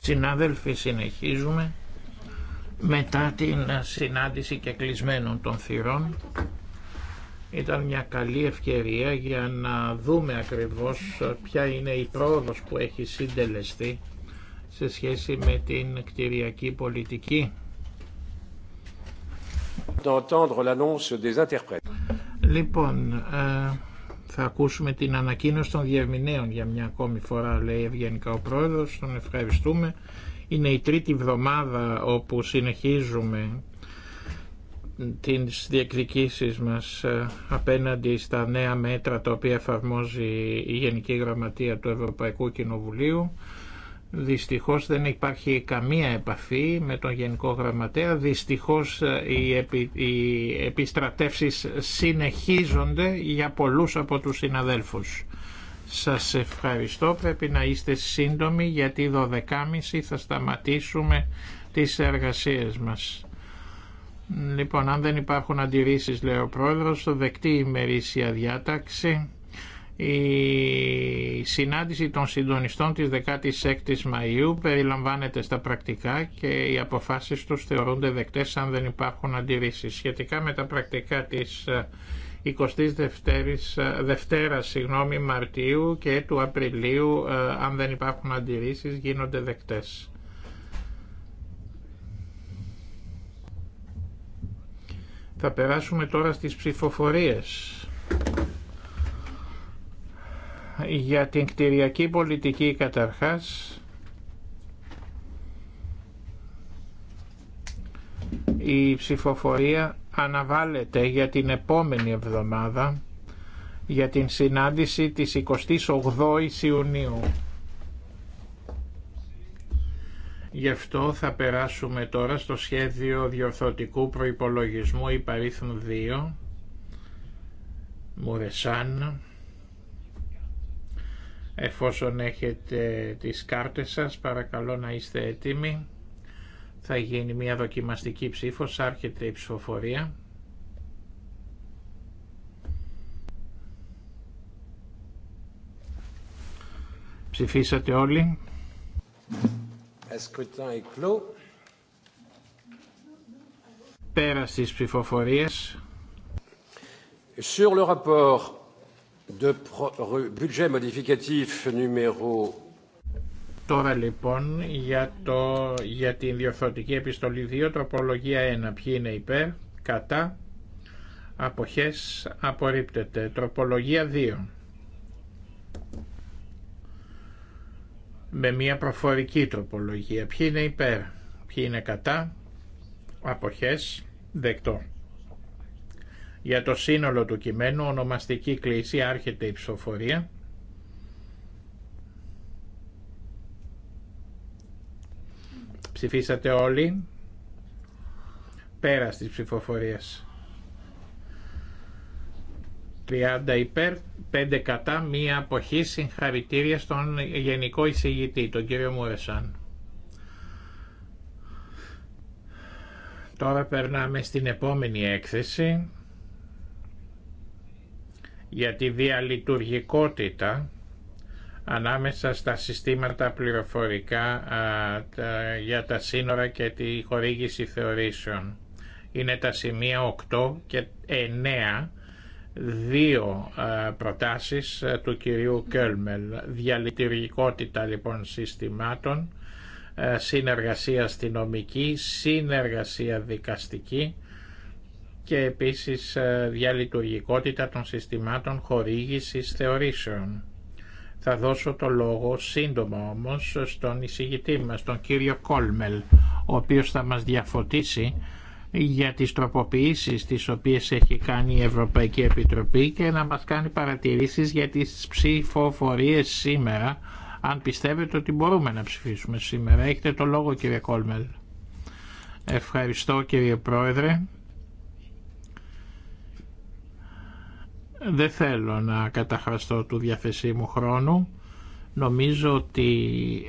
Συνάδελφοι, συνεχίζουμε μετά την συνάντηση και κλεισμένων των θυρών. Ήταν μια καλή ευκαιρία για να δούμε ακριβώς ποια είναι η πρόοδος που έχει συντελεστεί σε σχέση με την κτηριακή πολιτική. Λοιπόν, ε, θα ακούσουμε την ανακοίνωση των διευμηνέων για μια ακόμη φορά, λέει ευγενικά ο πρόεδρος, τον ευχαριστούμε. Είναι η τρίτη βδομάδα όπου συνεχίζουμε τις διεκδικήσεις μας ε, απέναντι στα νέα μέτρα τα οποία εφαρμόζει η Γενική Γραμματεία του Ευρωπαϊκού Κοινοβουλίου. Δυστυχώς δεν υπάρχει καμία επαφή με τον Γενικό Γραμματέα. Δυστυχώς ε, οι, επι, επιστρατεύσεις συνεχίζονται για πολλούς από τους συναδέλφους. Σας ευχαριστώ. Πρέπει να είστε σύντομοι γιατί 12.30 θα σταματήσουμε τις εργασίες μας. Λοιπόν, αν δεν υπάρχουν αντιρρήσεις, λέει ο Πρόεδρος, δεκτή ημερήσια διάταξη. Η συνάντηση των συντονιστών της 16ης Μαΐου περιλαμβάνεται στα πρακτικά και οι αποφάσεις τους θεωρούνται δεκτές αν δεν υπάρχουν αντιρρήσεις. Σχετικά με τα πρακτικά της 22ης ε, ε, Δευτέρας συγγνώμη, Μαρτίου και του Απριλίου, ε, αν δεν υπάρχουν αντιρρήσεις, γίνονται δεκτές. Θα περάσουμε τώρα στις ψηφοφορίες για την κτηριακή πολιτική καταρχάς η ψηφοφορία αναβάλλεται για την επόμενη εβδομάδα για την συνάντηση της 28ης Ιουνίου. Γι' αυτό θα περάσουμε τώρα στο σχέδιο διορθωτικού προϋπολογισμού υπαρίθμου 2 Μουρεσάν Εφόσον έχετε τις κάρτες σας, παρακαλώ να είστε έτοιμοι. Θα γίνει μια δοκιμαστική ψήφος, άρχεται η ψηφοφορία. Ψηφίσατε όλοι. Πέρα στις ψηφοφορίες. Sur le rapport De budget modificatif numéro... Τώρα λοιπόν για, το, για την διορθωτική επιστολή 2, τροπολογία 1. Ποιοι είναι υπέρ, κατά, αποχές, απορρίπτεται. Τροπολογία 2. Με μια προφορική τροπολογία. Ποιοι είναι υπέρ, ποιοι είναι κατά, αποχές, δεκτό για το σύνολο του κειμένου, ονομαστική κλίση, άρχεται η ψηφοφορία. Ψηφίσατε όλοι. Πέρα στις ψηφοφορίας 30 υπέρ, 5 κατά, μία αποχή συγχαρητήρια στον Γενικό Εισηγητή, τον κύριο Μουρεσάν. Τώρα περνάμε στην επόμενη έκθεση για τη διαλειτουργικότητα ανάμεσα στα συστήματα πληροφορικά για τα σύνορα και τη χορήγηση θεωρήσεων. Είναι τα σημεία 8 και 9 δύο προτάσεις του κυρίου Κέλμελ. Διαλειτουργικότητα λοιπόν συστημάτων, συνεργασία αστυνομική, συνεργασία δικαστική και επίσης ε, διαλειτουργικότητα των συστημάτων χορήγησης θεωρήσεων. Θα δώσω το λόγο σύντομα όμως στον εισηγητή μας, τον κύριο Κόλμελ, ο οποίος θα μας διαφωτίσει για τις τροποποιήσεις τις οποίες έχει κάνει η Ευρωπαϊκή Επιτροπή και να μας κάνει παρατηρήσεις για τις ψηφοφορίες σήμερα, αν πιστεύετε ότι μπορούμε να ψηφίσουμε σήμερα. Έχετε το λόγο κύριε Κόλμελ. Ευχαριστώ κύριε Πρόεδρε. Δεν θέλω να καταχαστώ του διαθεσίμου χρόνου. Νομίζω ότι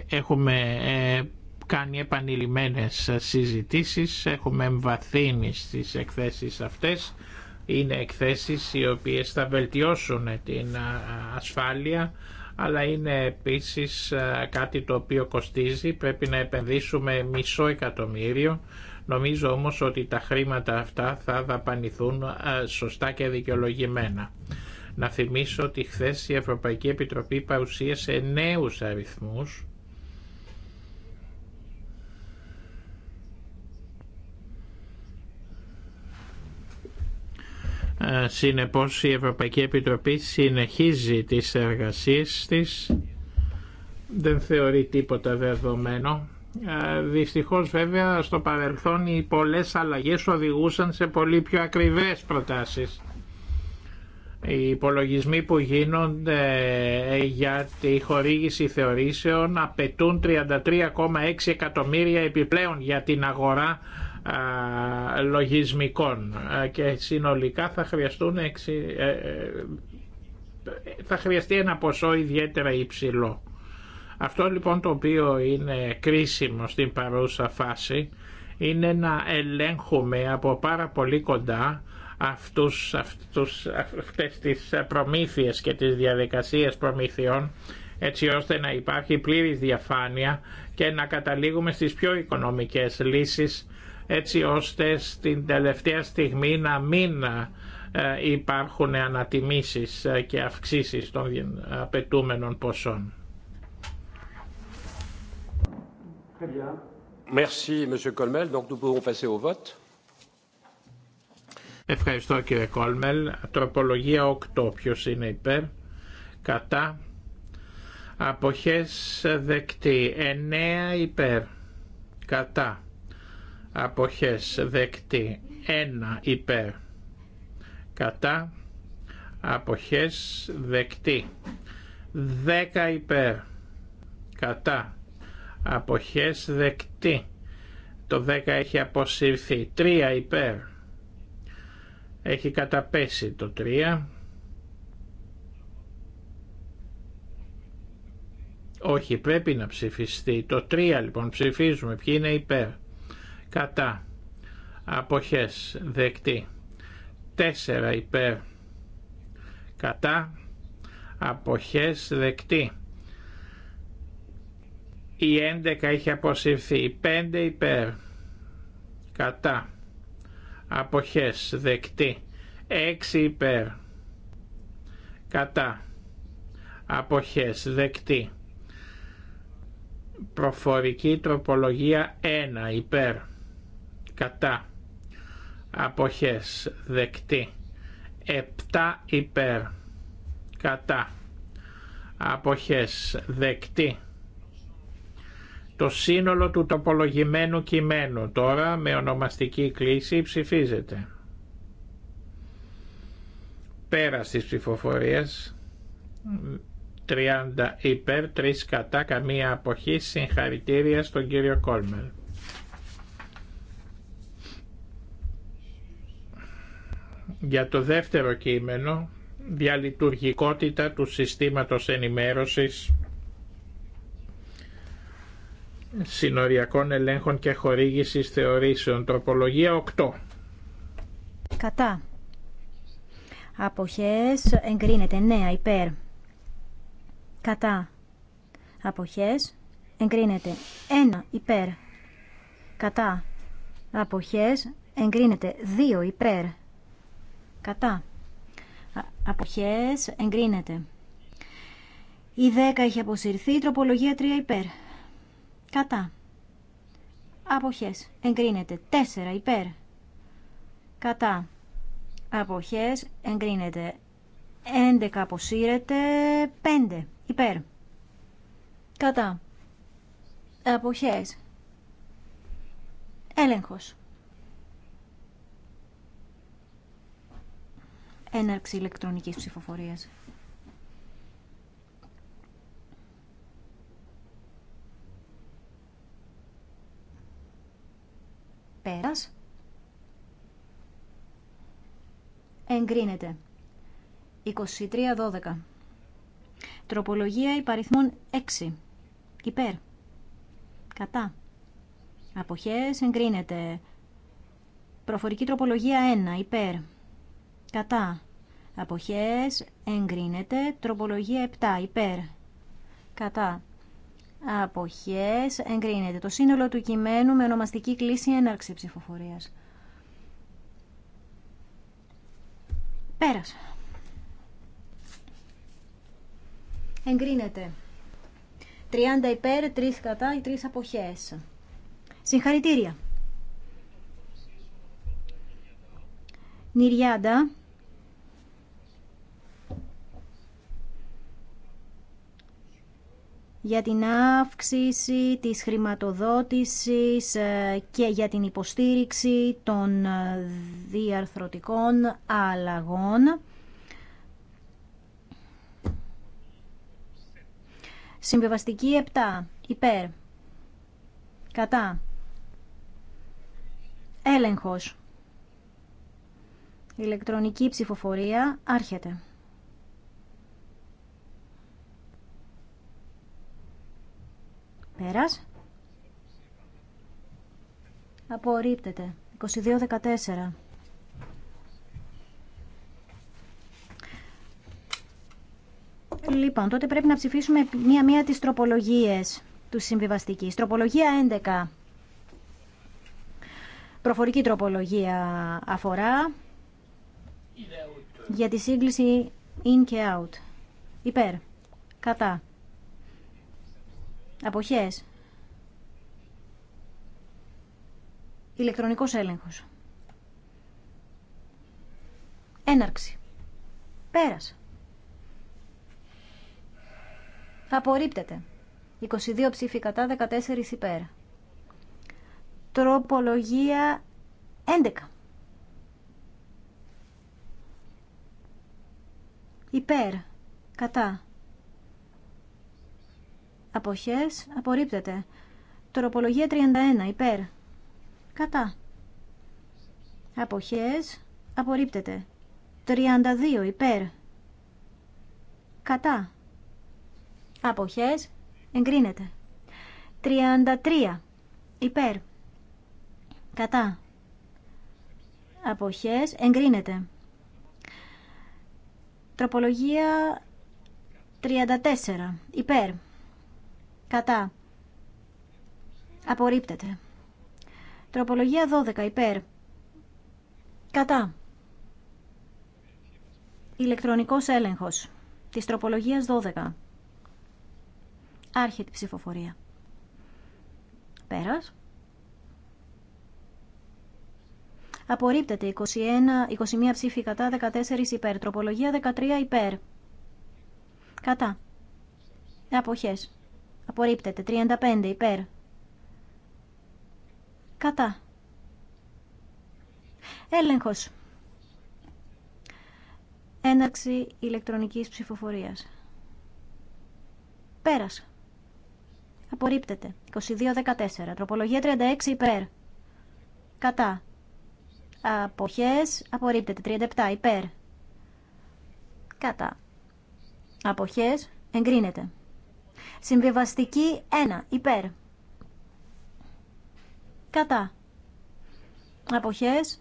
έχουμε ε, κάνει επανειλημμένες συζητήσεις, έχουμε εμβαθύνει στις εκθέσεις αυτές. Είναι εκθέσεις οι οποίες θα βελτιώσουν την ε, ασφάλεια, αλλά είναι επίσης ε, κάτι το οποίο κοστίζει. Πρέπει να επενδύσουμε μισό εκατομμύριο Νομίζω όμως ότι τα χρήματα αυτά θα δαπανηθούν σωστά και δικαιολογημένα. Να θυμίσω ότι χθε η Ευρωπαϊκή Επιτροπή παρουσίασε νέους αριθμούς Συνεπώς η Ευρωπαϊκή Επιτροπή συνεχίζει τις εργασίες της, δεν θεωρεί τίποτα δεδομένο ε, δυστυχώς βέβαια στο παρελθόν οι πολλές αλλαγές οδηγούσαν σε πολύ πιο ακριβές προτάσεις. Οι υπολογισμοί που γίνονται ε, για τη χορήγηση θεωρήσεων απαιτούν 33,6 εκατομμύρια επιπλέον για την αγορά λογισμικών ε, και συνολικά θα χρειαστούν θα χρειαστεί ένα ποσό ιδιαίτερα υψηλό. Αυτό λοιπόν το οποίο είναι κρίσιμο στην παρούσα φάση είναι να ελέγχουμε από πάρα πολύ κοντά αυτούς, αυτούς, αυτές τις προμήθειες και τις διαδικασίες προμηθειών έτσι ώστε να υπάρχει πλήρης διαφάνεια και να καταλήγουμε στις πιο οικονομικές λύσεις έτσι ώστε στην τελευταία στιγμή να μην ε, υπάρχουν ανατιμήσεις και αυξήσεις των απαιτούμενων ποσών. Merci, Monsieur Colmel. Donc, nous pouvons passer au vote. Ευχαριστώ κύριε Κόλμελ. Τροπολογία 8. Ποιο είναι υπέρ. Κατά. Αποχέ δεκτή. 9 υπέρ. Κατά. Αποχέ δεκτή. 1 υπέρ. Κατά. Αποχέ δεκτή. 10 υπέρ. Κατά αποχές δεκτή. Το 10 έχει αποσυρθεί. 3 υπέρ. Έχει καταπέσει το 3. Όχι, πρέπει να ψηφιστεί. Το 3 λοιπόν ψηφίζουμε. Ποιοι είναι υπέρ. Κατά. Αποχές. Δεκτή. 4 υπέρ. Κατά. Αποχές. Δεκτή. Η 11 έχει αποσυρθεί. 5 υπέρ. Κατά. Αποχές. Δεκτή. 6 υπέρ. Κατά. Αποχές. Δεκτή. Προφορική τροπολογία 1 υπέρ. Κατά. Αποχές. Δεκτή. 7 υπέρ. Κατά. Αποχές. Δεκτή. Το σύνολο του τοπολογημένου κειμένου τώρα με ονομαστική κλίση ψηφίζεται. Πέρα τις ψηφοφορίες, 30 υπέρ, 3 κατά, καμία αποχή, συγχαρητήρια στον κύριο Κόλμελ. Για το δεύτερο κείμενο, διαλειτουργικότητα του συστήματος ενημέρωσης συνοριακών ελέγχων και χορήγησης θεωρήσεων. Τροπολογία 8. Κατά. Αποχές εγκρίνεται. 9 υπέρ. Κατά. Αποχές εγκρίνεται. 1 υπέρ. Κατά. Αποχές εγκρίνεται. 2 υπέρ. Κατά. Αποχές εγκρίνεται. Η 10 έχει αποσυρθεί. Τροπολογία 3 υπέρ. Κατά. Αποχές. Εγκρίνεται. Τέσσερα. υπέρ. Κατά. Αποχές. Εγκρίνεται. Έντεκα. αποσύρεται. Πέντε. υπέρ. Κατά. Αποχές. Έλεγχος. Έναρξη ηλεκτρονικής ψηφοφορίας. Πέρας. Εγκρίνεται. 23-12. Τροπολογία υπαριθμών 6. Υπέρ. Κατά. Αποχές εγκρίνεται. Προφορική τροπολογία 1. Υπέρ. Κατά. Αποχές εγκρίνεται. Τροπολογία 7. Υπέρ. Κατά αποχές εγκρίνεται. Το σύνολο του κειμένου με ονομαστική κλίση έναρξη ψηφοφορίας. Πέρασε. Εγκρίνεται. 30 υπέρ, 3 κατά, 3 αποχές. Συγχαρητήρια. Νιριάντα. για την αύξηση της χρηματοδότησης ε, και για την υποστήριξη των ε, διαρθρωτικών αλλαγών. Συμβιβαστική 7. Υπέρ. Κατά. Έλεγχος. Ηλεκτρονική ψηφοφορία άρχεται. Πέρας. Απορρίπτεται. 22-14. Λοιπόν, τότε πρέπει να ψηφίσουμε μία-μία τις τροπολογίες του συμβιβαστική. Τροπολογία 11. Προφορική τροπολογία αφορά για τη σύγκληση in και out. Υπέρ. Κατά. Αποχές. Ηλεκτρονικός έλεγχος. Έναρξη. πέρας, Απορρίπτεται. 22 ψήφι κατά, 14 υπέρ. Τροπολογία 11. Υπέρ. Κατά αποχές απορρίπτεται. Τροπολογία 31 υπέρ. Κατά. Αποχές απορρίπτεται. 32 υπέρ. Κατά. Αποχές εγκρίνεται. 33 υπέρ. Κατά. Αποχές εγκρίνεται. Τροπολογία 34 υπέρ. Κατά. Απορρίπτεται. Τροπολογία 12. Υπέρ. Κατά. Ηλεκτρονικός έλεγχος της τροπολογίας 12. Άρχεται η ψηφοφορία. Πέρας. Απορρίπτεται 21, 21 ψήφοι κατά, 14 υπέρ. Τροπολογία 13 υπέρ. Κατά. Αποχές. Απορρίπτεται. 35 υπέρ. Κατά. Έλεγχος. Έναρξη ηλεκτρονικής ψηφοφορίας. Πέρας. Απορρίπτεται. 22-14. Τροπολογία 36 υπέρ. Κατά. Αποχές. Απορρίπτεται. 37 υπέρ. Κατά. Αποχές. Εγκρίνεται. Συμβιβαστική 1. Υπέρ. Κατά. Αποχές.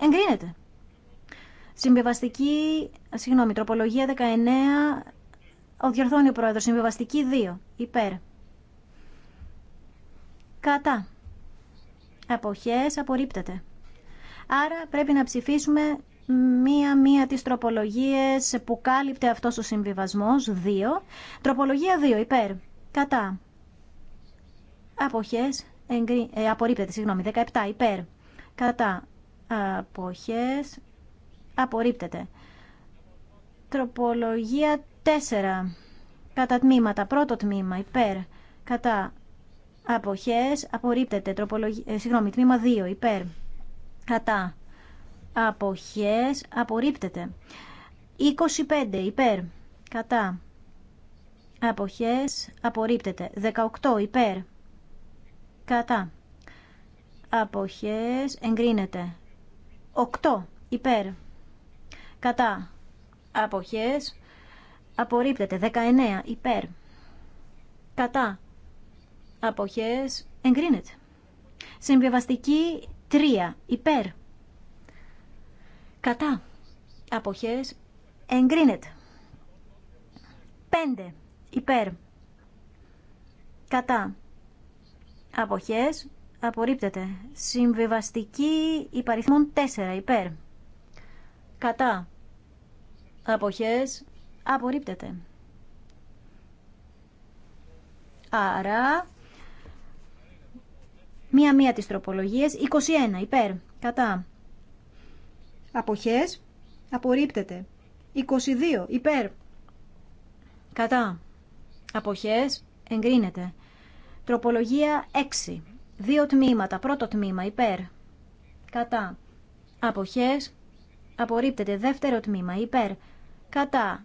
Εγκρίνεται. Συμβιβαστική, συγγνώμη, τροπολογία 19, ο διορθώνει ο πρόεδρος, συμβιβαστική 2, υπέρ. Κατά. Αποχές απορρίπτεται. Άρα πρέπει να ψηφίσουμε μία-μία τις τροπολογίες που κάλυπτε αυτός ο συμβιβασμός, δύο. Τροπολογία 2, υπέρ, κατά, αποχές, εγκρι... ε, απορρίπτεται, συγγνώμη, 17, υπέρ, κατά, αποχές, απορρίπτεται. Τροπολογία 4, κατά τμήματα, πρώτο τμήμα, υπέρ, κατά, αποχές, απορρίπτεται, Τροπολογία... ε, συγγνώμη, τμήμα 2, υπέρ, κατά, αποχές απορρίπτεται. 25 υπέρ κατά αποχές απορρίπτεται. 18 υπέρ κατά αποχές εγκρίνεται. 8 υπέρ κατά αποχές απορρίπτεται. 19 υπέρ κατά αποχές εγκρίνεται. Συμβιβαστική 3 υπέρ Κατά. Αποχές. Εγκρίνεται. Εγκρίνεται. Υπέρ. Κατά. Αποχές. Απορρίπτεται. Απορρίπτεται. υπαριθμών 4. Υπέρ. Κατά. Αποχές. Απορρίπτεται. Άρα... Μία-μία τις τροπολογίες. 21. Υπέρ. Κατά. Αποχές. Απορρίπτεται. 22. Υπέρ. Κατά. Αποχές. Εγκρίνεται. Τροπολογία 6. Δύο τμήματα. Πρώτο τμήμα. Υπέρ. Κατά. Αποχές. Απορρίπτεται. Δεύτερο τμήμα. Υπέρ. Κατά.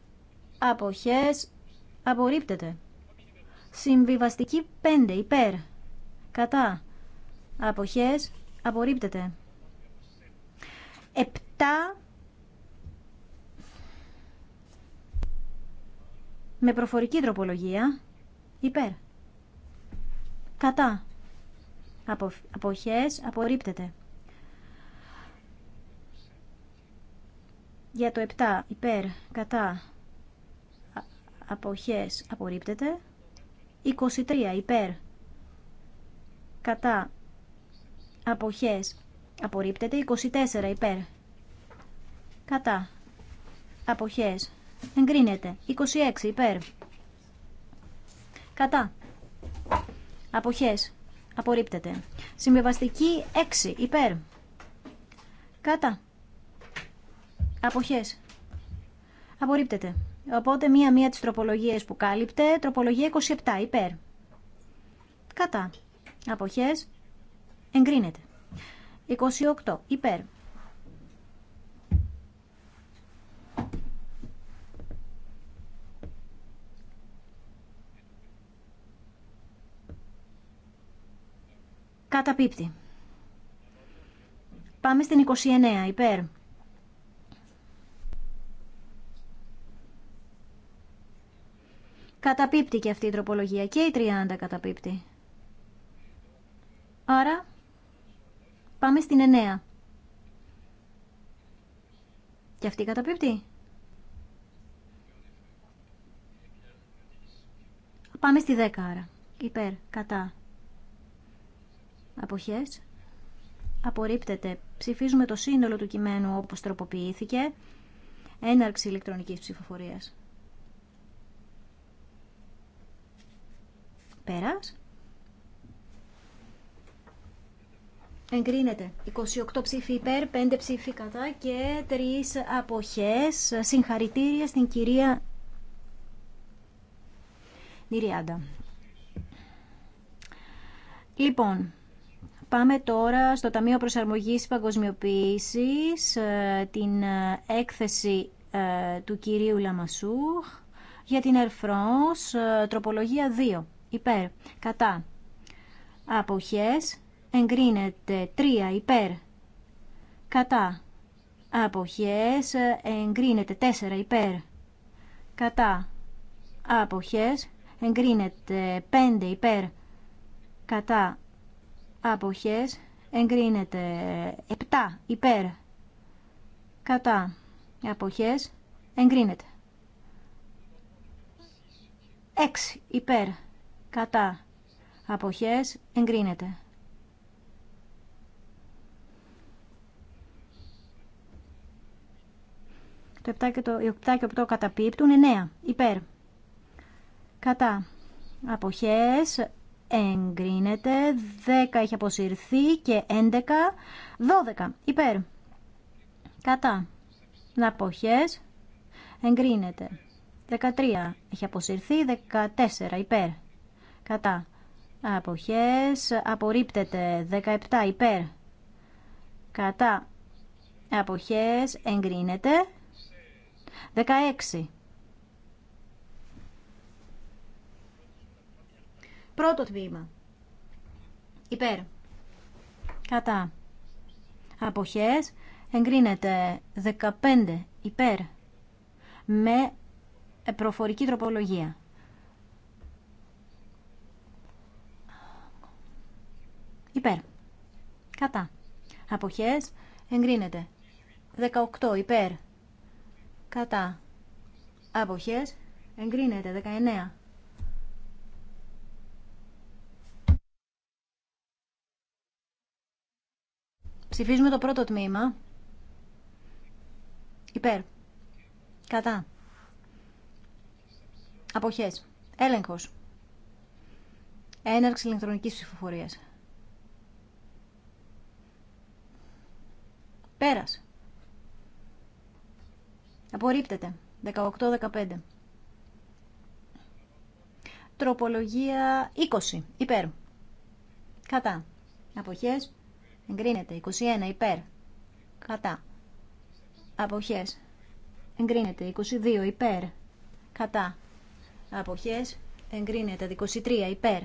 Αποχές. Απορρίπτεται. Συμβιβαστική 5. Υπέρ. Κατά. Αποχές. Απορρίπτεται. Επτά με προφορική τροπολογία υπέρ. Κατά. Απο, αποχές απορρίπτεται. Για το 7 υπέρ κατά αποχές απορρίπτεται. 23 υπέρ κατά αποχές Απορρίπτεται 24 υπέρ. Κατά. Αποχές. Εγκρίνεται 26 υπέρ. Κατά. Αποχές. Απορρίπτεται. Συμβεβαστική 6 υπέρ. Κατά. Αποχές. Απορρίπτεται. Οπότε μία-μία τις τροπολογίες που κάλυπτε, τροπολογία 27 υπέρ. Κατά. Αποχές. Εγκρίνεται. 28 υπέρ. Καταπίπτη. Πάμε στην 29 υπέρ. Καταπίπτει και αυτή η τροπολογία και η 30 καταπίπτει. Άρα Πάμε στην 9. Και αυτή καταπίπτει. Πάμε στη 10 άρα. Υπέρ, κατά. Αποχές. Απορρίπτεται. Ψηφίζουμε το σύνολο του κειμένου όπως τροποποιήθηκε. Έναρξη ηλεκτρονικής ψηφοφορίας. Πέρας. Εγκρίνεται. 28 ψήφοι υπέρ, 5 ψήφοι κατά και 3 αποχές. Συγχαρητήρια στην κυρία Νηριάντα. Λοιπόν, πάμε τώρα στο Ταμείο Προσαρμογής Παγκοσμιοποίησης, ε, την ε, έκθεση ε, του κυρίου Λαμασού για την Ερφρός, τροπολογία 2. Υπέρ, κατά, αποχές, εγκρίνεται 3 υπέρ κατά αποχές ε, εγκρίνεται 4 υπέρ κατά αποχές εγκρίνεται πέντε υπέρ κατά αποχές εγκρίνεται 7 υπέρ κατά αποχές εγκρίνεται 6 υπέρ κατά αποχές εγκρίνεται Το 7 και το 8 και 8 καταπίπτουν. 9. Υπέρ. Κατά. Αποχές. Εγκρίνεται. 10 έχει αποσυρθεί και 11. 12. Υπέρ. Κατά. Αποχές. Εγκρίνεται. 13. Έχει αποσυρθεί. 14. Υπέρ. Κατά. Αποχές. Απορρίπτεται. 17. Υπέρ. Κατά. Αποχές. Εγκρίνεται. 16. Πρώτο τμήμα. Υπέρ. Κατά. Αποχές. Εγκρίνεται 15 υπέρ. Με προφορική τροπολογία. Υπέρ. Κατά. Αποχές. Εγκρίνεται. 18 υπέρ κατά αποχές εγκρίνεται 19 Ψηφίζουμε το πρώτο τμήμα. Υπέρ. Κατά. Αποχές. Έλεγχος. Έναρξη ηλεκτρονικής ψηφοφορίας. Πέρας. Απορρίπτεται. 18-15. Τροπολογία 20. Υπέρ. Κατά. Αποχές. Εγκρίνεται. 21. Υπέρ. Κατά. Αποχές. Εγκρίνεται. 22. Υπέρ. Κατά. Αποχές. Εγκρίνεται. 23. Υπέρ.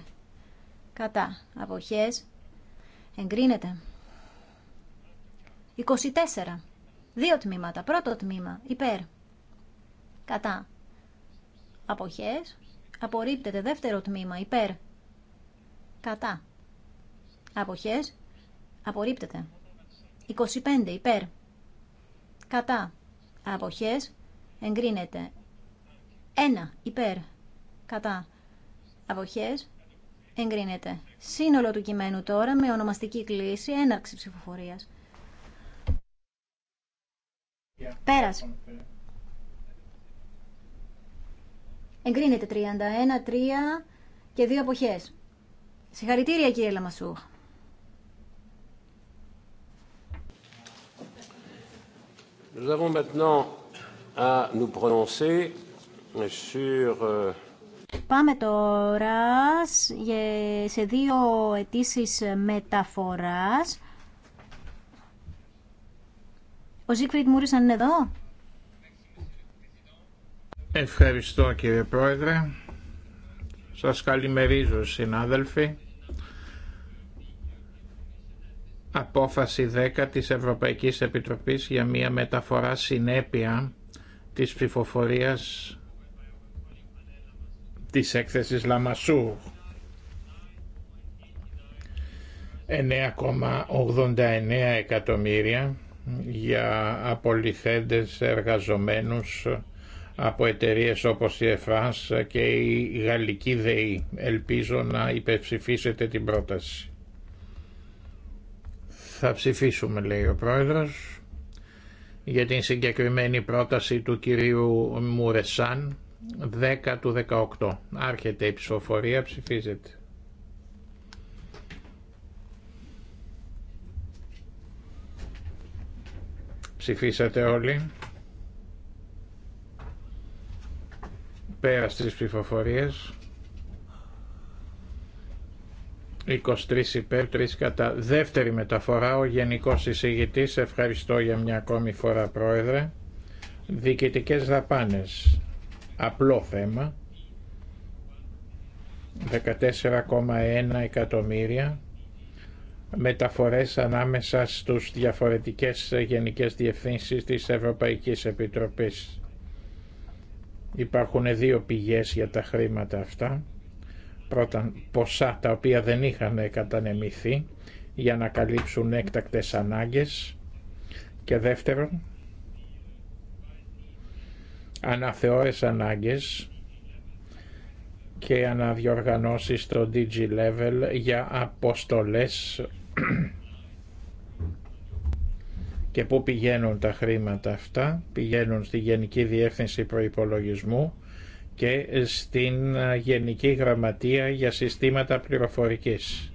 Κατά. Αποχές. Εγκρίνεται. 24. Δύο τμήματα. Πρώτο τμήμα. Υπέρ. Κατά. Αποχές. Απορρίπτεται. Δεύτερο τμήμα. Υπέρ. Κατά. Αποχές. Απορρίπτεται. 25. Υπέρ. Κατά. Αποχές. Εγκρίνεται. 1. Υπέρ. Κατά. Αποχές. Εγκρίνεται. Σύνολο του κειμένου τώρα με ονομαστική κλίση έναρξη ψηφοφορίας. Πέρασε. Εγκρίνεται 31, 3 και 2 αποχές. Συγχαρητήρια κύριε Λαμασού. Nous avons maintenant à nous prononcer sur... Euh, Πάμε τώρα σε δύο αιτήσει μεταφοράς. Ο Μούρισαν είναι εδώ. Ευχαριστώ κύριε Πρόεδρε. Σας καλημερίζω συνάδελφοι. Απόφαση 10 της Ευρωπαϊκής Επιτροπής για μια μεταφορά συνέπεια της ψηφοφορίας της έκθεσης Λαμασού. 9,89 εκατομμύρια για απολυθέντες εργαζομένους από εταιρείες όπως η ΕΦΡΑΣ και η Γαλλική ΔΕΗ. Ελπίζω να υπερψηφίσετε την πρόταση. Θα ψηφίσουμε λέει ο Πρόεδρος για την συγκεκριμένη πρόταση του κυρίου Μουρεσάν 10 του 18. Άρχεται η ψηφοφορία, ψηφίζεται. Ψηφίσατε όλοι. Πέρα στις ψηφοφορίες. 23 υπέρ, 3 κατά. Δεύτερη μεταφορά, ο Γενικός Εισηγητής. Ευχαριστώ για μια ακόμη φορά, Πρόεδρε. Διοικητικές δαπάνες. Απλό θέμα. 14,1 εκατομμύρια μεταφορές ανάμεσα στους διαφορετικές γενικές διευθύνσεις της Ευρωπαϊκής Επιτροπής. Υπάρχουν δύο πηγές για τα χρήματα αυτά. Πρώτα ποσά τα οποία δεν είχαν κατανεμηθεί για να καλύψουν έκτακτες ανάγκες και δεύτερον αναθεώρες ανάγκες και αναδιοργανώσεις στο DG Level για αποστολές και πού πηγαίνουν τα χρήματα αυτά. Πηγαίνουν στη Γενική Διεύθυνση Προϋπολογισμού και στην ε, Γενική Γραμματεία για Συστήματα Πληροφορικής.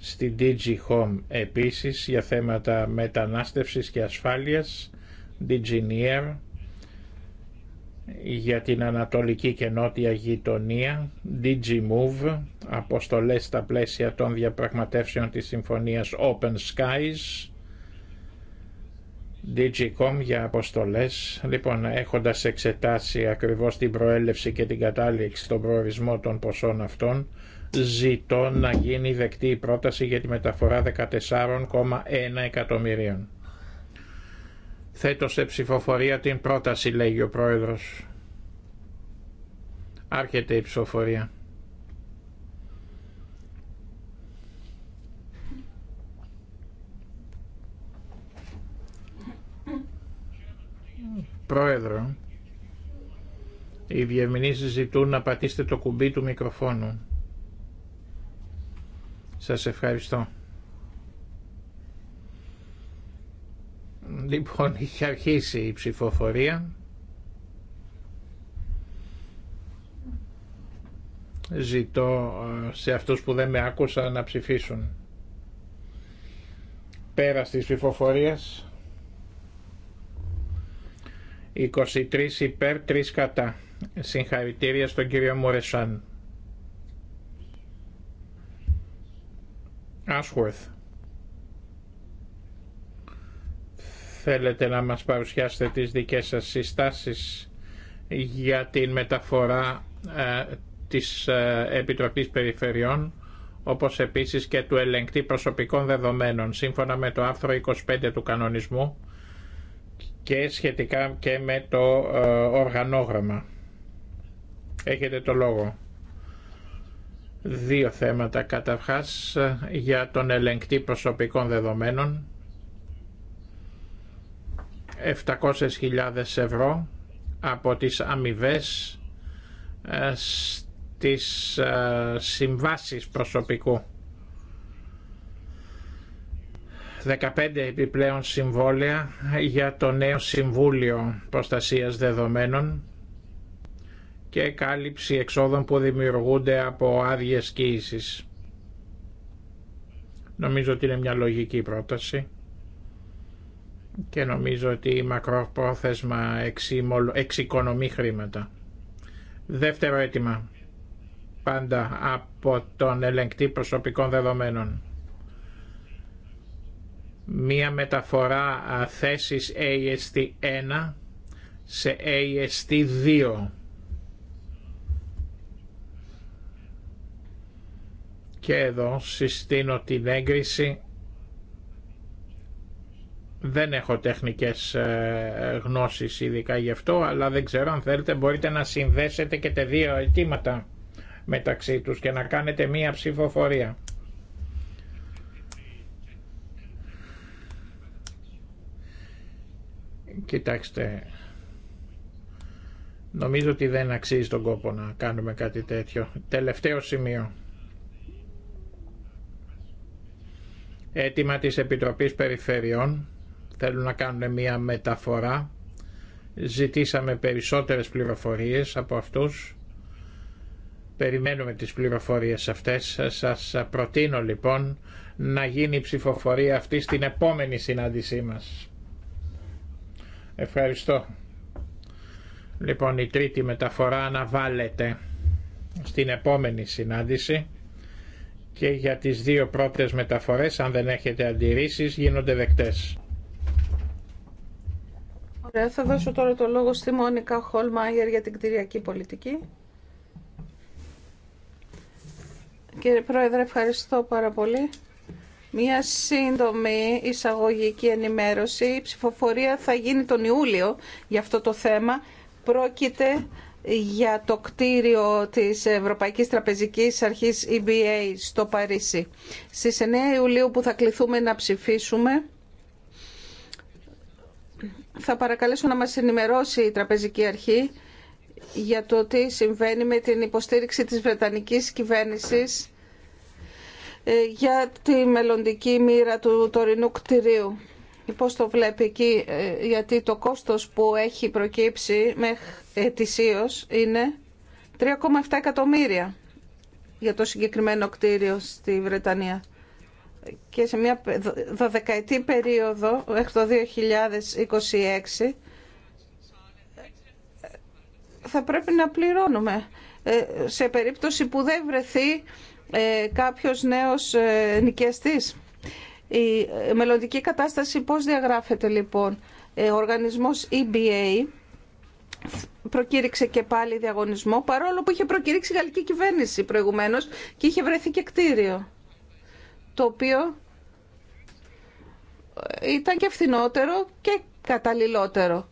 Στην DG Home επίσης για θέματα μετανάστευσης και ασφάλειας, DigiNear για την Ανατολική και Νότια Γειτονία, DigiMove Move, αποστολές στα πλαίσια των διαπραγματεύσεων της Συμφωνίας Open Skies, DGCOM για αποστολές. Λοιπόν, έχοντας εξετάσει ακριβώς την προέλευση και την κατάληξη των προορισμό των ποσών αυτών, ζητώ να γίνει δεκτή η πρόταση για τη μεταφορά 14,1 εκατομμυρίων. Θέτω σε ψηφοφορία την πρόταση, λέγει ο πρόεδρος. Άρχεται η ψηφοφορία. Πρόεδρο, οι διευμηνήσεις ζητούν να πατήσετε το κουμπί του μικροφόνου. Σας ευχαριστώ. Λοιπόν, είχε αρχίσει η ψηφοφορία. Ζητώ ε, σε αυτούς που δεν με άκουσαν να ψηφίσουν. Πέρα της ψηφοφορίας. 23 υπέρ, 3 κατά. Συγχαρητήρια στον κύριο Μουρεσάν. Ashworth. Θέλετε να μας παρουσιάσετε τις δικές σας συστάσεις για την μεταφορά ε, της ε, Επιτροπής Περιφερειών όπως επίσης και του ελεγκτή προσωπικών δεδομένων σύμφωνα με το άρθρο 25 του κανονισμού και σχετικά και με το ε, οργανόγραμμα. Έχετε το λόγο. Δύο θέματα καταρχάς για τον ελεγκτή προσωπικών δεδομένων 700.000 ευρώ από τις αμοιβέ ε, στις ε, συμβάσεις προσωπικού. 15 επιπλέον συμβόλαια για το νέο Συμβούλιο Προστασίας Δεδομένων και κάλυψη εξόδων που δημιουργούνται από άδειε κοίησης. Νομίζω ότι είναι μια λογική πρόταση και νομίζω ότι η μακροπρόθεσμα εξοικονομεί χρήματα. Δεύτερο αίτημα, πάντα από τον ελεγκτή προσωπικών δεδομένων. Μία μεταφορά θέσης AST1 σε AST2. Και εδώ συστήνω την έγκριση δεν έχω τεχνικές ε, γνώσεις ειδικά γι' αυτό, αλλά δεν ξέρω αν θέλετε μπορείτε να συνδέσετε και τα δύο αιτήματα μεταξύ τους και να κάνετε μία ψηφοφορία. Κοιτάξτε, νομίζω ότι δεν αξίζει τον κόπο να κάνουμε κάτι τέτοιο. Τελευταίο σημείο. Έτοιμα της Επιτροπής Περιφερειών θέλουν να κάνουν μια μεταφορά. Ζητήσαμε περισσότερες πληροφορίες από αυτούς. Περιμένουμε τις πληροφορίες αυτές. Σας προτείνω λοιπόν να γίνει η ψηφοφορία αυτή στην επόμενη συνάντησή μας. Ευχαριστώ. Λοιπόν, η τρίτη μεταφορά αναβάλλεται στην επόμενη συνάντηση και για τις δύο πρώτες μεταφορές, αν δεν έχετε αντιρρήσεις, γίνονται δεκτές θα δώσω τώρα το λόγο στη Μόνικα Χολμάγερ για την κτηριακή πολιτική. Κύριε Πρόεδρε, ευχαριστώ πάρα πολύ. Μια σύντομη εισαγωγική ενημέρωση. Η ψηφοφορία θα γίνει τον Ιούλιο για αυτό το θέμα. Πρόκειται για το κτίριο της Ευρωπαϊκής Τραπεζικής Αρχής EBA στο Παρίσι. Στις 9 Ιουλίου που θα κληθούμε να ψηφίσουμε θα παρακαλέσω να μας ενημερώσει η Τραπεζική Αρχή για το τι συμβαίνει με την υποστήριξη της Βρετανικής κυβέρνησης ε, για τη μελλοντική μοίρα του τωρινού κτηρίου. Πώς το βλέπει εκεί, ε, γιατί το κόστος που έχει προκύψει μέχρι ετησίως είναι 3,7 εκατομμύρια για το συγκεκριμένο κτίριο στη Βρετανία και σε μια δεκαετή περίοδο μέχρι το 2026 θα πρέπει να πληρώνουμε ε, σε περίπτωση που δεν βρεθεί ε, κάποιος νέος ε, νοικιαστής. Η μελλοντική κατάσταση πώς διαγράφεται λοιπόν. Ο οργανισμός EBA προκήρυξε και πάλι διαγωνισμό παρόλο που είχε προκήρυξει η γαλλική κυβέρνηση προηγουμένως και είχε βρεθεί και κτίριο το οποίο ήταν και φθηνότερο και καταλληλότερο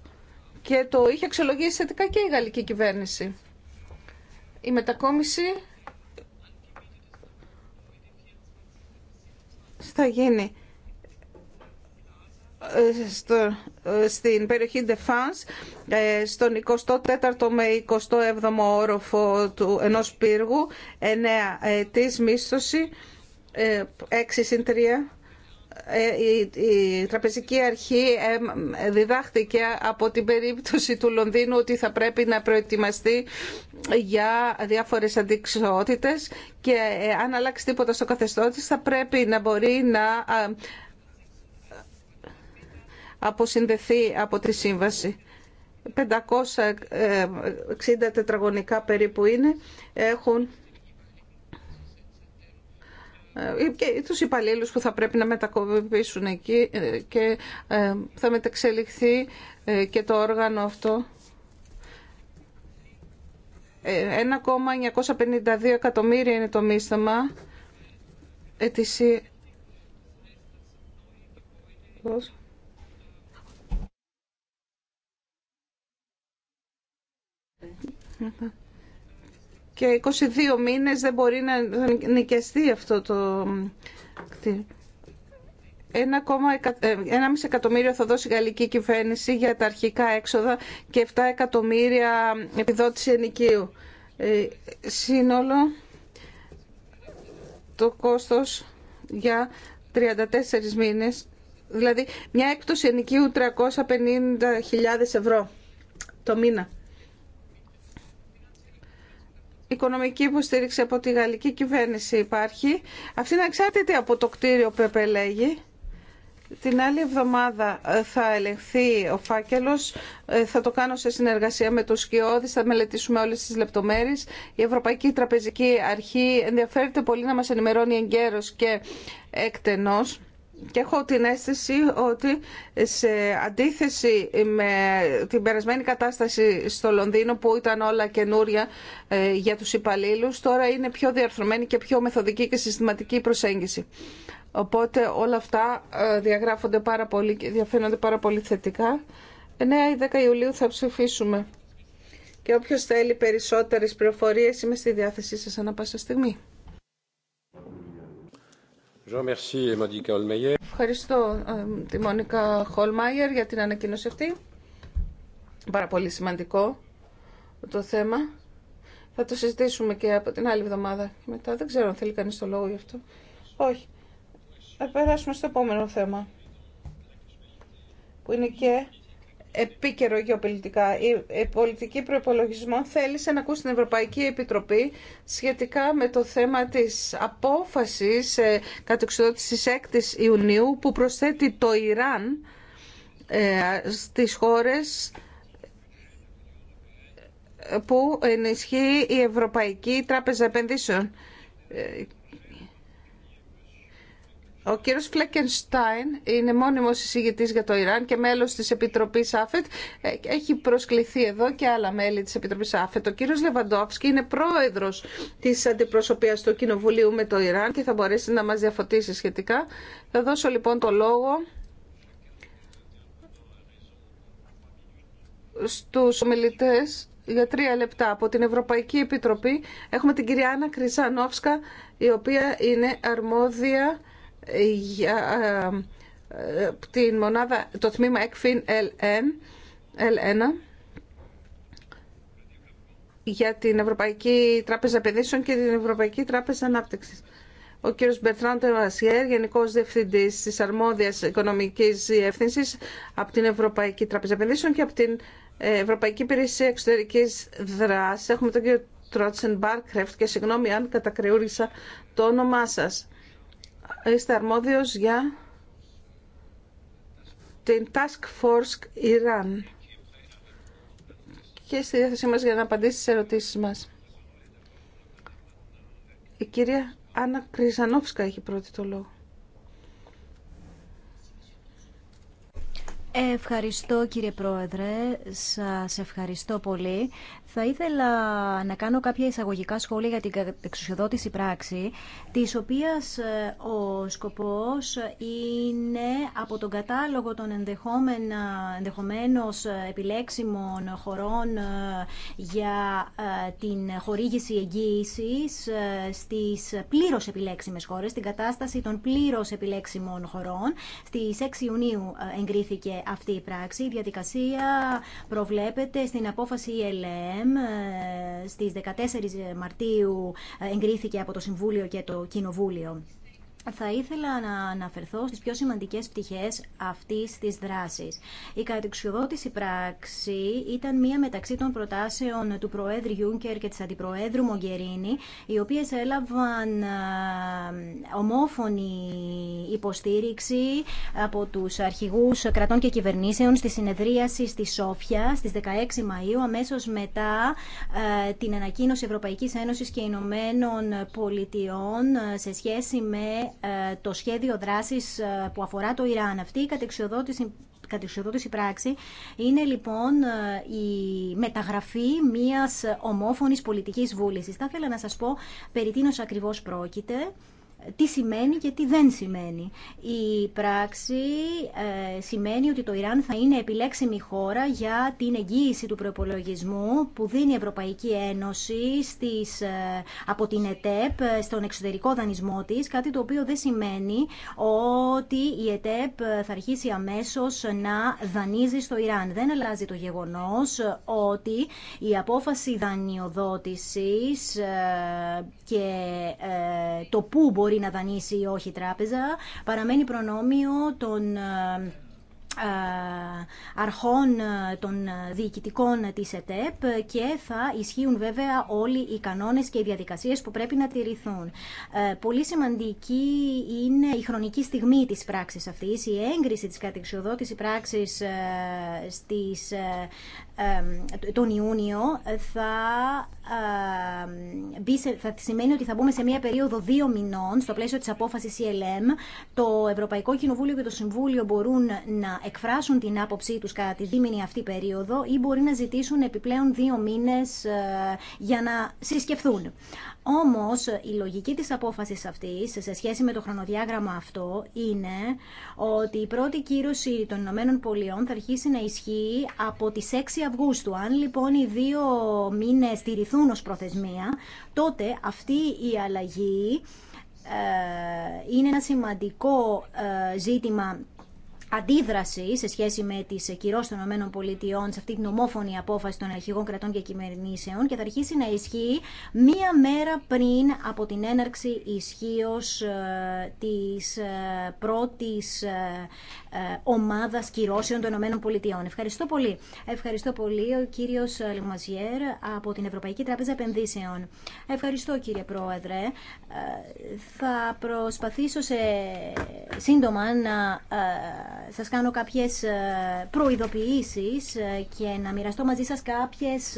και το είχε αξιολογήσει θετικά και η γαλλική κυβέρνηση. Η μετακόμιση θα γίνει ε, στο, ε, στην περιοχή Defense, ε, στον 24ο με 27ο όροφο του ενός πύργου, 9 ετής μίσθωση 6 ε, συν 3 ε, η τραπεζική αρχή ε, διδάχτηκε από την περίπτωση του Λονδίνου ότι θα πρέπει να προετοιμαστεί για διάφορες αντικσότητες και αν αλλάξει τίποτα στο καθεστώ θα πρέπει να μπορεί να αποσυνδεθεί από τη σύμβαση. 560 τετραγωνικά περίπου είναι, έχουν ε, και τους υπαλλήλου που θα πρέπει να μετακομίσουν εκεί ε, και ε, θα μεταξελιχθεί και το όργανο αυτό. 1,952 εκατομμύρια είναι το μίσθωμα ετησί και 22 μήνες δεν μπορεί να νοικιαστεί αυτό το κτίριο. 1,5 ε, εκατομμύριο θα δώσει η γαλλική κυβέρνηση για τα αρχικά έξοδα και 7 εκατομμύρια επιδότηση ενοικίου. Ε, σύνολο το κόστος για 34 μήνες, δηλαδή μια έκπτωση ενοικίου 350.000 ευρώ το μήνα οικονομική υποστήριξη από τη γαλλική κυβέρνηση υπάρχει. Αυτή είναι εξάρτητη από το κτίριο που επελέγει. Την άλλη εβδομάδα ε, θα ελεγχθεί ο φάκελος, ε, θα το κάνω σε συνεργασία με το Σκιώδης, θα μελετήσουμε όλες τις λεπτομέρειες. Η Ευρωπαϊκή Τραπεζική Αρχή ενδιαφέρεται πολύ να μας ενημερώνει εγκαίρως και εκτενώς και έχω την αίσθηση ότι σε αντίθεση με την περασμένη κατάσταση στο Λονδίνο που ήταν όλα καινούρια ε, για τους υπαλλήλους, τώρα είναι πιο διαρθρωμένη και πιο μεθοδική και συστηματική η προσέγγιση. Οπότε όλα αυτά ε, διαγράφονται πάρα πολύ και διαφαίνονται πάρα πολύ θετικά. 9 ή 10 Ιουλίου θα ψηφίσουμε. Και όποιος θέλει περισσότερες πληροφορίες είμαι στη διάθεσή σας ανά πάσα στιγμή. Ευχαριστώ τη Μονίκα Χολμάιερ για την ανακοίνωση αυτή. Πάρα πολύ σημαντικό το θέμα. Θα το συζητήσουμε και από την άλλη εβδομάδα μετά. Δεν ξέρω αν θέλει κανείς το λόγο γι' αυτό. Όχι. Θα περάσουμε στο επόμενο θέμα. Που είναι και επίκαιρο γεωπολιτικά. Η πολιτική προπολογισμό θέλησε να ακούσει την Ευρωπαϊκή Επιτροπή σχετικά με το θέμα της απόφασης ε, κατοξιδότησης 6 Ιουνίου που προσθέτει το Ιράν ε, στις χώρες που ενισχύει η Ευρωπαϊκή Τράπεζα Επενδύσεων ε, ο κύριος Φλέκενστάιν είναι μόνιμος εισηγητής για το Ιράν και μέλος της Επιτροπής ΑΦΕΤ. Ε, έχει προσκληθεί εδώ και άλλα μέλη της Επιτροπής ΑΦΕΤ. Ο κύριος Λεβαντόφσκι είναι πρόεδρος της Αντιπροσωπείας του Κοινοβουλίου με το Ιράν και θα μπορέσει να μας διαφωτίσει σχετικά. Θα δώσω λοιπόν το λόγο στους ομιλητές για τρία λεπτά από την Ευρωπαϊκή Επιτροπή. Έχουμε την κυρία Άννα η οποία είναι αρμόδια για ε, την μονάδα, το τμήμα ΕΚΦΙΝ L1, L1 για την Ευρωπαϊκή Τράπεζα Επενδύσεων και την Ευρωπαϊκή Τράπεζα ανάπτυξη. Ο κύριος Μπερτράν Τεβασιέρ, Γενικός Διευθυντής της Αρμόδιας Οικονομικής Διεύθυνση από την Ευρωπαϊκή Τράπεζα Επενδύσεων και από την ε, Ευρωπαϊκή Υπηρεσία Εξωτερικής Δράσης. Έχουμε τον κύριο Τρότσεν Μπάρκρεφτ και συγγνώμη αν κατακρεούρισα το όνομά σας είστε αρμόδιος για την Task Force Iran και στη διάθεσή μας για να απαντήσει στις ερωτήσεις μας. Η κυρία Άννα Κρυζανόφσκα έχει πρώτη το λόγο. Ευχαριστώ κύριε Πρόεδρε, σας ευχαριστώ πολύ. Θα ήθελα να κάνω κάποια εισαγωγικά σχόλια για την εξουσιοδότηση πράξη, της οποίας ε, ο σκοπός είναι από τον κατάλογο των ενδεχομένως ε, επιλέξιμων χωρών ε, για την χορήγηση εγγύησης στις πλήρως επιλέξιμες χώρες, στην κατάσταση των πλήρως επιλέξιμων χωρών. Στις 6 Ιουνίου εγκρίθηκε αυτή η πράξη. Η διαδικασία προβλέπεται στην απόφαση ΕΛΕ ε, στις 14 Μαρτίου ε, εγκρίθηκε από το Συμβούλιο και το Κοινοβούλιο θα ήθελα να αναφερθώ στις πιο σημαντικές πτυχές αυτής της δράσης. Η της πράξη ήταν μία μεταξύ των προτάσεων του Προέδρου Ιούνκερ και της Αντιπροέδρου Μογκερίνη, οι οποίες έλαβαν ομόφωνη υποστήριξη από τους αρχηγούς κρατών και κυβερνήσεων στη συνεδρίαση στη Σόφια στις 16 Μαΐου, αμέσως μετά την ανακοίνωση Ευρωπαϊκής Ένωσης και Ηνωμένων Πολιτειών σε σχέση με ε, το σχέδιο δράσης ε, που αφορά το Ιράν. Αυτή η κατεξιοδότηση κατεξοδότηση πράξη είναι λοιπόν ε, η μεταγραφή μιας ομόφωνης πολιτικής βούλησης. Θα ήθελα να σας πω περί τίνος ακριβώς πρόκειται τι σημαίνει και τι δεν σημαίνει. Η πράξη ε, σημαίνει ότι το Ιράν θα είναι επιλέξιμη χώρα για την εγγύηση του προπολογισμού που δίνει η Ευρωπαϊκή Ένωση στις, ε, από την ΕΤΕΠ ε, στον εξωτερικό δανεισμό της, κάτι το οποίο δεν σημαίνει ότι η ΕΤΕΠ θα αρχίσει αμέσως να δανείζει στο Ιράν. Δεν αλλάζει το γεγονός ότι η απόφαση δανειοδότησης και το πού μπορεί μπορεί να δανείσει ή όχι η οχι Παραμένει προνόμιο των ε, ε, αρχών ε, των διοικητικών της ΕΤΕΠ και θα ισχύουν βέβαια όλοι οι κανόνες και οι διαδικασίες που πρέπει να τηρηθούν. Πολύ σημαντική είναι η χρονική στιγμή της πράξης αυτής, η έγκριση της κατεξιοδότηση πράξης στις τον Ιούνιο θα, μπει σε, θα σημαίνει ότι θα μπούμε σε μια περίοδο δύο μηνών στο πλαίσιο της απόφασης ELM. Το Ευρωπαϊκό Κοινοβούλιο και το Συμβούλιο μπορούν να εκφράσουν την άποψή τους κατά τη δίμηνη αυτή περίοδο ή μπορεί να ζητήσουν επιπλέον δύο μήνες ε, για να συσκεφθούν. Όμως η λογική της απόφασης αυτής σε σχέση με το χρονοδιάγραμμα αυτό είναι ότι η πρώτη κύρωση των Ηνωμένων Πολιών θα αρχίσει να ισχύει από τις 6 Αυγούστου. Αν λοιπόν οι δύο μήνες στηριθούν ως προθεσμία, τότε αυτή η αλλαγή ε, είναι ένα σημαντικό ε, ζήτημα αντίδραση σε σχέση με τις κυρώσεις των ΗΠΑ σε αυτή την ομόφωνη απόφαση των αρχηγών κρατών και κυβερνήσεων και θα αρχίσει να ισχύει μία μέρα πριν από την έναρξη ισχύω ε, της ε, πρώτης ε, ε, ομάδας κυρώσεων των Πολιτειών. Ευχαριστώ πολύ. Ευχαριστώ πολύ ο κύριος Λεγμαζιέρ από την Ευρωπαϊκή Τράπεζα Επενδύσεων. Ευχαριστώ κύριε Πρόεδρε. Ε, θα προσπαθήσω σε σύντομα να ε, σας κάνω κάποιες προειδοποιήσεις και να μοιραστώ μαζί σας κάποιες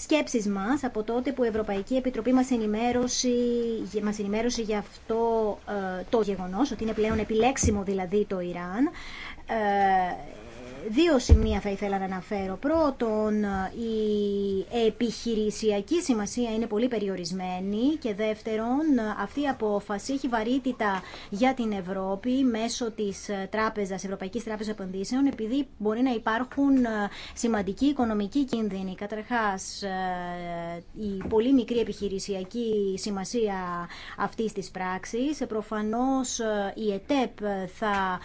σκέψεις μας από τότε που η Ευρωπαϊκή Επιτροπή μας ενημέρωσε, για αυτό ε, το γεγονός, ότι είναι πλέον επιλέξιμο δηλαδή το Ιράν ε, Δύο σημεία θα ήθελα να αναφέρω. Πρώτον, η επιχειρησιακή σημασία είναι πολύ περιορισμένη και δεύτερον, αυτή η απόφαση έχει βαρύτητα για την Ευρώπη μέσω της τράπεζας, Ευρωπαϊκής Τράπεζας Επενδύσεων επειδή μπορεί να υπάρχουν σημαντικοί οικονομικοί κίνδυνοι. Καταρχάς, ε, η πολύ μικρή επιχειρησιακή σημασία αυτή της πράξης. Προφανώς ε, η ΕΤΕΠ θα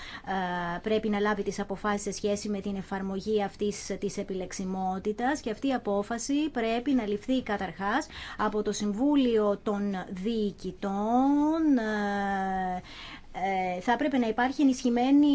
ε, πρέπει να λάβει τις αποφάσεις σε σχέση σχέση με την εφαρμογή αυτής της επιλεξιμότητας και αυτή η απόφαση πρέπει να ληφθεί καταρχάς από το Συμβούλιο των Διοικητών ε, ε, θα έπρεπε να υπάρχει ενισχυμένη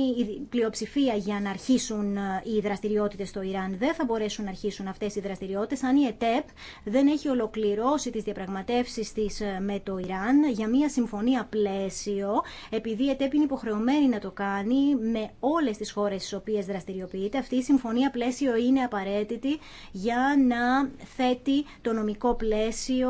πλειοψηφία για να αρχίσουν ε, οι δραστηριότητε στο Ιράν. Δεν θα μπορέσουν να αρχίσουν αυτέ οι δραστηριότητε αν η ΕΤΕΠ δεν έχει ολοκληρώσει τι διαπραγματεύσει τη ε, με το Ιράν για μια συμφωνία πλαίσιο, επειδή η ΕΤΕΠ είναι υποχρεωμένη να το κάνει με όλε τι χώρε στι οποίε δραστηριοποιείται. Αυτή η συμφωνία πλαίσιο είναι απαραίτητη για να θέτει το νομικό πλαίσιο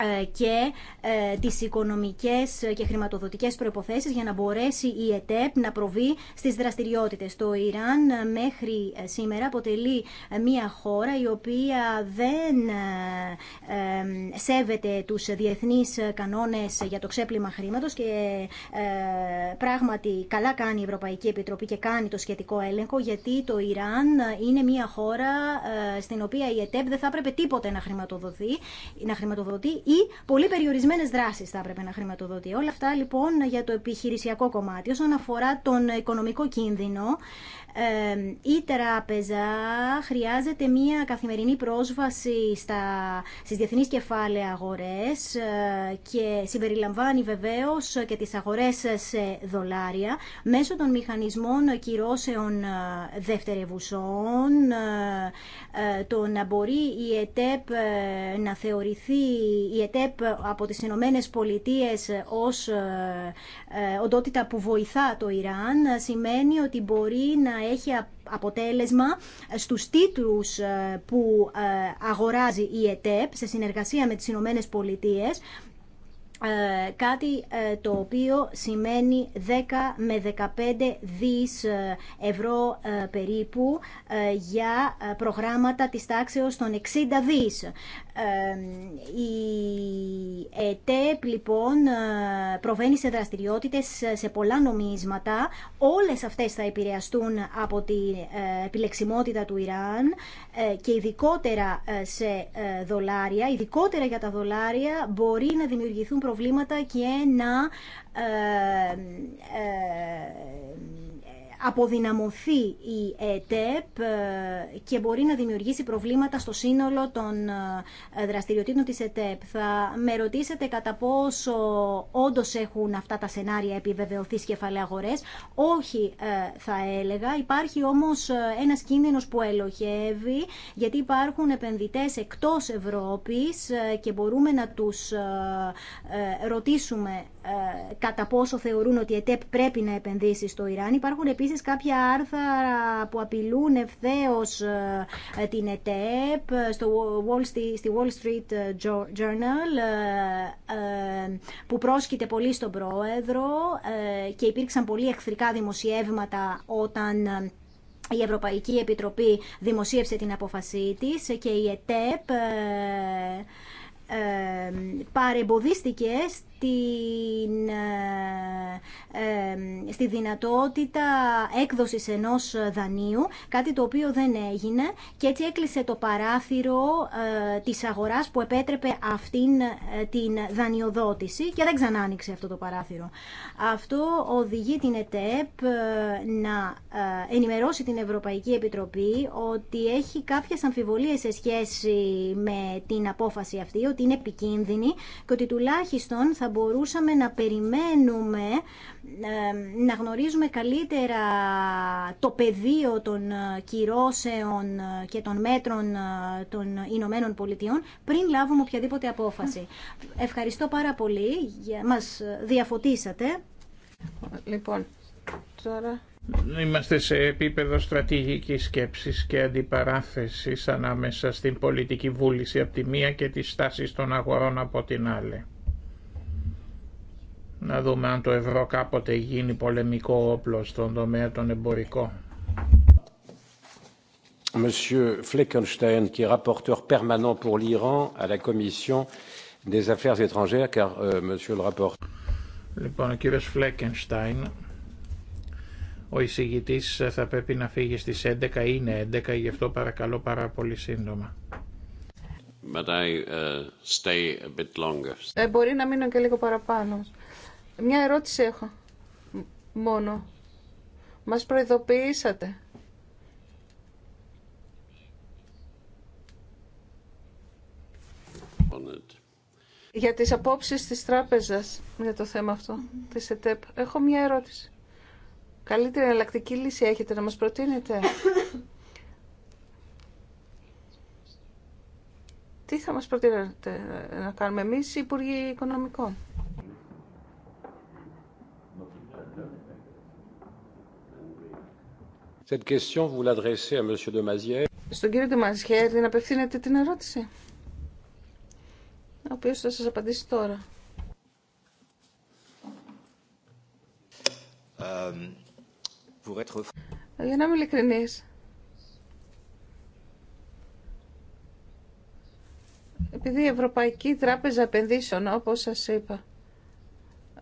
ε, και ε, τις οικονομικές και χρηματοδοτικές προϋποθέσεις για να μπορέσει η ΕΤΕΠ να προβεί στις δραστηριότητες. Το Ιράν ε, μέχρι σήμερα αποτελεί μια χώρα η οποία δεν σέβεται τους διεθνείς κανόνες για το ξέπλυμα χρήματος και πράγματι καλά κάνει η Ευρωπαϊκή Επιτροπή και κάνει το σχετικό έλεγχο γιατί το Ιράν είναι μια χώρα στην οποία η ΕΤΕΠ δεν θα έπρεπε τίποτε να χρηματοδοτεί, να χρηματοδοτεί ή πολύ περιορισμένες δράσεις θα έπρεπε να χρηματοδοτεί. Όλα αυτά λοιπόν για το επιχειρησιακό κομμάτι. Όσον αφορά τον οικονομικό κίνδυνο, η τράπεζα χρειάζεται μια καθημερινή πρόσβαση στα, στις διεθνείς κεφάλαια αγορές ε, και συμπεριλαμβάνει βεβαίως και τις αγορές σε δολάρια μέσω των μηχανισμών κυρώσεων ε, δευτερευουσών ε, το να μπορεί η ΕΤΕΠ να θεωρηθεί η ΕΤΕΠ από τις Ηνωμένε Πολιτείε ως οντότητα που βοηθά το Ιράν σημαίνει ότι μπορεί να έχει αποτέλεσμα στους τίτλους ε, που ε, αγοράζει η ΕΤΕΠ σε συνεργασία με τις Ηνωμένε Πολιτείες ε, κάτι το οποίο σημαίνει 10 με 15 δις ευρώ περίπου για προγράμματα της τάξεως των 60 δις η ΕΤΕΠ λοιπόν ε, προβαίνει σε δραστηριότητες ε, σε πολλά νομίσματα. Όλες αυτές θα επηρεαστούν από την ε, επιλεξιμότητα του Ιράν και ειδικότερα σε δολάρια. Ειδικότερα για τα δολάρια μπορεί να δημιουργηθούν προβλήματα και να αποδυναμωθεί η ΕΤΕΠ ε, και μπορεί να δημιουργήσει προβλήματα στο σύνολο των ε, δραστηριοτήτων της ΕΤΕΠ. Θα με ρωτήσετε κατά πόσο όντως έχουν αυτά τα σενάρια επιβεβαιωθεί στις κεφαλαίες Όχι ε, θα έλεγα. Υπάρχει όμως ένας κίνδυνος που ελοχεύει γιατί υπάρχουν επενδυτές εκτός Ευρώπης και μπορούμε να τους ρωτήσουμε ε, κατά πόσο θεωρούν ότι η ΕΤΕΠ πρέπει να επενδύσει στο Ιράν. Υπάρχουν επίσης κάποια άρθρα που απειλούν ευθέως ε, την ΕΤΕΠ ε, στο Wall Street, στη Wall Street Journal που πρόσκειται πολύ στον πρόεδρο και υπήρξαν πολύ εχθρικά δημοσιεύματα όταν η Ευρωπαϊκή Επιτροπή δημοσίευσε την αποφασή της και η ΕΤΕΠ παρεμποδίστηκε την, ε, ε, στη δυνατότητα έκδοσης ενός δανείου, κάτι το οποίο δεν έγινε και έτσι έκλεισε το παράθυρο ε, της αγοράς που επέτρεπε αυτήν την δανειοδότηση και δεν ξανά άνοιξε αυτό το παράθυρο. Αυτό οδηγεί την ΕΤΕΠ να ενημερώσει την Ευρωπαϊκή Επιτροπή ότι έχει κάποιες αμφιβολίες σε σχέση με την απόφαση αυτή, ότι είναι επικίνδυνη και ότι τουλάχιστον θα μπορούσαμε να περιμένουμε να γνωρίζουμε καλύτερα το πεδίο των ε, κυρώσεων ε, και των μέτρων ε, των Ηνωμένων Πολιτειών πριν λάβουμε οποιαδήποτε απόφαση. Ευχαριστώ πάρα πολύ. Μας διαφωτίσατε. Λοιπόν, τώρα... Είμαστε σε επίπεδο στρατηγικής σκέψης και αντιπαράθεσης ανάμεσα στην πολιτική βούληση από τη μία και τις στάσεις των αγορών από την άλλη. Να δούμε αν το ευρώ κάποτε γίνει πολεμικό όπλο στον τομέα των εμπορικών. Monsieur Fleckenstein, qui est rapporteur permanent pour l'Iran à la Commission des Affaires étrangères, car euh, Monsieur le rapporteur. Λοιπόν, ο κύριος Φλέκενστάιν, ο εισηγητής ε, θα πρέπει να φύγει στις 11, είναι 11, γι' αυτό παρακαλώ πάρα πολύ σύντομα. I, uh, Ε, μπορεί να μείνω και λίγο παραπάνω. Μια ερώτηση έχω μόνο. Μας προειδοποιήσατε. Για τις απόψεις της τράπεζας για το θέμα αυτό, της ΕΤΕΠ, έχω μια ερώτηση. Καλύτερη εναλλακτική λύση έχετε να μας προτείνετε. Τι θα μας προτείνετε να κάνουμε εμείς οι Υπουργοί Οικονομικών. Στον κύριο de Mazière, την απευθύνετε την ερώτηση, ο οποίος θα σας απαντήσει τώρα. Για να είμαι ειλικρινής, επειδή η Ευρωπαϊκή Τράπεζα Επενδύσεων, όπως σας είπα,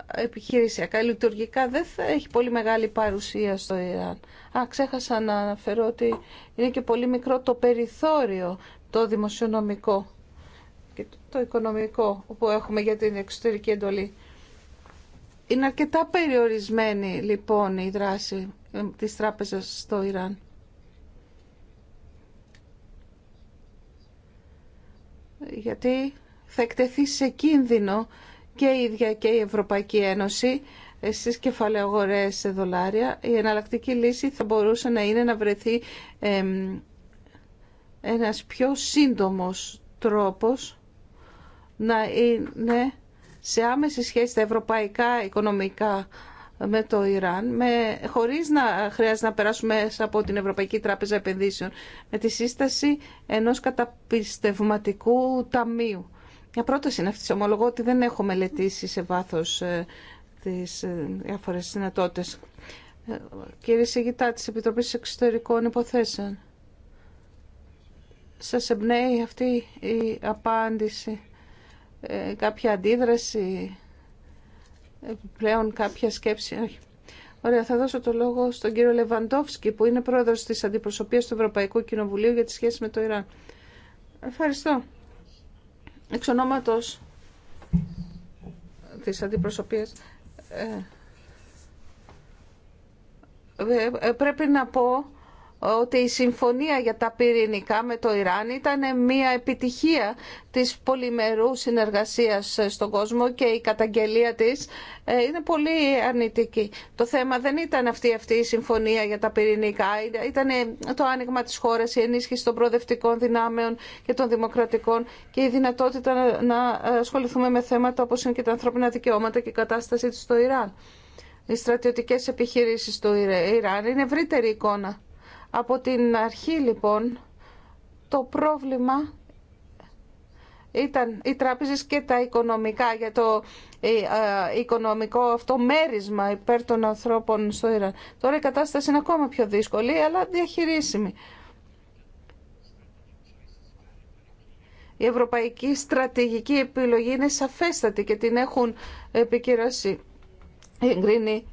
επιχειρησιακά, λειτουργικά δεν θα έχει πολύ μεγάλη παρουσία στο Ιράν. Α, ξέχασα να αναφέρω ότι είναι και πολύ μικρό το περιθώριο το δημοσιονομικό και το οικονομικό που έχουμε για την εξωτερική εντολή. Είναι αρκετά περιορισμένη λοιπόν η δράση ε, της τράπεζας στο Ιράν. Γιατί θα εκτεθεί σε κίνδυνο και η ίδια και η Ευρωπαϊκή Ένωση ε, στις κεφαλαιογορές σε δολάρια. Η εναλλακτική λύση θα μπορούσε να είναι να βρεθεί ένας πιο σύντομος τρόπος να είναι σε άμεση σχέση τα ευρωπαϊκά οικονομικά με το Ιράν, με, χωρίς να χρειάζεται να περάσουμε μέσα από την Ευρωπαϊκή Τράπεζα Επενδύσεων, με τη σύσταση ενός καταπιστευματικού ταμείου μια πρόταση είναι αυτή. Ομολογώ ότι δεν έχω μελετήσει σε βάθος ε, τις ε, διάφορες δυνατότητες. Ε, κύριε Σιγητά τη επιτροπή Εξωτερικών Υποθέσεων, Σα εμπνέει αυτή η απάντηση, κάποια αντίδραση, πλέον κάποια σκέψη, Ωραία, θα δώσω το λόγο στον κύριο Λεβαντόφσκι, που είναι πρόεδρος της Αντιπροσωπείας του Ευρωπαϊκού Κοινοβουλίου για τις σχέσεις με το Ιράν. Ευχαριστώ. Εξ ονόματος της αντιπροσωπείας ε, ε, ε, πρέπει να πω ότι η συμφωνία για τα πυρηνικά με το Ιράν ήταν μια επιτυχία της πολυμερού συνεργασίας στον κόσμο και η καταγγελία της ε, είναι πολύ αρνητική. Το θέμα δεν ήταν αυτή, αυτή η συμφωνία για τα πυρηνικά, ήταν ε, το άνοιγμα της χώρας, η ενίσχυση των προοδευτικών δυνάμεων και των δημοκρατικών και η δυνατότητα να ασχοληθούμε με θέματα όπως είναι και τα ανθρώπινα δικαιώματα και η κατάστασή του στο Ιράν. Οι στρατιωτικές επιχειρήσεις του Ιράν είναι ευρύτερη εικόνα. Από την αρχή λοιπόν το πρόβλημα ήταν οι τράπεζες και τα οικονομικά για το ε, ε, οικονομικό αυτό μέρισμα υπέρ των ανθρώπων στο Ιράν. Τώρα η κατάσταση είναι ακόμα πιο δύσκολη αλλά διαχειρίσιμη. Η ευρωπαϊκή στρατηγική επιλογή είναι σαφέστατη και την έχουν επικυρώσει εγκρίνει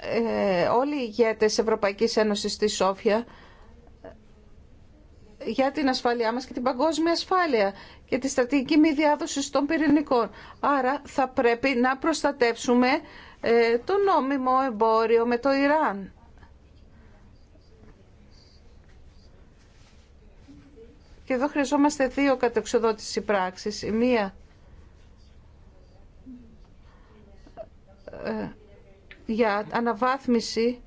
ε, όλοι οι ηγέτες Ευρωπαϊκής Ένωσης στη Σόφια για την ασφάλειά μας και την παγκόσμια ασφάλεια και τη στρατηγική μη διάδοση των πυρηνικών. Άρα θα πρέπει να προστατεύσουμε ε, το νόμιμο εμπόριο με το Ιράν. Και εδώ χρειαζόμαστε δύο κατεξοδότηση πράξεις. Η μία ε, για αναβάθμιση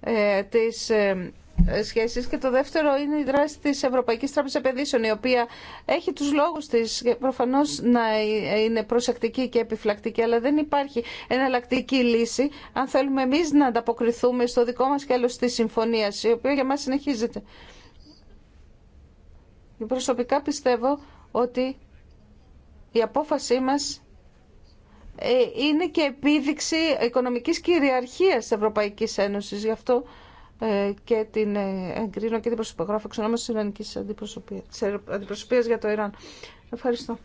ε, της ε, σχέσεις και το δεύτερο είναι η δράση της Ευρωπαϊκής Τράπεζας Επενδύσεων η οποία έχει τους λόγους της προφανώς να είναι προσεκτική και επιφλακτική αλλά δεν υπάρχει εναλλακτική λύση αν θέλουμε εμείς να ανταποκριθούμε στο δικό μας σκέλος της συμφωνίας η οποία για μας συνεχίζεται. Προσωπικά πιστεύω ότι η απόφασή μας ε, είναι και επίδειξη οικονομικής κυριαρχίας της Ευρωπαϊκής Ένωσης. Γι' αυτό ε, και την ε, εγκρίνω και την προσωπογράφω εξονόμως της Ιρανικής Αντιπροσωπείας για το Ιράν. Ευχαριστώ.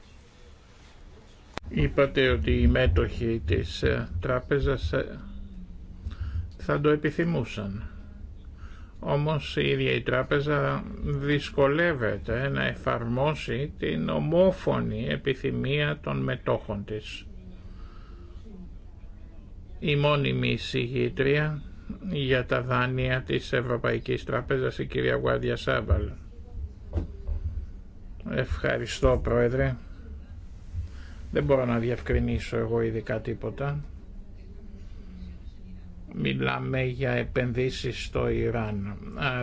Είπατε ότι οι μέτοχοι της τράπεζας θα το επιθυμούσαν. Όμως η ίδια η τράπεζα δυσκολεύεται να εφαρμόσει την ομόφωνη επιθυμία των μετόχων της η μόνιμη εισηγήτρια για τα δάνεια της Ευρωπαϊκής Τράπεζας, η κυρία Γουάρδια Σάμπαλ. Ευχαριστώ, Πρόεδρε. Δεν μπορώ να διευκρινίσω εγώ ειδικά τίποτα. Μιλάμε για επενδύσεις στο Ιράν.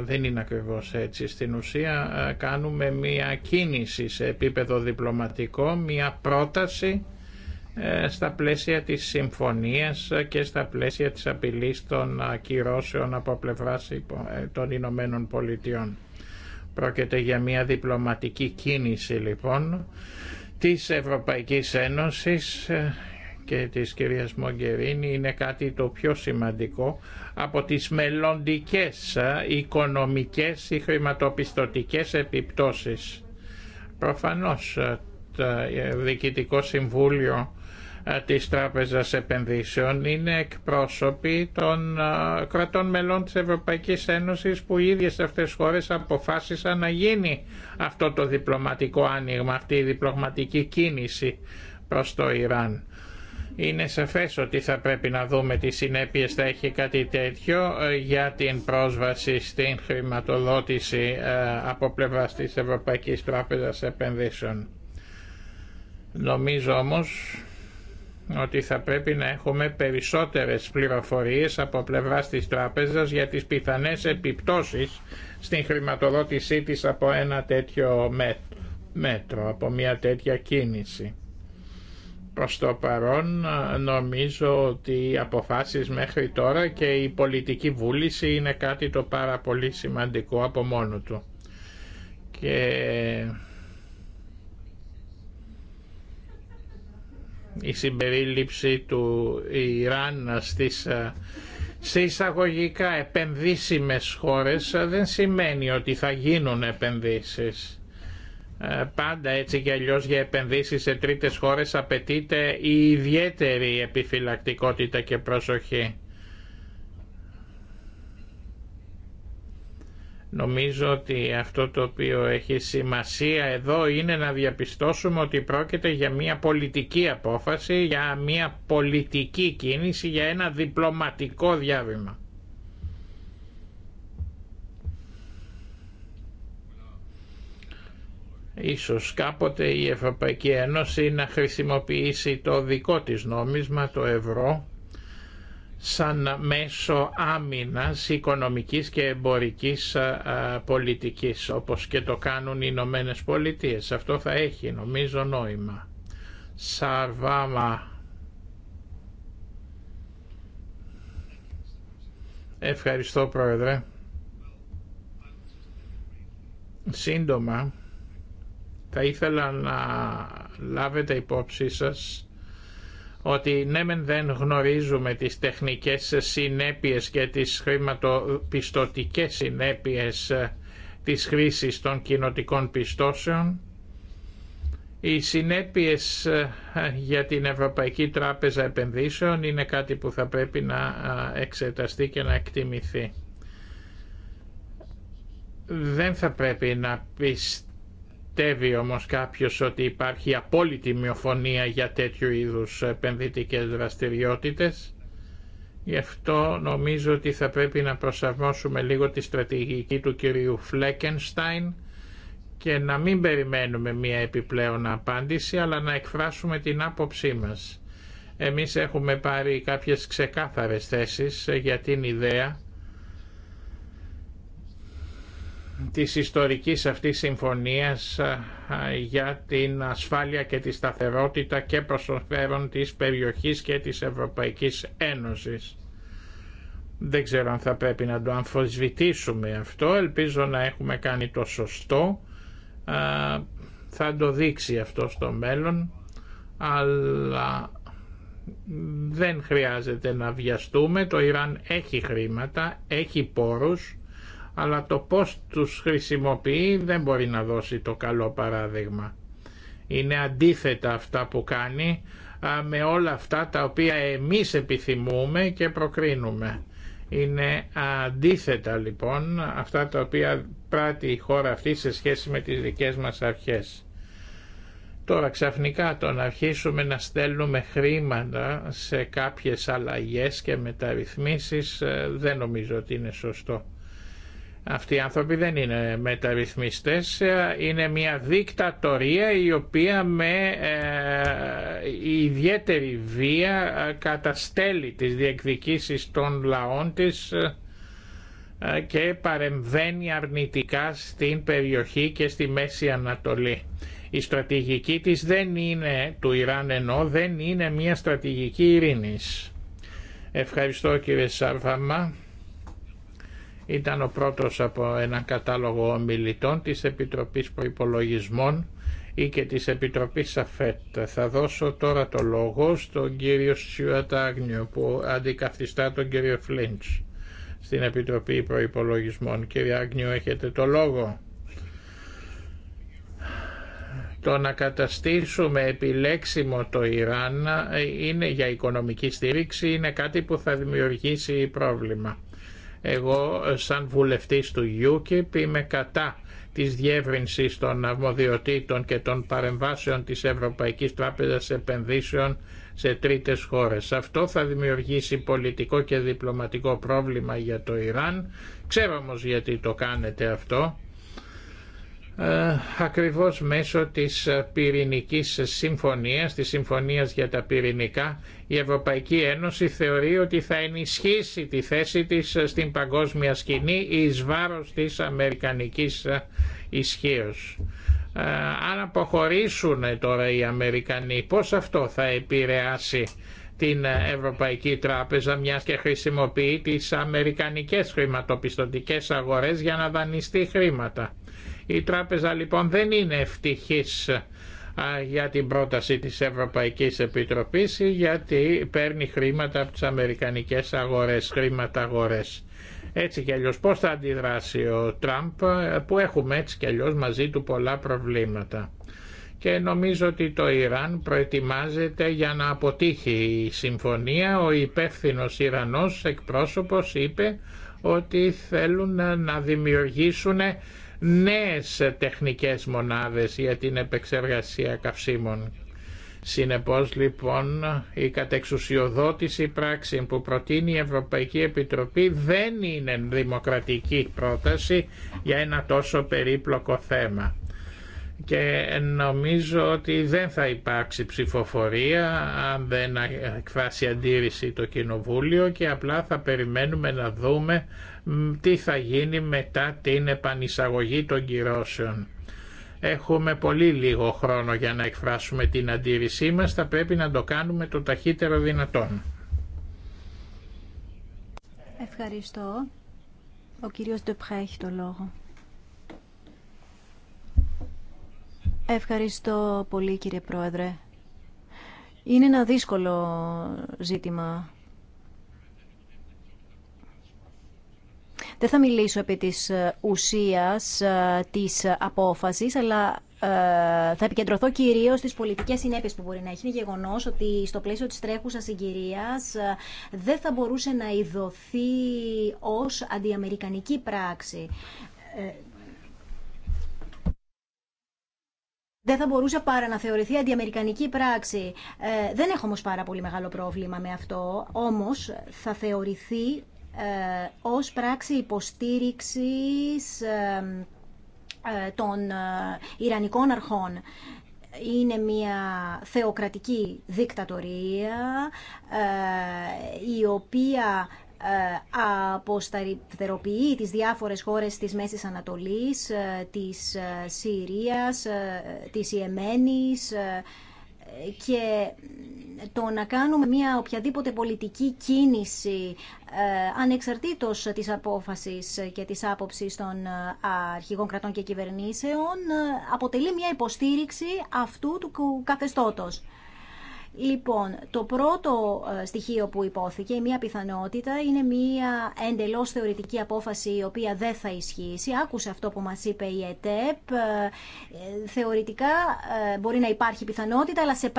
Δεν είναι ακριβώς έτσι. Στην ουσία κάνουμε μία κίνηση σε επίπεδο διπλωματικό, μία πρόταση ε, στα πλαίσια της συμφωνίας και στα πλαίσια της απειλής των ε, κυρώσεων από πλευράς ε, των Ηνωμένων Πολιτειών. Πρόκειται για μια διπλωματική κίνηση λοιπόν της Ευρωπαϊκής Ένωσης και της κυρίας Μογκερίνη είναι κάτι το πιο σημαντικό από τις μελλοντικές οικονομικές ή χρηματοπιστωτικές επιπτώσεις. Προφανώς το Διοικητικό Συμβούλιο ε, της Τράπεζας Επενδύσεων είναι εκπρόσωποι των ε, κρατών μελών της Ευρωπαϊκής Ένωσης που οι ίδιες αυτές χώρες αποφάσισαν να γίνει αυτό το διπλωματικό άνοιγμα, αυτή η διπλωματική κίνηση προς το Ιράν. Είναι σαφές ότι θα πρέπει να δούμε τι συνέπειες θα έχει κάτι τέτοιο ε, για την πρόσβαση στην χρηματοδότηση από πλευρά της Ευρωπαϊκής Τράπεζας Επενδύσεων. Νομίζω όμως ότι θα πρέπει να έχουμε περισσότερες πληροφορίες από πλευράς της τράπεζας για τις πιθανές επιπτώσεις στην χρηματοδότησή της από ένα τέτοιο μέτρο, από μια τέτοια κίνηση. Προς το παρόν νομίζω ότι οι αποφάσεις μέχρι τώρα και η πολιτική βούληση είναι κάτι το πάρα πολύ σημαντικό από μόνο του. Και η συμπερίληψη του Ιράν στις ε, σε εισαγωγικά επενδύσιμες χώρες ε, δεν σημαίνει ότι θα γίνουν επενδύσεις. Ε, πάντα έτσι και αλλιώ για επενδύσεις σε τρίτες χώρες απαιτείται η ιδιαίτερη επιφυλακτικότητα και προσοχή. Νομίζω ότι αυτό το οποίο έχει σημασία εδώ είναι να διαπιστώσουμε ότι πρόκειται για μια πολιτική απόφαση, για μια πολιτική κίνηση, για ένα διπλωματικό διάβημα. Ίσως κάποτε η Ευρωπαϊκή Ένωση να χρησιμοποιήσει το δικό της νόμισμα, το ευρώ, σαν μέσο άμυνας οικονομικής και εμπορικής πολιτικής όπως και το κάνουν οι Ηνωμένε Πολιτείε. Αυτό θα έχει νομίζω νόημα. Σαρβάμα. Ευχαριστώ Πρόεδρε. Σύντομα θα ήθελα να λάβετε υπόψη σας ότι ναι μεν δεν γνωρίζουμε τις τεχνικές συνέπειες και τις χρηματοπιστωτικές συνέπειες ε, της χρήσης των κοινοτικών πιστώσεων, οι συνέπειες ε, για την Ευρωπαϊκή Τράπεζα Επενδύσεων είναι κάτι που θα πρέπει να ε, εξεταστεί και να εκτιμηθεί. Δεν θα πρέπει να πιστεύουμε πιστεύει όμως κάποιος ότι υπάρχει απόλυτη μειοφωνία για τέτοιου είδους επενδυτικές δραστηριότητες. Γι' αυτό νομίζω ότι θα πρέπει να προσαρμόσουμε λίγο τη στρατηγική του κυρίου Φλέκενστάιν και να μην περιμένουμε μία επιπλέον απάντηση αλλά να εκφράσουμε την άποψή μας. Εμείς έχουμε πάρει κάποιες ξεκάθαρες θέσεις για την ιδέα της ιστορικής αυτής συμφωνίας για την ασφάλεια και τη σταθερότητα και φέρον της περιοχής και της Ευρωπαϊκής Ένωσης. Δεν ξέρω αν θα πρέπει να το αμφισβητήσουμε αυτό, ελπίζω να έχουμε κάνει το σωστό, θα το δείξει αυτό στο μέλλον, αλλά δεν χρειάζεται να βιαστούμε, το Ιράν έχει χρήματα, έχει πόρους, αλλά το πώς τους χρησιμοποιεί δεν μπορεί να δώσει το καλό παράδειγμα. Είναι αντίθετα αυτά που κάνει με όλα αυτά τα οποία εμείς επιθυμούμε και προκρίνουμε. Είναι αντίθετα λοιπόν αυτά τα οποία πράττει η χώρα αυτή σε σχέση με τις δικές μας αρχές. Τώρα ξαφνικά το να αρχίσουμε να στέλνουμε χρήματα σε κάποιες αλλαγές και μεταρρυθμίσεις ε, δεν νομίζω ότι είναι σωστό. Αυτοί οι άνθρωποι δεν είναι μεταρρυθμιστές, είναι μια δικτατορία η οποία με ε, ιδιαίτερη βία ε, καταστέλει τις διεκδικήσεις των λαών της ε, και παρεμβαίνει αρνητικά στην περιοχή και στη Μέση Ανατολή. Η στρατηγική της δεν είναι, του Ιράν ενώ, δεν είναι μια στρατηγική ειρήνης. Ευχαριστώ κύριε Σάρφαμα. Ήταν ο πρώτος από έναν κατάλογο ομιλητών της Επιτροπής Προϋπολογισμών ή και της Επιτροπής ΑΦΕΤ. Θα δώσω τώρα το λόγο στον κύριο Σιουατάγνιο που αντικαθιστά τον κύριο Φλίντς στην Επιτροπή Προϋπολογισμών. Κύριε Άγνιο, έχετε το λόγο. Το να καταστήσουμε επιλέξιμο το Ιράν είναι για οικονομική στήριξη, είναι κάτι που θα δημιουργήσει πρόβλημα. Εγώ σαν βουλευτής του UKIP είμαι κατά της διεύρυνσης των αρμοδιοτήτων και των παρεμβάσεων της Ευρωπαϊκής Τράπεζας Επενδύσεων σε τρίτες χώρες. Αυτό θα δημιουργήσει πολιτικό και διπλωματικό πρόβλημα για το Ιράν. Ξέρω όμω γιατί το κάνετε αυτό ε, ακριβώς μέσω της πυρηνικής συμφωνίας, της συμφωνίας για τα πυρηνικά, η Ευρωπαϊκή Ένωση θεωρεί ότι θα ενισχύσει τη θέση της στην παγκόσμια σκηνή εις βάρος της αμερικανικής ισχύως. Ε, αν αποχωρήσουν τώρα οι Αμερικανοί, πώς αυτό θα επηρεάσει την Ευρωπαϊκή Τράπεζα μιας και χρησιμοποιεί τις αμερικανικές χρηματοπιστωτικές αγορές για να δανειστεί χρήματα η τράπεζα λοιπόν δεν είναι ευτυχής για την πρόταση της Ευρωπαϊκής Επιτροπής γιατί παίρνει χρήματα από τις Αμερικανικές αγορές, χρήματα αγορές. Έτσι κι αλλιώς πώς θα αντιδράσει ο Τραμπ που έχουμε έτσι κι αλλιώς μαζί του πολλά προβλήματα. Και νομίζω ότι το Ιράν προετοιμάζεται για να αποτύχει η συμφωνία. Ο υπεύθυνο Ιρανός εκπρόσωπος είπε ότι θέλουν να δημιουργήσουν νέες τεχνικές μονάδες για την επεξεργασία καυσίμων. Συνεπώς λοιπόν η κατεξουσιοδότηση πράξη που προτείνει η Ευρωπαϊκή Επιτροπή δεν είναι δημοκρατική πρόταση για ένα τόσο περίπλοκο θέμα και νομίζω ότι δεν θα υπάρξει ψηφοφορία αν δεν εκφράσει αντίρρηση το Κοινοβούλιο και απλά θα περιμένουμε να δούμε τι θα γίνει μετά την επανεισαγωγή των κυρώσεων. Έχουμε πολύ λίγο χρόνο για να εκφράσουμε την αντίρρησή μας, θα πρέπει να το κάνουμε το ταχύτερο δυνατόν. Ευχαριστώ. Ο κύριος Ντεπρέ έχει το λόγο. Ευχαριστώ πολύ κύριε Πρόεδρε. Είναι ένα δύσκολο ζήτημα. Δεν θα μιλήσω επί της ε, ουσίας ε, της απόφασης, αλλά ε, θα επικεντρωθώ κυρίω στι πολιτικέ συνέπειε που μπορεί να έχει. Είναι γεγονό ότι στο πλαίσιο τη τρέχουσα συγκυρία δεν θα μπορούσε να ειδωθεί ω αντιαμερικανική πράξη. δεν θα μπορούσε παρά να θεωρηθεί αντιαμερικανική πράξη. Ε, δεν έχω όμω πάρα πολύ μεγάλο πρόβλημα με αυτό, όμως θα θεωρηθεί ε, ως πράξη υποστήριξης ε, ε, των ε, Ιρανικών αρχών. Είναι μια θεοκρατική δικτατορία η οποία ε, αποσταρτεροποιεί τις διάφορες χώρες της Μέσης Ανατολής, ε, της ε, Συρίας, της Ιεμένης και το να κάνουμε μια οποιαδήποτε πολιτική κίνηση ανεξαρτήτως της απόφασης και της άποψης των αρχηγών κρατών και κυβερνήσεων αποτελεί μια υποστήριξη αυτού του καθεστώτος. Λοιπόν, το πρώτο ε, στοιχείο που υπόθηκε, η μία πιθανότητα, είναι μία εντελώς θεωρητική απόφαση η οποία δεν θα ισχύσει. Άκουσε αυτό που μας είπε η ΕΤΕΠ. Ε, θεωρητικά ε, μπορεί να υπάρχει πιθανότητα, αλλά σε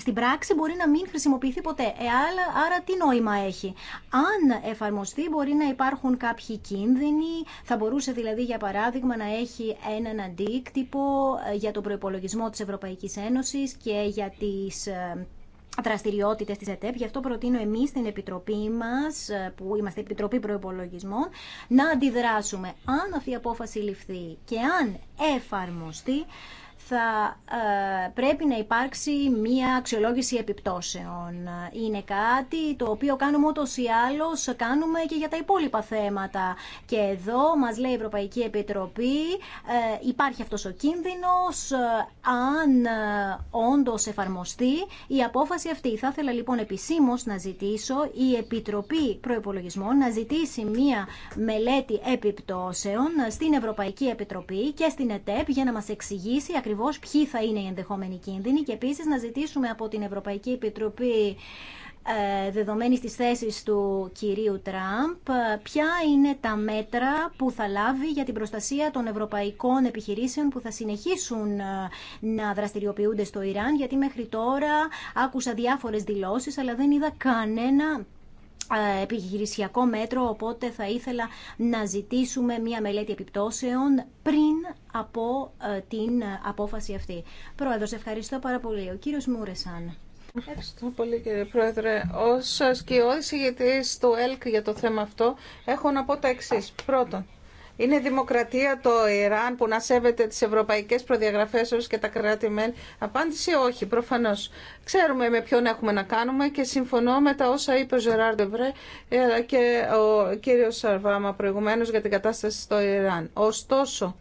στην πράξη μπορεί να μην χρησιμοποιηθεί ποτέ. Ε, άρα, άρα τι νόημα έχει. Αν εφαρμοστεί μπορεί να υπάρχουν κάποιοι κίνδυνοι. Θα μπορούσε δηλαδή για παράδειγμα να έχει έναν αντίκτυπο για τον προπολογισμό της Ευρωπαϊκής Ένωσης και για τις δραστηριότητες της ΕΤΕΠ. Γι' αυτό προτείνω εμείς στην Επιτροπή μας, ε, που είμαστε Επιτροπή Προϋπολογισμών, να αντιδράσουμε αν αυτή η απόφαση ληφθεί και αν εφαρμοστεί, θα ε, πρέπει να υπάρξει μία αξιολόγηση επιπτώσεων. Είναι κάτι το οποίο κάνουμε το ή άλλως, κάνουμε και για τα υπόλοιπα θέματα. Και εδώ μας λέει η Ευρωπαϊκή Επιτροπή, ε, υπάρχει αυτός ο κίνδυνος, ε, αν όντως εφαρμοστεί η απόφαση αυτή. Θα ήθελα λοιπόν επισήμως να ζητήσω η Επιτροπή Προϋπολογισμών να ζητήσει μία μελέτη επιπτώσεων στην Ευρωπαϊκή Επιτροπή και στην ΕΤΕΠ για να μας εξηγήσει ακριβώ ποιοι θα είναι οι ενδεχόμενοι κίνδυνοι και επίση να ζητήσουμε από την Ευρωπαϊκή Επιτροπή ε, δεδομένη της θέσης του κυρίου Τραμπ, ε, ποια είναι τα μέτρα που θα λάβει για την προστασία των ευρωπαϊκών επιχειρήσεων που θα συνεχίσουν ε, να δραστηριοποιούνται στο Ιράν, γιατί μέχρι τώρα άκουσα διάφορες δηλώσεις, αλλά δεν είδα κανένα ε, επιχειρησιακό μέτρο, οπότε θα ήθελα να ζητήσουμε μία μελέτη επιπτώσεων πριν από ε, την απόφαση αυτή. Πρόεδρο. ευχαριστώ πάρα πολύ. Ο κύριος Μούρεσαν. Ευχαριστώ πολύ κύριε Πρόεδρε. Ως σκιώδης ηγετής του ΕΛΚ για το θέμα αυτό, έχω να πω τα εξής. Πρώτον, είναι δημοκρατία το Ιράν που να σέβεται τις ευρωπαϊκές προδιαγραφές ως και τα κράτη μέλη. Απάντηση όχι, προφανώς. Ξέρουμε με ποιον έχουμε να κάνουμε και συμφωνώ με τα όσα είπε ο Ζεράρ Ντεβρέ και ο κύριος Σαρβάμα προηγουμένως για την κατάσταση στο Ιράν. Ωστόσο,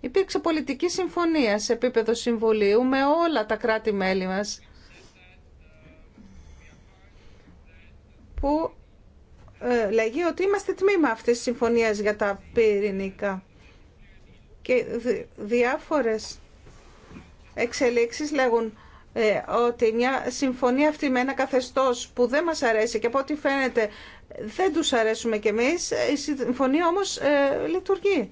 υπήρξε πολιτική συμφωνία σε επίπεδο συμβουλίου με όλα τα κράτη-μέλη μας που ε, λέγει ότι είμαστε τμήμα αυτής της συμφωνίας για τα πυρηνικά. Και διάφορες εξελίξεις λέγουν ε, ότι μια συμφωνία αυτή με ένα καθεστώς που δεν μας αρέσει και από ό,τι φαίνεται δεν τους αρέσουμε κι εμείς, η συμφωνία όμως ε, λειτουργεί.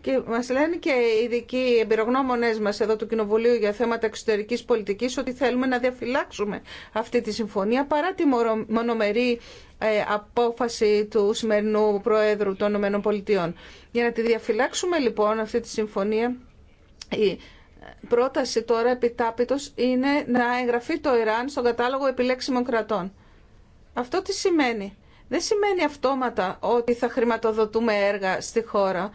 Και μα λένε και οι ειδικοί εμπειρογνώμονε μα εδώ του Κοινοβουλίου για θέματα εξωτερική πολιτική ότι θέλουμε να διαφυλάξουμε αυτή τη συμφωνία παρά τη μονομερή ε, απόφαση του σημερινού Προέδρου των ΗΠΑ. Για να τη διαφυλάξουμε λοιπόν αυτή τη συμφωνία η πρόταση τώρα επιτάπητο είναι να εγγραφεί το Ιράν στον κατάλογο επιλέξιμων κρατών. Αυτό τι σημαίνει. Δεν σημαίνει αυτόματα ότι θα χρηματοδοτούμε έργα στη χώρα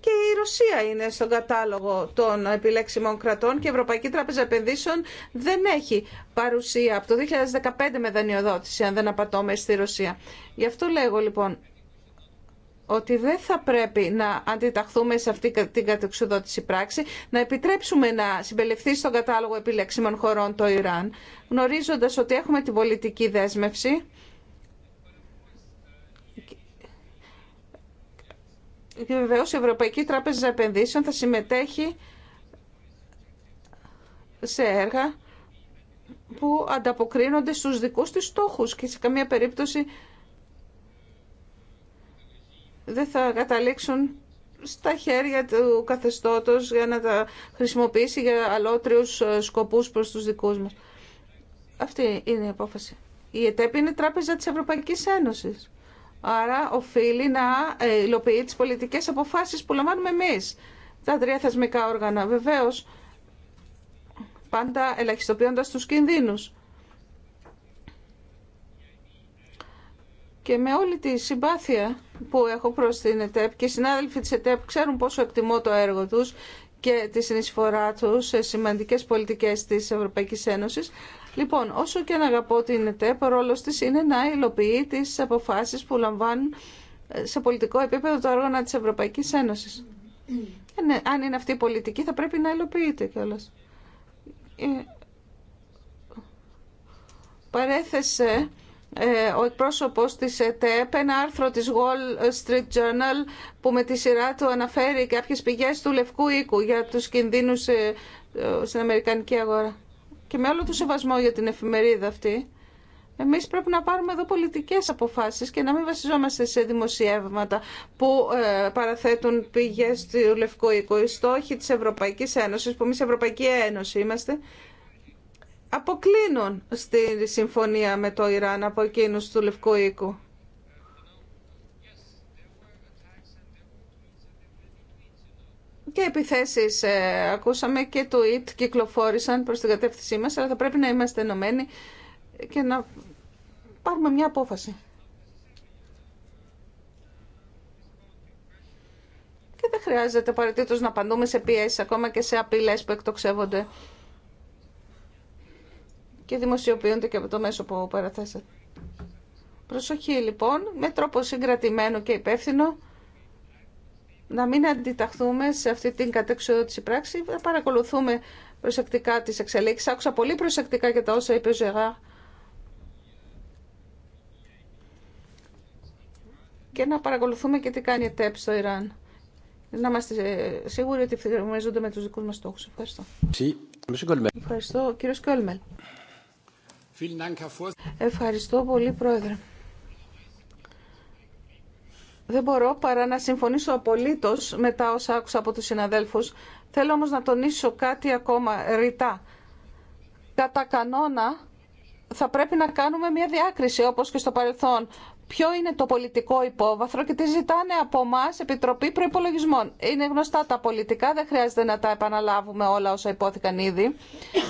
και η Ρωσία είναι στον κατάλογο των επιλέξιμων κρατών και η Ευρωπαϊκή Τράπεζα Επενδύσεων δεν έχει παρουσία από το 2015 με δανειοδότηση, αν δεν απατώμε στη Ρωσία. Γι' αυτό λέγω λοιπόν ότι δεν θα πρέπει να αντιταχθούμε σε αυτή την κατεξουδότηση πράξη, να επιτρέψουμε να συμπελευθεί στον κατάλογο επιλέξιμων χωρών το Ιράν, γνωρίζοντας ότι έχουμε την πολιτική δέσμευση Και η Ευρωπαϊκή Τράπεζα Επενδύσεων θα συμμετέχει σε έργα που ανταποκρίνονται στους δικούς της στόχους και σε καμία περίπτωση δεν θα καταλήξουν στα χέρια του καθεστώτος για να τα χρησιμοποιήσει για αλότριους ε, σκοπούς προς τους δικούς μας. Αυτή είναι η απόφαση. Η ΕΤΕΠ είναι τράπεζα της Ευρωπαϊκής Ένωσης. Άρα οφείλει να ε, υλοποιεί τι πολιτικές αποφάσεις που λαμβάνουμε εμεί τα τρία θεσμικά όργανα. Βεβαίως, πάντα ελαχιστοποιώντα του κινδύνου. Και με όλη τη συμπάθεια που έχω προ την ΕΤΕΠ και οι συνάδελφοι τη ΕΤΕΠ ξέρουν πόσο εκτιμώ το έργο του και τη συνεισφορά του σε σημαντικές πολιτικές της Ευρωπαϊκή Ένωση. Λοιπόν, όσο και να αγαπώ την ΕΤΕΠ, ο ρόλο της είναι να υλοποιεί τι αποφάσεις που λαμβάνουν ε, σε πολιτικό επίπεδο τα όργανα της Ευρωπαϊκής Ένωσης. Ε, ναι, αν είναι αυτή η πολιτική θα πρέπει να υλοποιείται κιόλα. Ε, παρέθεσε ο εκπρόσωπο τη ΕΤΕΠ ένα άρθρο της Wall Street Journal που με τη σειρά του αναφέρει κάποιε πηγές του Λευκού Οίκου για τους κινδύνους στην Αμερικανική αγορά και με όλο το σεβασμό για την εφημερίδα αυτή, εμείς πρέπει να πάρουμε εδώ πολιτικές αποφάσεις και να μην βασιζόμαστε σε δημοσιεύματα που ε, παραθέτουν πηγές του Λευκού Οίκου. Οι στόχοι της Ευρωπαϊκής Ένωσης, που εμείς Ευρωπαϊκή Ένωση είμαστε, αποκλίνουν στη συμφωνία με το Ιράν από εκείνους του Λευκού Οίκου. και επιθέσεις ε, ακούσαμε και το ΙΤ κυκλοφόρησαν προς την κατεύθυνσή μας, αλλά θα πρέπει να είμαστε ενωμένοι και να πάρουμε μια απόφαση. Και δεν χρειάζεται απαραίτητο να απαντούμε σε πιέσει, ακόμα και σε απειλέ που εκτοξεύονται και δημοσιοποιούνται και από το μέσο που παραθέσατε. Προσοχή λοιπόν, με τρόπο συγκρατημένο και υπεύθυνο να μην αντιταχθούμε σε αυτή την κατεξοδότηση πράξη, να παρακολουθούμε προσεκτικά τις εξελίξεις. Άκουσα πολύ προσεκτικά και τα όσα είπε ο Ζεγά. Και να παρακολουθούμε και τι κάνει η ΤΕΠ στο Ιράν. Να είμαστε σίγουροι ότι φυγερμαζόνται με τους δικούς μας στόχους. Ευχαριστώ. Ευχαριστώ, κύριος Κόλμελ. Ευχαριστώ πολύ, Πρόεδρε. Δεν μπορώ παρά να συμφωνήσω απολύτω με τα όσα άκουσα από του συναδέλφου. Θέλω όμω να τονίσω κάτι ακόμα ρητά. Κατά κανόνα θα πρέπει να κάνουμε μια διάκριση όπω και στο παρελθόν. Ποιο είναι το πολιτικό υπόβαθρο και τι ζητάνε από εμά Επιτροπή Προπολογισμών. Είναι γνωστά τα πολιτικά, δεν χρειάζεται να τα επαναλάβουμε όλα όσα υπόθηκαν ήδη.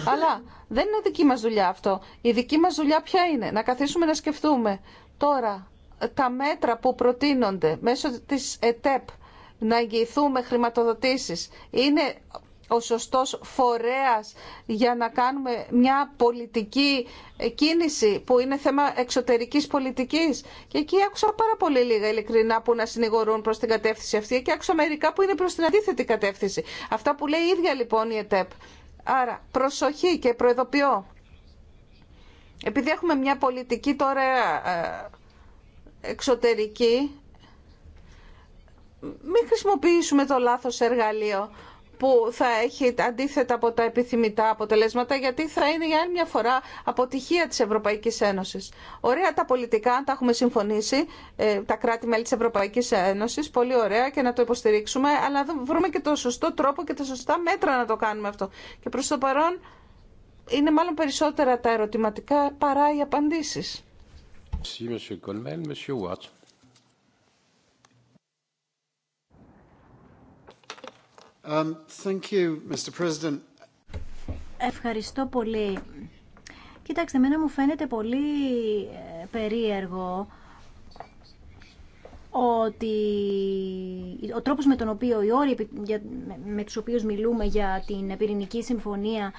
Αλλά δεν είναι δική μα δουλειά αυτό. Η δική μα δουλειά ποια είναι, να καθίσουμε να σκεφτούμε τώρα τα μέτρα που προτείνονται μέσω της ΕΤΕΠ να εγγυηθούμε χρηματοδοτήσεις είναι ο σωστός φορέας για να κάνουμε μια πολιτική κίνηση που είναι θέμα εξωτερικής πολιτικής. Και εκεί άκουσα πάρα πολύ λίγα ειλικρινά που να συνηγορούν προς την κατεύθυνση αυτή και άκουσα μερικά που είναι προς την αντίθετη κατεύθυνση. Αυτά που λέει η ίδια λοιπόν η ΕΤΕΠ. Άρα προσοχή και προεδοποιώ. Επειδή έχουμε μια πολιτική τώρα ε, εξωτερική μην χρησιμοποιήσουμε το λάθος εργαλείο που θα έχει αντίθετα από τα επιθυμητά αποτελέσματα, γιατί θα είναι για άλλη μια φορά αποτυχία της Ευρωπαϊκής Ένωσης. Ωραία τα πολιτικά, τα έχουμε συμφωνήσει, ε, τα κράτη-μέλη της Ευρωπαϊκής Ένωσης, πολύ ωραία και να το υποστηρίξουμε, αλλά να βρούμε και το σωστό τρόπο και τα σωστά μέτρα να το κάνουμε αυτό. Και προς το παρόν είναι μάλλον περισσότερα τα ερωτηματικά παρά οι απαντήσεις. Um, Ευχαριστώ πολύ. Κοιτάξτε, εμένα μου φαίνεται πολύ ε, περίεργο ότι ο τρόπος με τον οποίο οι όροι με τους οποίους μιλούμε για την πυρηνική συμφωνία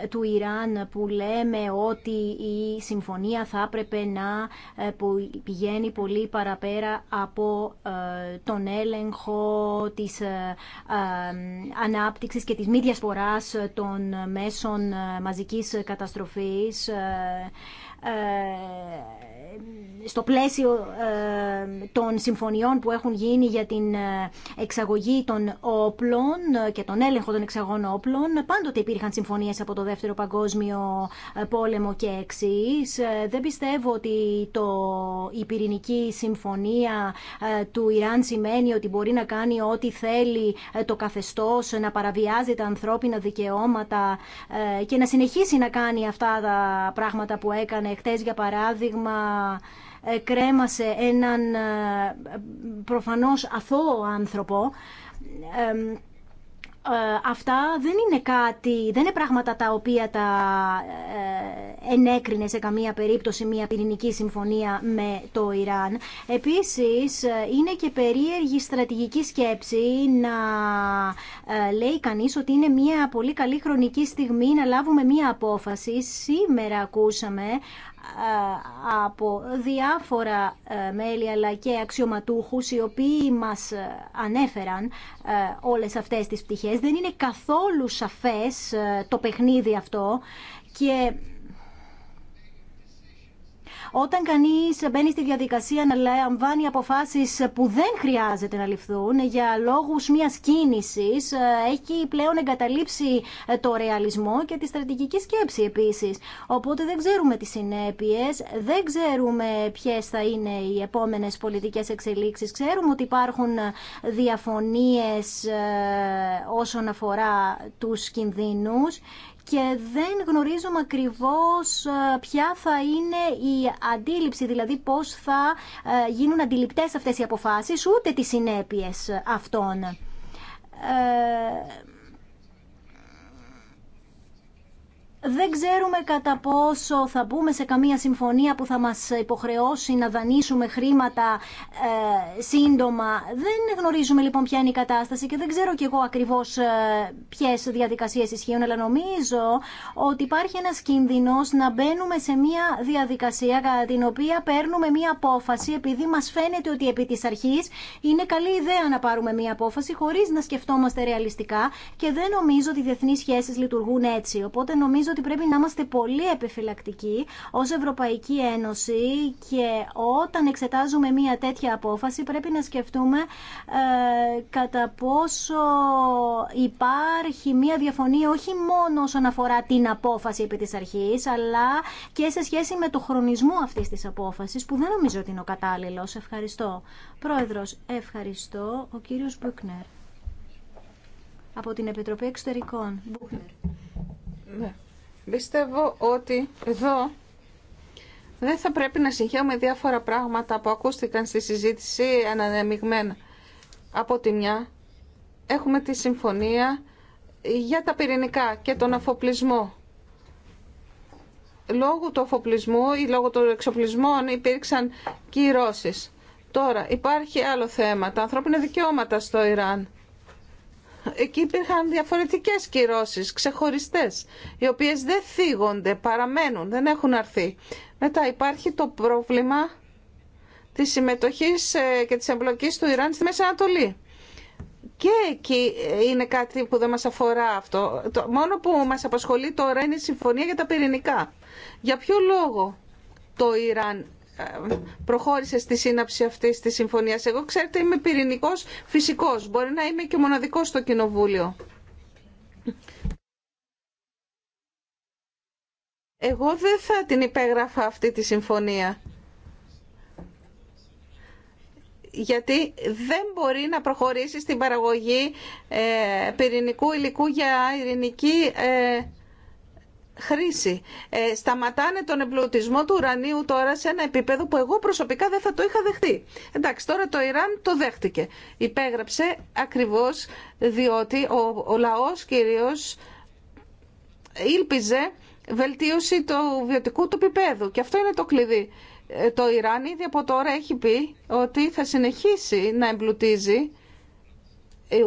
ε, του Ιράν που λέμε ότι η συμφωνία θα έπρεπε να ε, πηγαίνει πολύ παραπέρα από ε, τον έλεγχο της ανάπτυξης και της μη διασποράς των μέσων μαζικής καταστροφής στο πλαίσιο ε, των συμφωνιών που έχουν γίνει για την ε, εξαγωγή των όπλων και τον έλεγχο των εξαγών όπλων, πάντοτε υπήρχαν συμφωνίες από το Δεύτερο Παγκόσμιο ε, Πόλεμο και εξής. Δεν πιστεύω ότι το, η πυρηνική συμφωνία του Ιράν σημαίνει ότι μπορεί να κάνει ό,τι θέλει το καθεστώς, να παραβιάζει τα ανθρώπινα δικαιώματα και να συνεχίσει να κάνει αυτά τα πράγματα που έκανε χτες, για παράδειγμα, ε, κρέμασε έναν ε, προφανώς αθώο άνθρωπο ε, αυτά δεν είναι κάτι, δεν είναι πράγματα τα οποία τα ενέκρινε σε καμία περίπτωση μια πυρηνική συμφωνία με το Ιράν. Επίσης είναι και περίεργη στρατηγική σκέψη να λέει κανείς ότι είναι μια πολύ καλή χρονική στιγμή να λάβουμε μια απόφαση. Σήμερα ακούσαμε ε, από διάφορα ε, μέλη αλλά και αξιωματούχους οι οποίοι μας ε, ανέφεραν όλες αυτές τις πτυχές. Δεν είναι καθόλου σαφές το παιχνίδι αυτό και όταν κανεί μπαίνει στη διαδικασία να λαμβάνει αποφάσει που δεν χρειάζεται να ληφθούν για λόγου μια κίνηση, ε, έχει πλέον εγκαταλείψει ε, το ρεαλισμό και τη στρατηγική σκέψη επίση. Οπότε δεν ξέρουμε τι συνέπειε, δεν ξέρουμε ποιε θα είναι οι επόμενε πολιτικέ εξελίξει. Ξέρουμε ότι υπάρχουν ε, διαφωνίε όσον αφορά τους κινδύνου και δεν γνωρίζουμε ακριβώς ε, ποια θα είναι η αντίληψη, δηλαδή πώς θα ε, γίνουν αντιληπτές αυτές οι αποφάσεις, ούτε τις συνέπειες αυτών. Ε, δεν ξέρουμε κατά πόσο θα μπούμε σε καμία συμφωνία που θα μας υποχρεώσει να δανείσουμε χρήματα ε, σύντομα. Δεν γνωρίζουμε λοιπόν ποια είναι η κατάσταση και δεν ξέρω κι εγώ ακριβώς ε, ποιες διαδικασίες ισχύουν, αλλά νομίζω ότι υπάρχει ένας κίνδυνος να μπαίνουμε σε μια διαδικασία κατά την οποία παίρνουμε μια απόφαση επειδή μας φαίνεται ότι επί της αρχής είναι καλή ιδέα να πάρουμε μια απόφαση χωρίς να σκεφτόμαστε ρεαλιστικά και δεν νομίζω ότι οι διεθνείς σχέσεις λειτουργούν έτσι. Οπότε νομίζω ότι πρέπει να είμαστε πολύ επιφυλακτικοί ως Ευρωπαϊκή Ένωση και όταν εξετάζουμε μια τέτοια απόφαση πρέπει να σκεφτούμε ε, κατά πόσο υπάρχει μια διαφωνία όχι μόνο όσον αφορά την απόφαση επί της αρχής αλλά και σε σχέση με το χρονισμό αυτής της απόφασης που δεν νομίζω ότι είναι ο κατάλληλος. Ευχαριστώ. Πρόεδρος, ευχαριστώ. Ο κύριος Μπουκνερ από την Επιτροπή Εξωτερικών. Μπουκνερ. Ναι. Πιστεύω ότι εδώ δεν θα πρέπει να συγχαίουμε διάφορα πράγματα που ακούστηκαν στη συζήτηση ανανεμιγμένα. Από τη μια έχουμε τη συμφωνία για τα πυρηνικά και τον αφοπλισμό. Λόγω του αφοπλισμού ή λόγω των εξοπλισμών υπήρξαν κυρώσεις. Τώρα υπάρχει άλλο θέμα, τα ανθρώπινα δικαιώματα στο Ιράν εκεί υπήρχαν διαφορετικές κυρώσεις, ξεχωριστές, οι οποίες δεν θίγονται, παραμένουν, δεν έχουν αρθεί. Μετά υπάρχει το πρόβλημα της συμμετοχής ε, και της εμπλοκής του Ιράν στη Μέση Ανατολή. Και εκεί ε, είναι κάτι που δεν μας αφορά αυτό. Το μόνο που μας απασχολεί τώρα είναι η συμφωνία για τα πυρηνικά. Για ποιο λόγο το Ιράν προχώρησε στη σύναψη αυτή τη συμφωνία. Εγώ, ξέρετε, είμαι πυρηνικό φυσικός. Μπορεί να είμαι και μοναδικός στο Κοινοβούλιο. Εγώ δεν θα την υπέγραφα αυτή τη συμφωνία. Γιατί δεν μπορεί να προχωρήσει στην παραγωγή ε, πυρηνικού υλικού για ειρηνική ε, χρήση. Ε, σταματάνε τον εμπλουτισμό του ουρανίου τώρα σε ένα επίπεδο που εγώ προσωπικά δεν θα το είχα δεχτεί. Εντάξει, τώρα το Ιράν το δέχτηκε. Υπέγραψε ακριβώς διότι ο, ο λαός κυρίως ήλπιζε βελτίωση του βιωτικού του επίπεδου. Και αυτό είναι το κλειδί. Ε, το Ιράν ήδη από τώρα έχει πει ότι θα συνεχίσει να εμπλουτίζει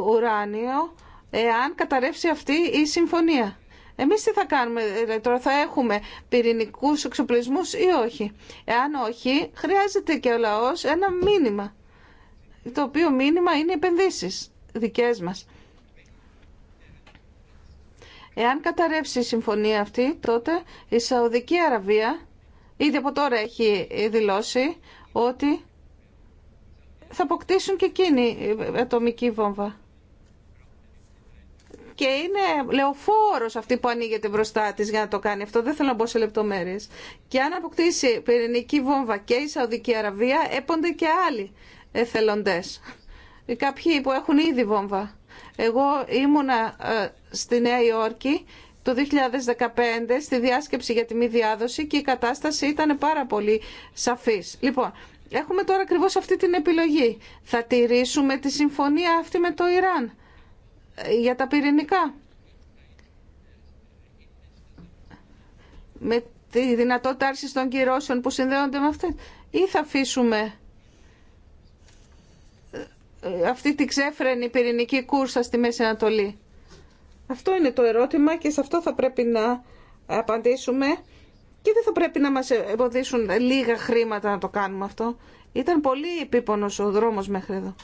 ουράνιο εάν καταρρεύσει αυτή η συμφωνία. Εμείς τι θα κάνουμε τώρα, θα έχουμε πυρηνικού εξοπλισμού ή όχι. Εάν όχι, χρειάζεται και ο λαό ένα μήνυμα, το οποίο μήνυμα είναι επενδύσεις δικές μας. Εάν καταρρεύσει η συμφωνία αυτή, τότε η Σαουδική Αραβία ήδη από τώρα έχει δηλώσει ότι θα αποκτήσουν και η ατομική βόμβα και είναι λεωφόρο αυτή που ανοίγεται μπροστά τη για να το κάνει αυτό. Δεν θέλω να μπω σε λεπτομέρειες. Και αν αποκτήσει πυρηνική βόμβα και η Σαουδική Αραβία έπονται και άλλοι εθελοντές. Κάποιοι που έχουν ήδη βόμβα. Εγώ ήμουνα ε, στη Νέα Υόρκη το 2015 στη διάσκεψη για τη μη διάδοση και η κατάσταση ήταν πάρα πολύ σαφής. Λοιπόν, έχουμε τώρα ακριβώς αυτή την επιλογή. Θα τηρήσουμε τη συμφωνία αυτή με το Ιράν για τα πυρηνικά. Με τη δυνατότητα άρση των κυρώσεων που συνδέονται με αυτές. Ή θα αφήσουμε ε, αυτή τη ξέφρενη πυρηνική κούρσα στη Μέση Ανατολή. Αυτό είναι το ερώτημα και σε αυτό θα πρέπει να απαντήσουμε και δεν θα πρέπει να μας εμποδίσουν λίγα χρήματα να το κάνουμε αυτό. Ήταν πολύ επίπονος ο δρόμος μέχρι εδώ.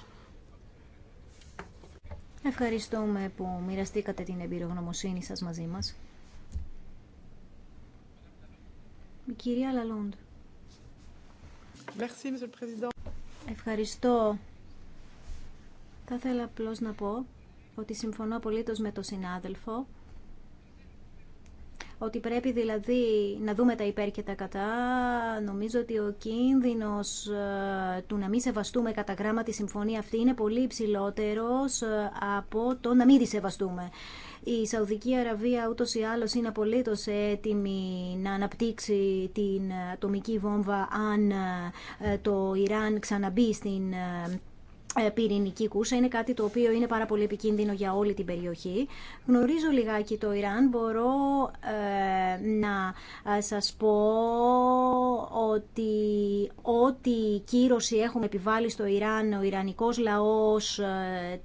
Ευχαριστούμε που μοιραστήκατε την εμπειρογνωμοσύνη σας μαζί μας. κυρία Λαλόντ. Ευχαριστώ. Θα ήθελα απλώς να πω ότι συμφωνώ απολύτως με τον συνάδελφο ότι πρέπει δηλαδή να δούμε τα υπέρ και τα κατά. Νομίζω ότι ο κίνδυνος ε, του να μην σεβαστούμε κατά γράμμα τη συμφωνία αυτή είναι πολύ υψηλότερος ε, από το να μην τη σεβαστούμε. Η Σαουδική Αραβία ούτω ή άλλω είναι απολύτω έτοιμη να αναπτύξει την ατομική βόμβα αν ε, το Ιράν ξαναμπεί στην ε, πυρηνική κούσα είναι κάτι το οποίο είναι πάρα πολύ επικίνδυνο για όλη την περιοχή. Γνωρίζω λιγάκι το Ιράν. Μπορώ ε, να ε, σας πω ότι ό,τι κύρωση έχουμε επιβάλει στο Ιράν, ο Ιρανικός λαός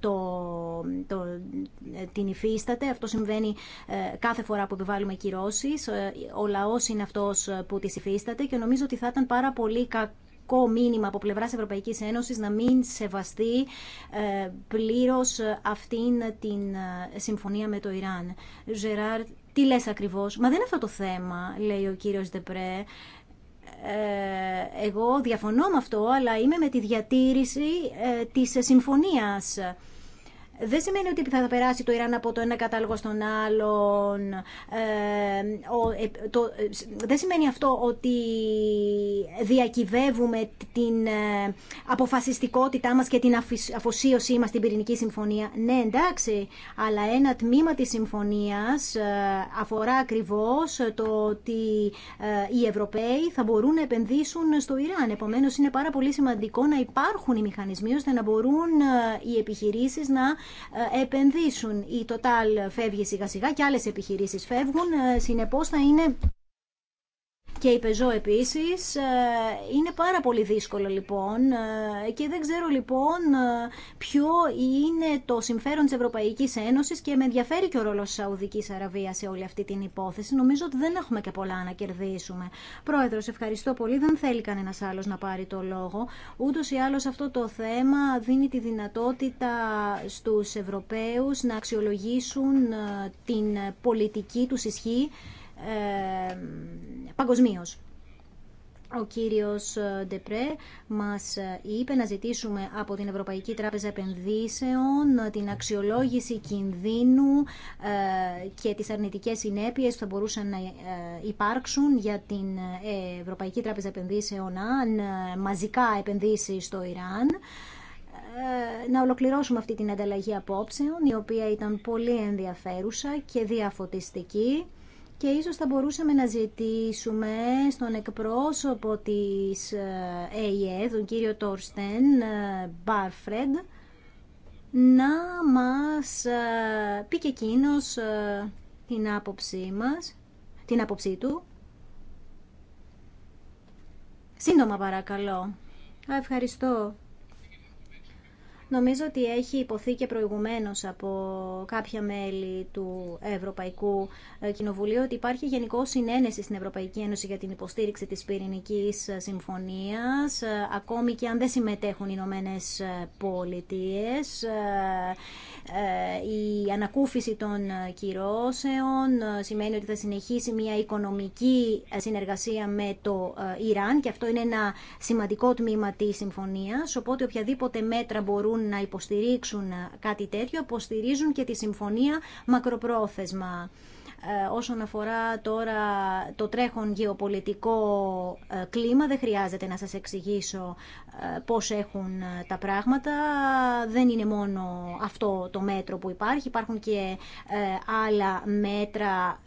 το, την υφίσταται. Αυτό συμβαίνει κάθε φορά που επιβάλλουμε κυρώσεις. Ο λαός είναι αυτός που τις υφίσταται και νομίζω ότι θα ήταν πάρα πολύ κακό πολιτικό μήνυμα από πλευράς Ευρωπαϊκής Ένωσης να μην σεβαστεί ε, πλήρως αυτήν την ε, συμφωνία με το Ιράν. Ζεράρ, τι λες ακριβώς. Μα δεν είναι αυτό το θέμα, λέει ο κύριος Δεπρέ ε, εγώ διαφωνώ με αυτό, αλλά είμαι με τη διατήρηση της συμφωνίας δεν σημαίνει ότι θα περάσει το Ιράν από το ένα κατάλογο στον άλλον. Ε, ε το, ε, δεν σημαίνει αυτό ότι διακυβεύουμε την ε, αποφασιστικότητά μας και την αφοσίωσή μας στην πυρηνική συμφωνία. Ναι, εντάξει, αλλά ένα τμήμα της συμφωνίας αφορά ακριβώς το ότι οι Ευρωπαίοι θα μπορούν να επενδύσουν στο Ιράν. Επομένως, είναι πάρα πολύ σημαντικό να υπάρχουν οι μηχανισμοί ώστε να μπορούν οι επιχειρήσεις να ε, επενδύσουν. Η Total φεύγει σιγά σιγά και άλλες επιχειρήσεις φεύγουν, ε, συνεπώς θα είναι και η Πεζό, επίσης. Ε, είναι πάρα πολύ δύσκολο λοιπόν ε, και δεν ξέρω λοιπόν ε, ποιο είναι το συμφέρον της Ευρωπαϊκής Ένωσης και με ενδιαφέρει και ο ρόλος της Σαουδικής Αραβίας σε όλη αυτή την υπόθεση. Νομίζω ότι δεν έχουμε και πολλά να κερδίσουμε. Πρόεδρος, ευχαριστώ πολύ. Δεν θέλει κανένα άλλος να πάρει το λόγο. Ούτω ή άλλω αυτό το θέμα δίνει τη δυνατότητα στους Ευρωπαίους να αξιολογήσουν την πολιτική του ισχύ ε, Ο κύριος ε, Ντεπρέ μας ε, είπε να ζητήσουμε από την Ευρωπαϊκή Τράπεζα Επενδύσεων ε, την αξιολόγηση κινδύνου και τις αρνητικές συνέπειες που θα μπορούσαν να υπάρξουν για την Ευρωπαϊκή Τράπεζα Επενδύσεων αν μαζικά επενδύσει στο Ιράν να ολοκληρώσουμε αυτή την ανταλλαγή απόψεων, η οποία ήταν πολύ ενδιαφέρουσα και διαφωτιστική και ίσως θα μπορούσαμε να ζητήσουμε στον εκπρόσωπο της ΑΕΕ, e τον κύριο Τόρστεν ε, Μπάρφρεντ, να μας ε, πει και εκείνος ε, την άποψή μας, την άποψή του. Σύντομα παρακαλώ. Ευχαριστώ. Νομίζω ότι έχει υποθεί και προηγουμένως από κάποια μέλη του Ευρωπαϊκού ε, Κοινοβουλίου ότι υπάρχει γενικό συνένεση στην Ευρωπαϊκή Ένωση για την υποστήριξη της πυρηνικής ε, συμφωνίας, ε, ακόμη και αν δεν συμμετέχουν οι Ηνωμένε Πολιτείε. Η ανακούφιση των κυρώσεων σημαίνει ότι θα συνεχίσει μια οικονομική συνεργασία με το Ιράν και αυτό είναι ένα σημαντικό τμήμα της συμφωνία. οπότε οποιαδήποτε μέτρα μπορούν να υποστηρίξουν κάτι τέτοιο, υποστηρίζουν και τη συμφωνία μακροπρόθεσμα. Ε, όσον αφορά τώρα το τρέχον γεωπολιτικό ε, κλίμα, δεν χρειάζεται να σας εξηγήσω ε, πώς έχουν τα πράγματα. Δεν είναι μόνο αυτό το μέτρο που υπάρχει, υπάρχουν και άλλα μέτρα.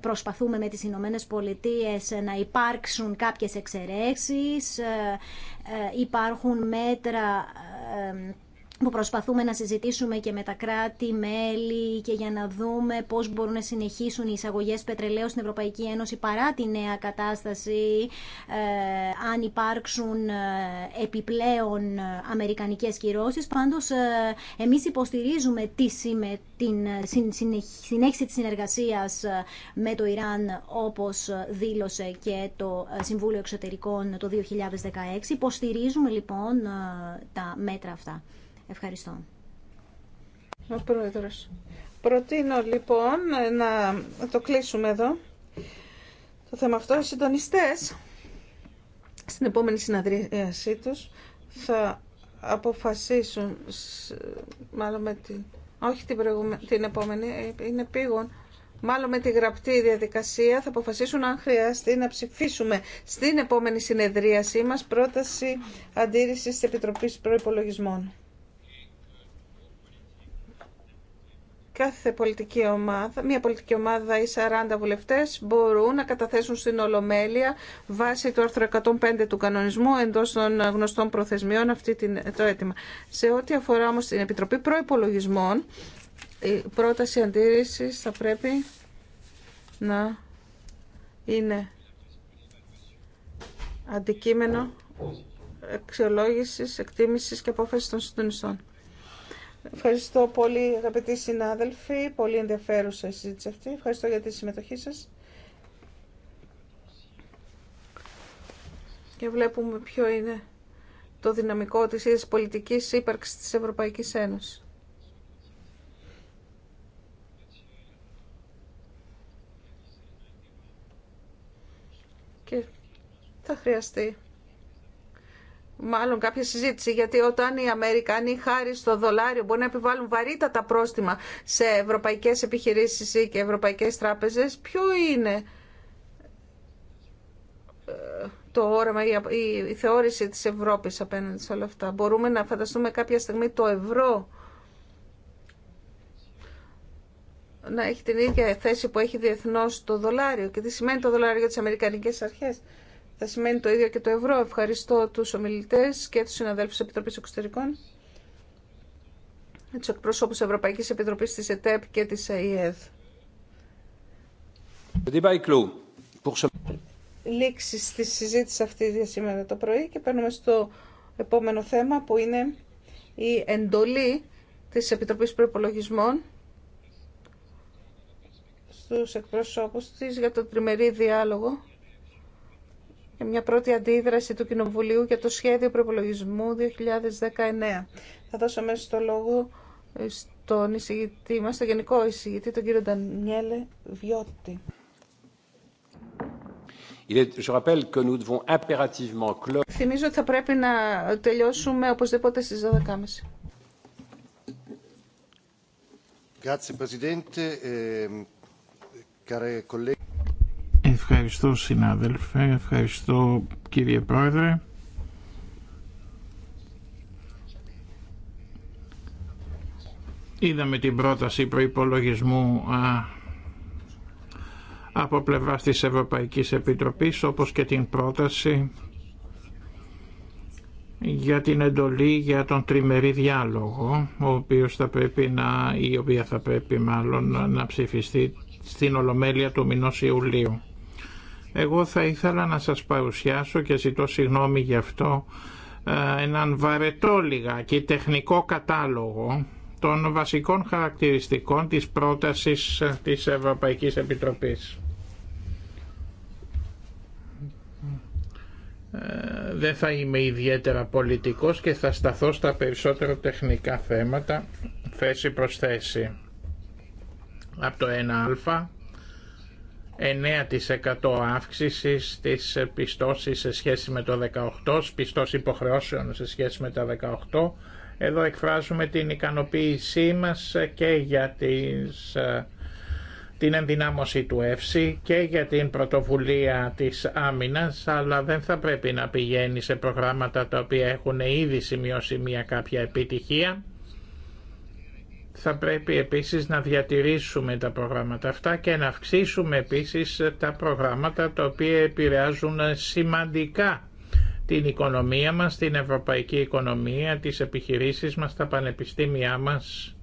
Προσπαθούμε με τις Ηνωμένε Πολιτείες να υπάρξουν κάποιες εξαιρέσεις. Υπάρχουν μέτρα που προσπαθούμε να συζητήσουμε και με τα κράτη-μέλη και για να δούμε πώς μπορούν να συνεχίσουν οι εισαγωγές πετρελαίου στην Ευρωπαϊκή Ένωση παρά τη νέα κατάσταση, ε, αν υπάρξουν ε, επιπλέον αμερικανικές κυρώσεις. Πάντως, ε, εμείς υποστηρίζουμε τη, την ε, συνέχιση της συνεργασίας με το Ιράν, όπως δήλωσε και το Συμβούλιο Εξωτερικών το 2016. Υποστηρίζουμε, λοιπόν, τα μέτρα αυτά. Ευχαριστώ. Ο Πρόεδρος. Προτείνω λοιπόν να το κλείσουμε εδώ. Το θέμα αυτό, οι συντονιστές στην επόμενη συναντρίασή τους θα αποφασίσουν, μάλλον με την, όχι την, την επόμενη, είναι πήγον, μάλλον με τη γραπτή διαδικασία θα αποφασίσουν αν χρειαστεί να ψηφίσουμε στην επόμενη συνεδρίασή μας πρόταση αντίρρησης της Επιτροπής Προϋπολογισμών. κάθε πολιτική ομάδα, μια πολιτική ομάδα ή 40 βουλευτές μπορούν να καταθέσουν στην Ολομέλεια βάσει του άρθρου 105 του κανονισμού εντός των γνωστών προθεσμιών αυτή την, το αίτημα. Σε ό,τι αφορά όμως την Επιτροπή Προϋπολογισμών, η πρόταση αντίρρησης θα πρέπει να είναι αντικείμενο αξιολόγησης, εκτίμησης και απόφασης των συντονιστών. Ευχαριστώ πολύ αγαπητοί συνάδελφοι, πολύ ενδιαφέρουσα η συζήτηση αυτή. Ευχαριστώ για τη συμμετοχή σας. Και βλέπουμε ποιο είναι το δυναμικό της ίδιας πολιτικής ύπαρξης της Ευρωπαϊκής Ένωσης. Και θα χρειαστεί μάλλον κάποια συζήτηση, γιατί όταν οι Αμερικανοί χάρη στο δολάριο μπορεί να επιβάλλουν βαρύτατα πρόστιμα σε ευρωπαϊκές επιχειρήσεις ή και ευρωπαϊκές τράπεζες, ποιο είναι ε, το όραμα ή η θεώρηση της Ευρώπης απέναντι σε όλα αυτά. Μπορούμε να φανταστούμε κάποια στιγμή το ευρώ να έχει την ίδια θέση που έχει διεθνώς το δολάριο και τι σημαίνει το δολάριο για τις Αμερικανικές αρχές θα σημαίνει το ίδιο και το ευρώ. Ευχαριστώ τους ομιλητές και τους συναδέλφους της Επιτροπής Εξωτερικών, τους εκπροσώπους Ευρωπαϊκής Επιτροπής της ΕΤΕΠ και της ΑΕΔ. Λήξη στη συζήτηση αυτή για σήμερα το πρωί και παίρνουμε στο επόμενο θέμα που είναι η εντολή της Επιτροπής Προπολογισμών στους εκπροσώπους της για το τριμερή διάλογο για μια πρώτη αντίδραση του Κοινοβουλίου για το σχέδιο προπολογισμού 2019. Θα δώσω μέσα το λόγο ε, στον εισηγητή μας, τον γενικό εισηγητή, τον κύριο Ντανιέλε Βιώτη. Θυμίζω ότι θα πρέπει να τελειώσουμε οπωσδήποτε στις 12.30. Grazie Presidente, ehm, Ευχαριστώ συνάδελφε, ευχαριστώ κύριε Πρόεδρε. Είδαμε την πρόταση προϋπολογισμού α, από πλευράς της Ευρωπαϊκής Επιτροπής όπως και την πρόταση για την εντολή για τον τριμερή διάλογο ο οποίος θα πρέπει να, η οποία θα πρέπει μάλλον να ψηφιστεί στην Ολομέλεια του μηνός Ιουλίου. Εγώ θα ήθελα να σας παρουσιάσω και ζητώ συγγνώμη γι' αυτό ε, έναν βαρετό και τεχνικό κατάλογο των βασικών χαρακτηριστικών της πρότασης ε, της Ευρωπαϊκής Επιτροπής. Ε, δεν θα είμαι ιδιαίτερα πολιτικός και θα σταθώ στα περισσότερα τεχνικά θέματα θέση προς θέση. Από το 1α 9% αύξηση στι πιστώσει σε σχέση με το 18, πιστώσει υποχρεώσεων σε σχέση με το 18. Εδώ εκφράζουμε την ικανοποίησή μας και για ε, την ενδυνάμωση του ΕΦΣΥ και για την πρωτοβουλία της άμυνας, αλλά δεν θα πρέπει να πηγαίνει σε προγράμματα τα οποία έχουν ήδη σημειώσει μια κάποια επιτυχία θα πρέπει επίσης να διατηρήσουμε τα προγράμματα αυτά και να αυξήσουμε επίσης τα προγράμματα τα οποία επηρεάζουν σημαντικά την οικονομία μας, την ευρωπαϊκή οικονομία, τις επιχειρήσεις μας, τα πανεπιστήμια μας,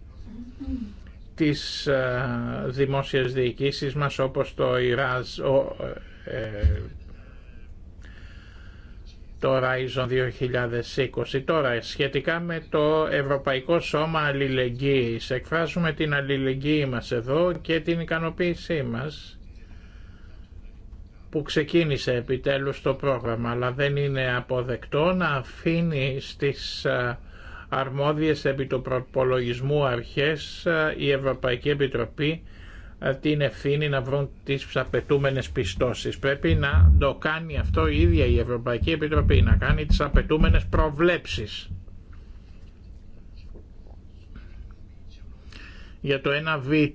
τις ε, δημόσιες διοικήσεις μας όπως το ΙΡΑΖ, το Horizon 2020. Τώρα, σχετικά με το Ευρωπαϊκό Σώμα Αλληλεγγύης, εκφράζουμε την αλληλεγγύη μας εδώ και την ικανοποίησή μας που ξεκίνησε επιτέλους το πρόγραμμα, αλλά δεν είναι αποδεκτό να αφήνει στις αρμόδιες επί του προπολογισμού αρχές η Ευρωπαϊκή Επιτροπή την ευθύνη να βρουν τις απαιτούμενε πιστώσει. Πρέπει να το κάνει αυτό η ίδια η Ευρωπαϊκή Επιτροπή, να κάνει τις απαιτούμενε προβλέψεις. Για το 1β,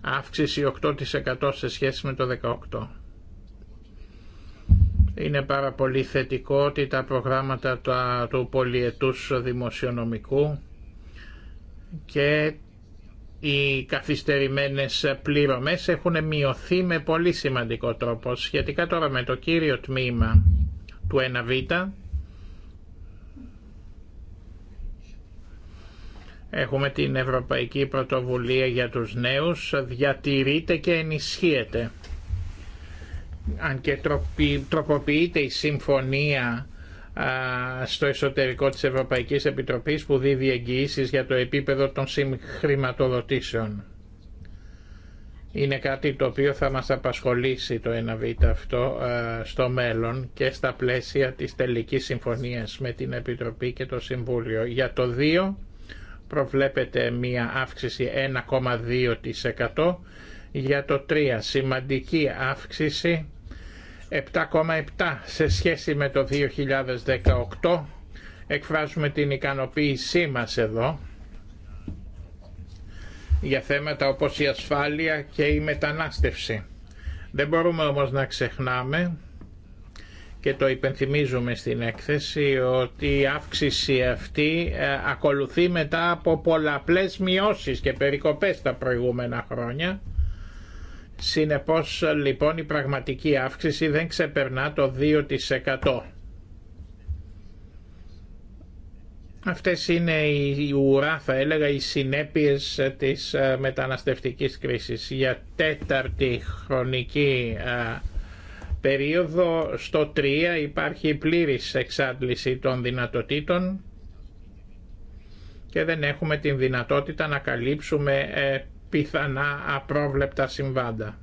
αύξηση 8% σε σχέση με το 18%. Είναι πάρα πολύ θετικό ότι τα προγράμματα του πολιετούς δημοσιονομικού και οι καθυστερημένες πληρωμές έχουν μειωθεί με πολύ σημαντικό τρόπο. Σχετικά τώρα με το κύριο τμήμα του 1β, Έχουμε την Ευρωπαϊκή Πρωτοβουλία για τους νέους, διατηρείται και ενισχύεται. Αν και τροποποιείται η συμφωνία στο εσωτερικό της Ευρωπαϊκής Επιτροπής που δίδει εγγυήσεις για το επίπεδο των χρηματοδοτήσεων. Είναι κάτι το οποίο θα μας απασχολήσει το 1Β αυτό στο μέλλον και στα πλαίσια της τελικής συμφωνίας με την Επιτροπή και το Συμβούλιο. Για το 2 προβλέπεται μία αύξηση 1,2% για το 3 σημαντική αύξηση 7,7 σε σχέση με το 2018. Εκφράζουμε την ικανοποίησή μας εδώ για θέματα όπως η ασφάλεια και η μετανάστευση. Δεν μπορούμε όμως να ξεχνάμε και το υπενθυμίζουμε στην έκθεση ότι η αύξηση αυτή ε, ακολουθεί μετά από πολλαπλές μειώσεις και περικοπές τα προηγούμενα χρόνια Συνεπώς λοιπόν η πραγματική αύξηση δεν ξεπερνά το 2%. Αυτές είναι οι ουρά θα έλεγα οι συνέπειες ε, της ε, μεταναστευτικής κρίσης. Για τέταρτη χρονική ε, περίοδο στο 3 υπάρχει πλήρης εξάντληση των δυνατοτήτων και δεν έχουμε την δυνατότητα να καλύψουμε πιθανά απρόβλεπτα συμβάντα.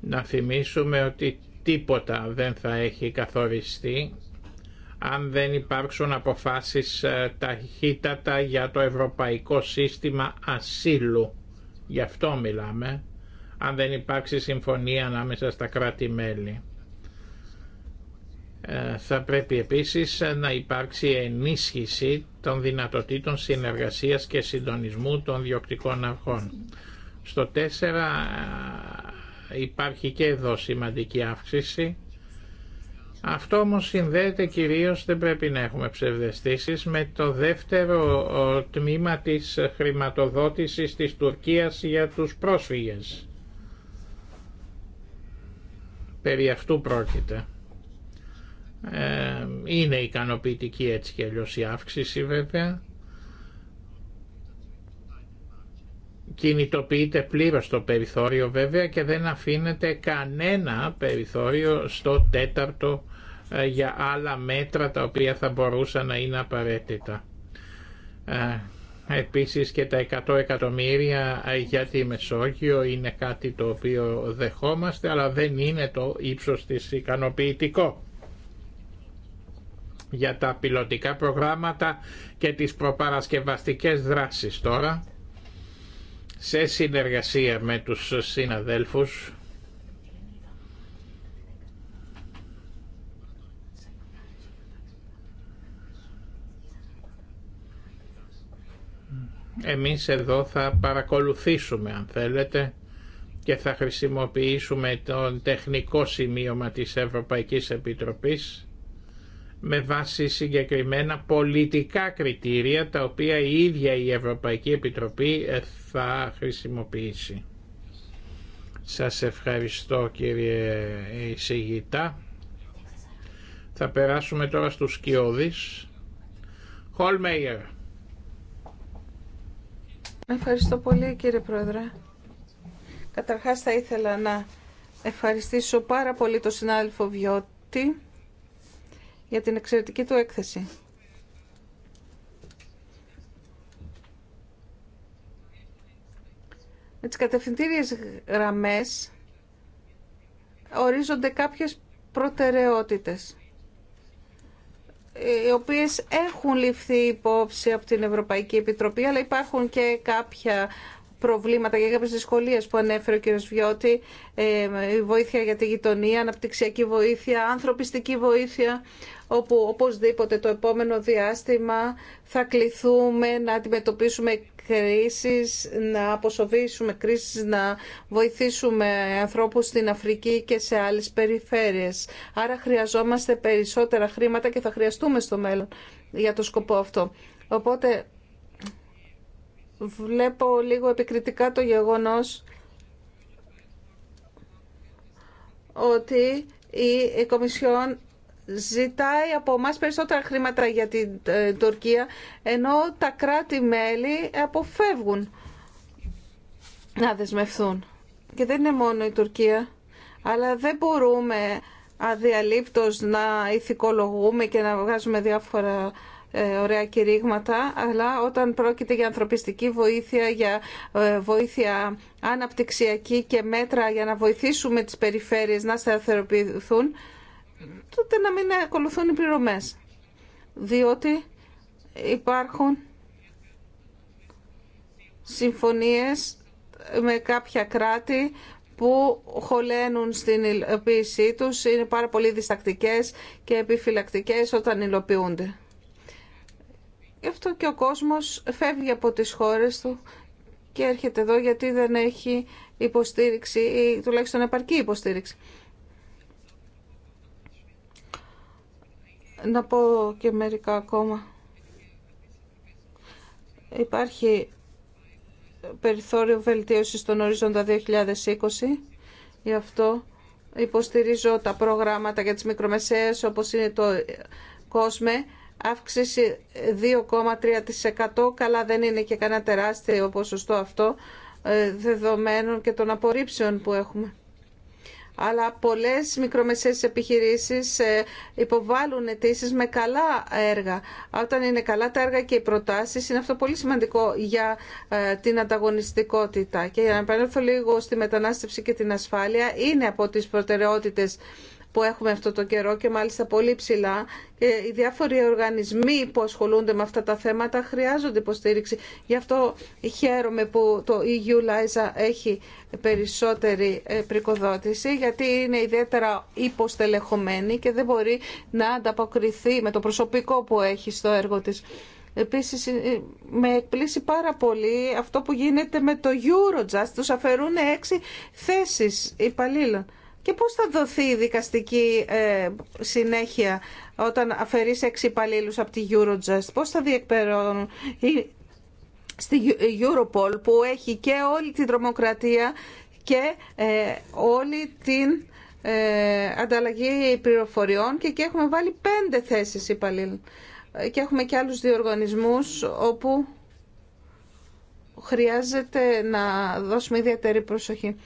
Να θυμίσουμε ότι τίποτα δεν θα έχει καθοριστεί αν δεν υπάρξουν αποφάσεις ε, ταχύτατα για το Ευρωπαϊκό Σύστημα Ασύλου. Γι' αυτό μιλάμε, αν δεν υπάρξει συμφωνία ανάμεσα στα κράτη-μέλη. Ε, θα πρέπει επίσης να υπάρξει ενίσχυση των δυνατοτήτων συνεργασίας και συντονισμού των διοκτικών αρχών. Στο 4 υπάρχει και εδώ σημαντική αύξηση. Αυτό όμως συνδέεται κυρίως, δεν πρέπει να έχουμε ψευδεστήσεις, με το δεύτερο τμήμα της χρηματοδότησης της Τουρκίας για τους πρόσφυγες. Περί αυτού πρόκειται. Ε, είναι ικανοποιητική έτσι και αλλιώς η αύξηση βέβαια. Κινητοποιείται πλήρως το περιθώριο βέβαια και δεν αφήνεται κανένα περιθώριο στο τέταρτο ε, για άλλα μέτρα τα οποία θα μπορούσαν να είναι απαραίτητα. Ε, επίσης και τα 100 εκατομμύρια για τη Μεσόγειο είναι κάτι το οποίο δεχόμαστε αλλά δεν είναι το ύψος της ικανοποιητικό για τα πιλωτικά προγράμματα και τις προπαρασκευαστικές δράσεις τώρα σε συνεργασία με τους συναδέλφους εμείς εδώ θα παρακολουθήσουμε αν θέλετε και θα χρησιμοποιήσουμε τον τεχνικό σημείωμα της Ευρωπαϊκής Επιτροπής με βάση συγκεκριμένα πολιτικά κριτήρια τα οποία η ίδια η Ευρωπαϊκή Επιτροπή ε, θα χρησιμοποιήσει. Σας ευχαριστώ κύριε εισηγητά. Θα περάσουμε τώρα στους Χολ Χολμέιερ. Ευχαριστώ πολύ κύριε Πρόεδρε. Καταρχάς θα ήθελα να ευχαριστήσω πάρα πολύ τον συνάδελφο Βιώτη για την εξαιρετική του έκθεση. Με τις κατευθυντήριες γραμμές ορίζονται κάποιες προτεραιότητες οι οποίες έχουν ληφθεί υπόψη από την Ευρωπαϊκή Επιτροπή αλλά υπάρχουν και κάποια προβλήματα για κάποιες δυσκολίες που ανέφερε ο κ. Βιώτη, ε, η βοήθεια για τη γειτονία, αναπτυξιακή βοήθεια, ανθρωπιστική βοήθεια, όπου οπωσδήποτε το επόμενο διάστημα θα κληθούμε να αντιμετωπίσουμε κρίσεις, να αποσοβήσουμε κρίσεις, να βοηθήσουμε ανθρώπους στην Αφρική και σε άλλες περιφέρειες. Άρα χρειαζόμαστε περισσότερα χρήματα και θα χρειαστούμε στο μέλλον για το σκοπό αυτό. Οπότε βλέπω λίγο επικριτικά το γεγονός ότι η Κομισιόν ζητάει από εμά περισσότερα χρήματα για την ε, Τουρκία, ενώ τα κράτη-μέλη αποφεύγουν να δεσμευθούν. Και δεν είναι μόνο η Τουρκία, αλλά δεν μπορούμε αδιαλείπτως να ηθικολογούμε και να βγάζουμε διάφορα ε, ωραία κηρύγματα, αλλά όταν πρόκειται για ανθρωπιστική βοήθεια, για ε, βοήθεια αναπτυξιακή και μέτρα για να βοηθήσουμε τις περιφέρειες να σταθεροποιηθούν, τότε να μην ακολουθούν οι πληρωμές. Διότι υπάρχουν συμφωνίες με κάποια κράτη που χωλένουν στην υλοποίησή τους, είναι πάρα πολύ διστακτικές και επιφυλακτικές όταν υλοποιούνται. Γι' αυτό και ο κόσμος φεύγει από τις χώρες του και έρχεται εδώ γιατί δεν έχει υποστήριξη ή τουλάχιστον επαρκή υποστήριξη. Να πω και μερικά ακόμα. Υπάρχει περιθώριο βελτίωσης στον ορίζοντα 2020. Γι' αυτό υποστηρίζω τα προγράμματα για τις μικρομεσαίες όπως είναι το COSME αύξηση 2,3%. Καλά δεν είναι και κανένα τεράστιο ποσοστό αυτό, ε, δεδομένων και των απορρίψεων που έχουμε. Αλλά πολλές μικρομεσαίες επιχειρήσεις ε, υποβάλλουν αιτήσει με καλά έργα. Όταν είναι καλά τα έργα και οι προτάσεις, είναι αυτό πολύ σημαντικό για ε, την ανταγωνιστικότητα. Και για να επανέλθω λίγο στη μετανάστευση και την ασφάλεια, είναι από τις προτεραιότητες που έχουμε αυτό το καιρό και μάλιστα πολύ ψηλά. Και οι διάφοροι οργανισμοί που ασχολούνται με αυτά τα θέματα χρειάζονται υποστήριξη. Γι' αυτό χαίρομαι που το EU LISA έχει περισσότερη ε, πρικοδότηση, γιατί είναι ιδιαίτερα υποστελεχωμένη και δεν μπορεί να ανταποκριθεί με το προσωπικό που έχει στο έργο της. Επίσης ε, με εκπλήσει πάρα πολύ αυτό που γίνεται με το Eurojust. Τους αφαιρούν έξι θέσεις υπαλλήλων. Και πώς θα δοθεί η δικαστική ε, συνέχεια όταν αφαιρείς έξι υπαλλήλους από τη Eurojust, πώς θα διεκπαιρώνουν στη Europol που έχει και όλη την τρομοκρατία και ε, όλη την ε, ανταλλαγή πληροφοριών και εκεί έχουμε βάλει πέντε θέσεις υπαλλήλων. Και έχουμε και άλλους δύο οργανισμούς όπου χρειάζεται να δώσουμε ιδιαίτερη προσοχή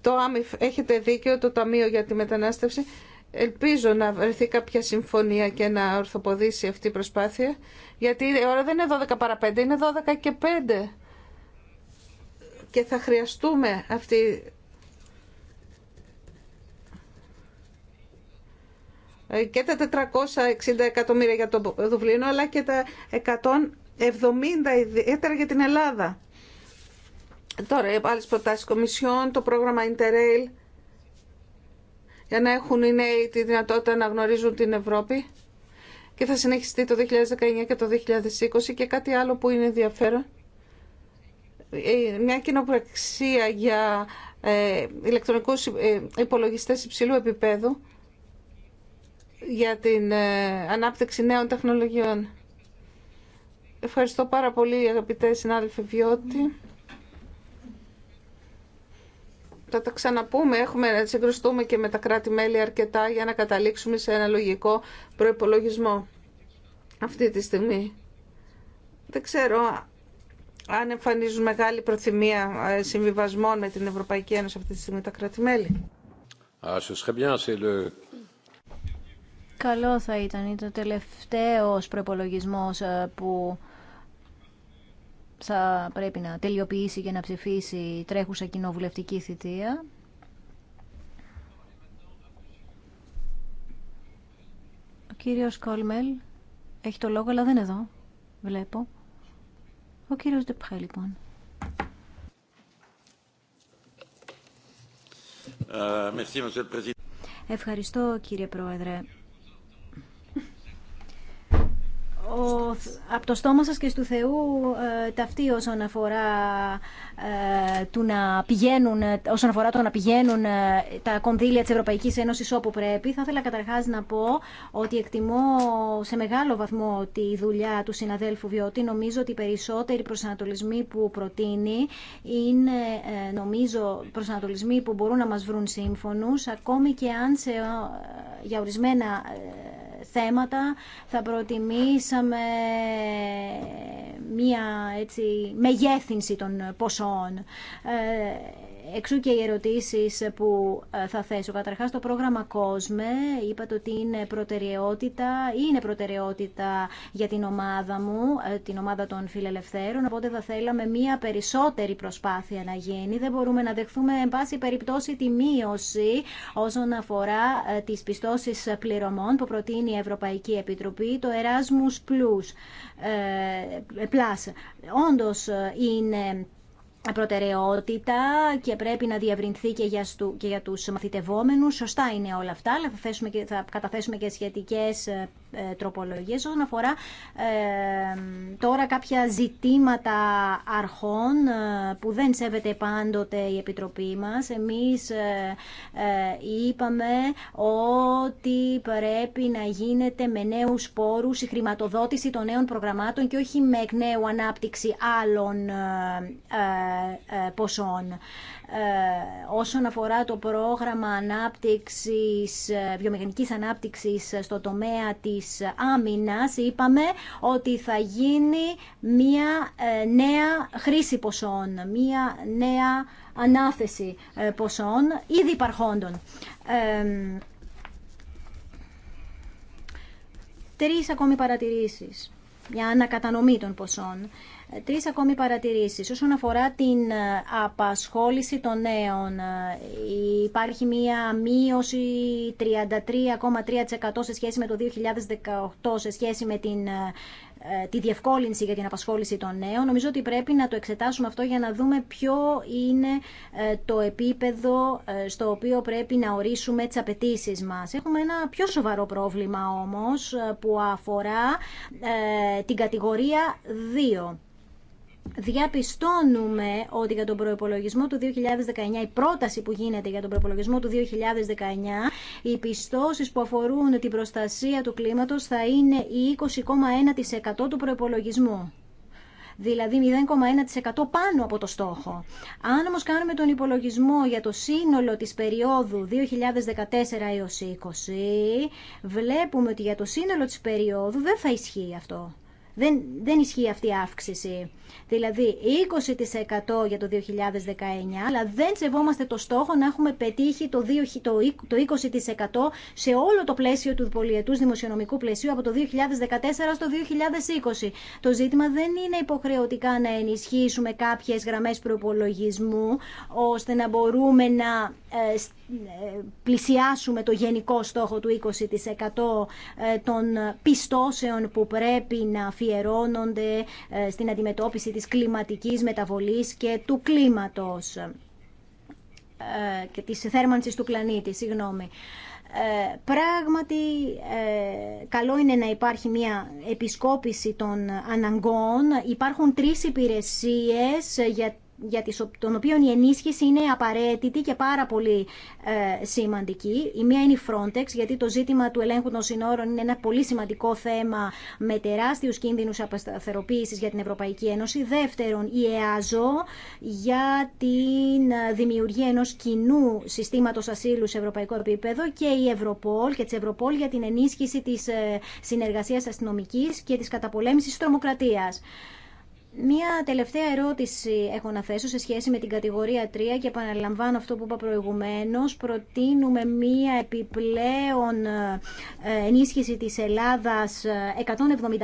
το ΑΜΙΦ έχετε δίκιο, το Ταμείο για τη Μετανάστευση. Ελπίζω να βρεθεί κάποια συμφωνία και να ορθοποδήσει αυτή η προσπάθεια. Γιατί η ώρα δεν είναι 12 παρα 5, είναι 12 και 5. Και θα χρειαστούμε αυτή και τα 460 εκατομμύρια για το Δουβλίνο, αλλά και τα 170 ιδιαίτερα για την Ελλάδα. Τώρα, οι άλλες προτάσει κομισιών, το πρόγραμμα Interrail, για να έχουν οι νέοι τη δυνατότητα να γνωρίζουν την Ευρώπη και θα συνεχιστεί το 2019 και το 2020 και κάτι άλλο που είναι ενδιαφέρον. Ε, μια κοινοπραξία για ε, ηλεκτρονικούς ε, υπολογιστές υψηλού επίπεδου για την ε, ανάπτυξη νέων τεχνολογιών. Ευχαριστώ πάρα πολύ αγαπητέ συνάδελφε Βιώτη θα τα ξαναπούμε, έχουμε να συγκρουστούμε και με τα κράτη-μέλη αρκετά για να καταλήξουμε σε ένα λογικό προϋπολογισμό αυτή τη στιγμή. Δεν ξέρω αν εμφανίζουν μεγάλη προθυμία ε, συμβιβασμών με την Ευρωπαϊκή Ένωση αυτή τη στιγμή τα κράτη-μέλη. Καλό θα ήταν. Είναι το τελευταίος προπολογισμό ε, που θα πρέπει να τελειοποιήσει και να ψηφίσει η τρέχουσα κοινοβουλευτική θητεία. Ο κύριος Κόλμελ έχει το λόγο, αλλά δεν εδώ. Βλέπω. Ο κύριος Δεπχέ, λοιπόν. Ε, Ευχαριστώ, κύριε Πρόεδρε ο, από το στόμα σας και του Θεού ε, ταυτή όσον αφορά, ε, να πηγαίνουν, ε, όσον αφορά το να πηγαίνουν ε, τα κονδύλια της Ευρωπαϊκής Ένωσης όπου πρέπει. Θα ήθελα καταρχάς να πω ότι εκτιμώ σε μεγάλο βαθμό τη δουλειά του συναδέλφου Βιώτη. Νομίζω ότι οι περισσότεροι προσανατολισμοί που προτείνει είναι ε, νομίζω προσανατολισμοί που μπορούν να μας βρουν σύμφωνους ακόμη και αν σε, για ορισμένα θέματα. Θα προτιμήσαμε μία έτσι, μεγέθυνση των ποσών. Ε, εξού και οι ερωτήσεις που ε, θα θέσω. Καταρχά, το πρόγραμμα COSME, είπατε ότι είναι προτεραιότητα, είναι προτεραιότητα για την ομάδα μου, ε, την ομάδα των φιλελευθέρων, οπότε θα θέλαμε μία περισσότερη προσπάθεια να γίνει. Δεν μπορούμε να δεχθούμε, εν πάση περιπτώσει, τη μείωση όσον αφορά ε, τις πιστώσει πληρωμών που προτείνει η Ευρωπαϊκή Επιτροπή, το Erasmus Plus. είναι προτεραιότητα και πρέπει να διευρυνθεί και για, στου, και για τους μαθητευόμενους. Σωστά είναι όλα αυτά, αλλά θα, θα καταθέσουμε και σχετικές ε, ε, τροπολογίες όσον αφορά ε, τώρα κάποια ζητήματα αρχών ε, που δεν σέβεται πάντοτε η Επιτροπή μας. Εμείς είπαμε ότι πρέπει να γίνεται με νέους πόρους η χρηματοδότηση των νέων προγραμμάτων και όχι με νέου ανάπτυξη άλλων ποσών. Ε, όσον αφορά το πρόγραμμα ανάπτυξης, ε, βιομηχανικής ανάπτυξης στο τομέα της άμυνας, είπαμε ότι θα γίνει μια ε, νέα χρήση ποσών, μια νέα ανάθεση ποσών ήδη υπαρχόντων. Τρεις ακόμη παρατηρήσεις για ανακατανομή των ποσών. Ε, Τρει ακόμη παρατηρήσεις. Όσον αφορά την ε, απασχόληση των νέων, ε, υπάρχει μία μείωση 33,3% σε σχέση με το 2018, σε σχέση με την τη διευκόλυνση για την απασχόληση των νέων. Νομίζω ότι πρέπει να το εξετάσουμε αυτό για να δούμε ποιο είναι το επίπεδο στο οποίο πρέπει να ορίσουμε τις απαιτήσει μας. Έχουμε ένα πιο σοβαρό πρόβλημα όμως που αφορά την κατηγορία 2 διαπιστώνουμε ότι για τον προπολογισμό του 2019, η πρόταση που γίνεται για τον προπολογισμό του 2019, οι πιστώσεις που αφορούν την προστασία του κλίματος θα είναι η 20,1% του προπολογισμού δηλαδή 0,1% πάνω από το στόχο. Αν όμως κάνουμε τον υπολογισμό για το σύνολο της περίοδου 2014 έως 2020, βλέπουμε ότι για το σύνολο της περίοδου δεν θα ισχύει αυτό δεν, δεν ισχύει αυτή η αύξηση. Δηλαδή 20% για το 2019, αλλά δεν σεβόμαστε το στόχο να έχουμε πετύχει το 20% σε όλο το πλαίσιο του πολιετούς δημοσιονομικού πλαισίου από το 2014 στο 2020. Το ζήτημα δεν είναι υποχρεωτικά να ενισχύσουμε κάποιες γραμμές προπολογισμού ώστε να μπορούμε να ε, πλησιάσουμε το γενικό στόχο του 20% ε, των πιστώσεων που πρέπει να αφιερώνονται ε, στην αντιμετώπιση της κλιματικής μεταβολής και του κλίματος ε, και της θέρμανσης του πλανήτη, συγγνώμη. πράγματι καλό είναι να υπάρχει μια επισκόπηση των αναγκών. Υπάρχουν τρεις υπηρεσίες για για τον οποίο η ενίσχυση είναι απαραίτητη και πάρα πολύ ε, σημαντική. Η μία είναι η Frontex, γιατί το ζήτημα του ελέγχου των συνόρων είναι ένα πολύ σημαντικό θέμα με τεράστιους κίνδυνους απασταθεροποίησης για την Ευρωπαϊκή Ένωση. Δεύτερον, η ΕΑΖΟ για την δημιουργία ενός κοινού συστήματος ασύλου σε ευρωπαϊκό επίπεδο και η Ευρωπόλ και της Ευρωπόλ για την ενίσχυση της ε, συνεργασίας αστυνομικής και της καταπολέμησης της τρομοκρατίας. Μία τελευταία ερώτηση έχω να θέσω σε σχέση με την κατηγορία 3 και επαναλαμβάνω αυτό που είπα προηγουμένως. Προτείνουμε μία επιπλέον ε, ενίσχυση της Ελλάδας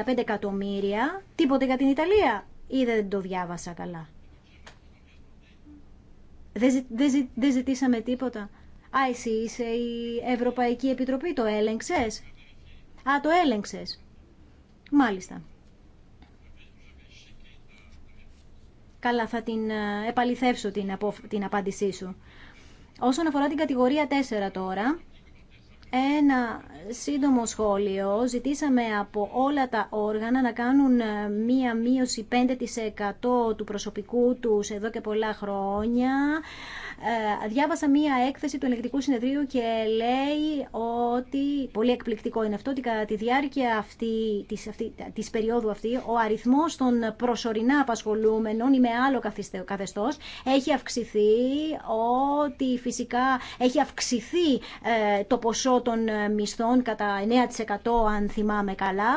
175 ε, εκατομμύρια. Τίποτε για την Ιταλία ή δεν το διάβασα καλά. Δεν, δεν, δεν ζητήσαμε τίποτα. Α, εσύ είσαι η Ευρωπαϊκή Επιτροπή, το έλεγξες. Α, το έλεγξες. Μάλιστα. Καλά, θα την ε, επαληθεύσω την, την απάντησή σου. Όσον αφορά την κατηγορία 4 τώρα, ένα σύντομο σχόλιο. Ζητήσαμε από όλα τα όργανα να κάνουν ε, μία μείωση 5% του προσωπικού τους εδώ και πολλά χρόνια. Ε, διάβασα μία έκθεση του ελεγκτικού συνεδρίου και λέει ότι, πολύ εκπληκτικό είναι αυτό, ότι κατά τη διάρκεια αυτή, της, αυτή, της περίοδου αυτή, ο αριθμός των προσωρινά απασχολούμενων ή με άλλο καθεστώς έχει αυξηθεί, ότι φυσικά έχει αυξηθεί ε, το ποσό των ε, μισθών κατά 9% αν θυμάμαι καλά.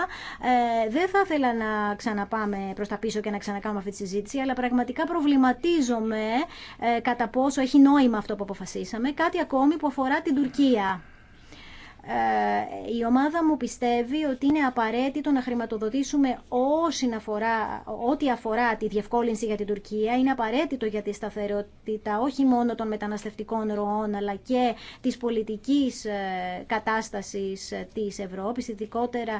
Ε, δεν θα ήθελα να ξαναπάμε προς τα πίσω και να ξανακάνουμε αυτή τη συζήτηση, αλλά πραγματικά προβληματίζομαι κατά πόσο έχει έχει νόημα αυτό που αποφασίσαμε. Κάτι ακόμη που αφορά την Τουρκία. Ε, η ομάδα μου πιστεύει ότι είναι απαραίτητο να χρηματοδοτήσουμε αφορά, ό,τι αφορά τη διευκόλυνση για την Τουρκία. Είναι απαραίτητο για τη σταθερότητα όχι μόνο των μεταναστευτικών ροών αλλά και της πολιτικής ε, κατάστασης ε, της Ευρώπης, ειδικότερα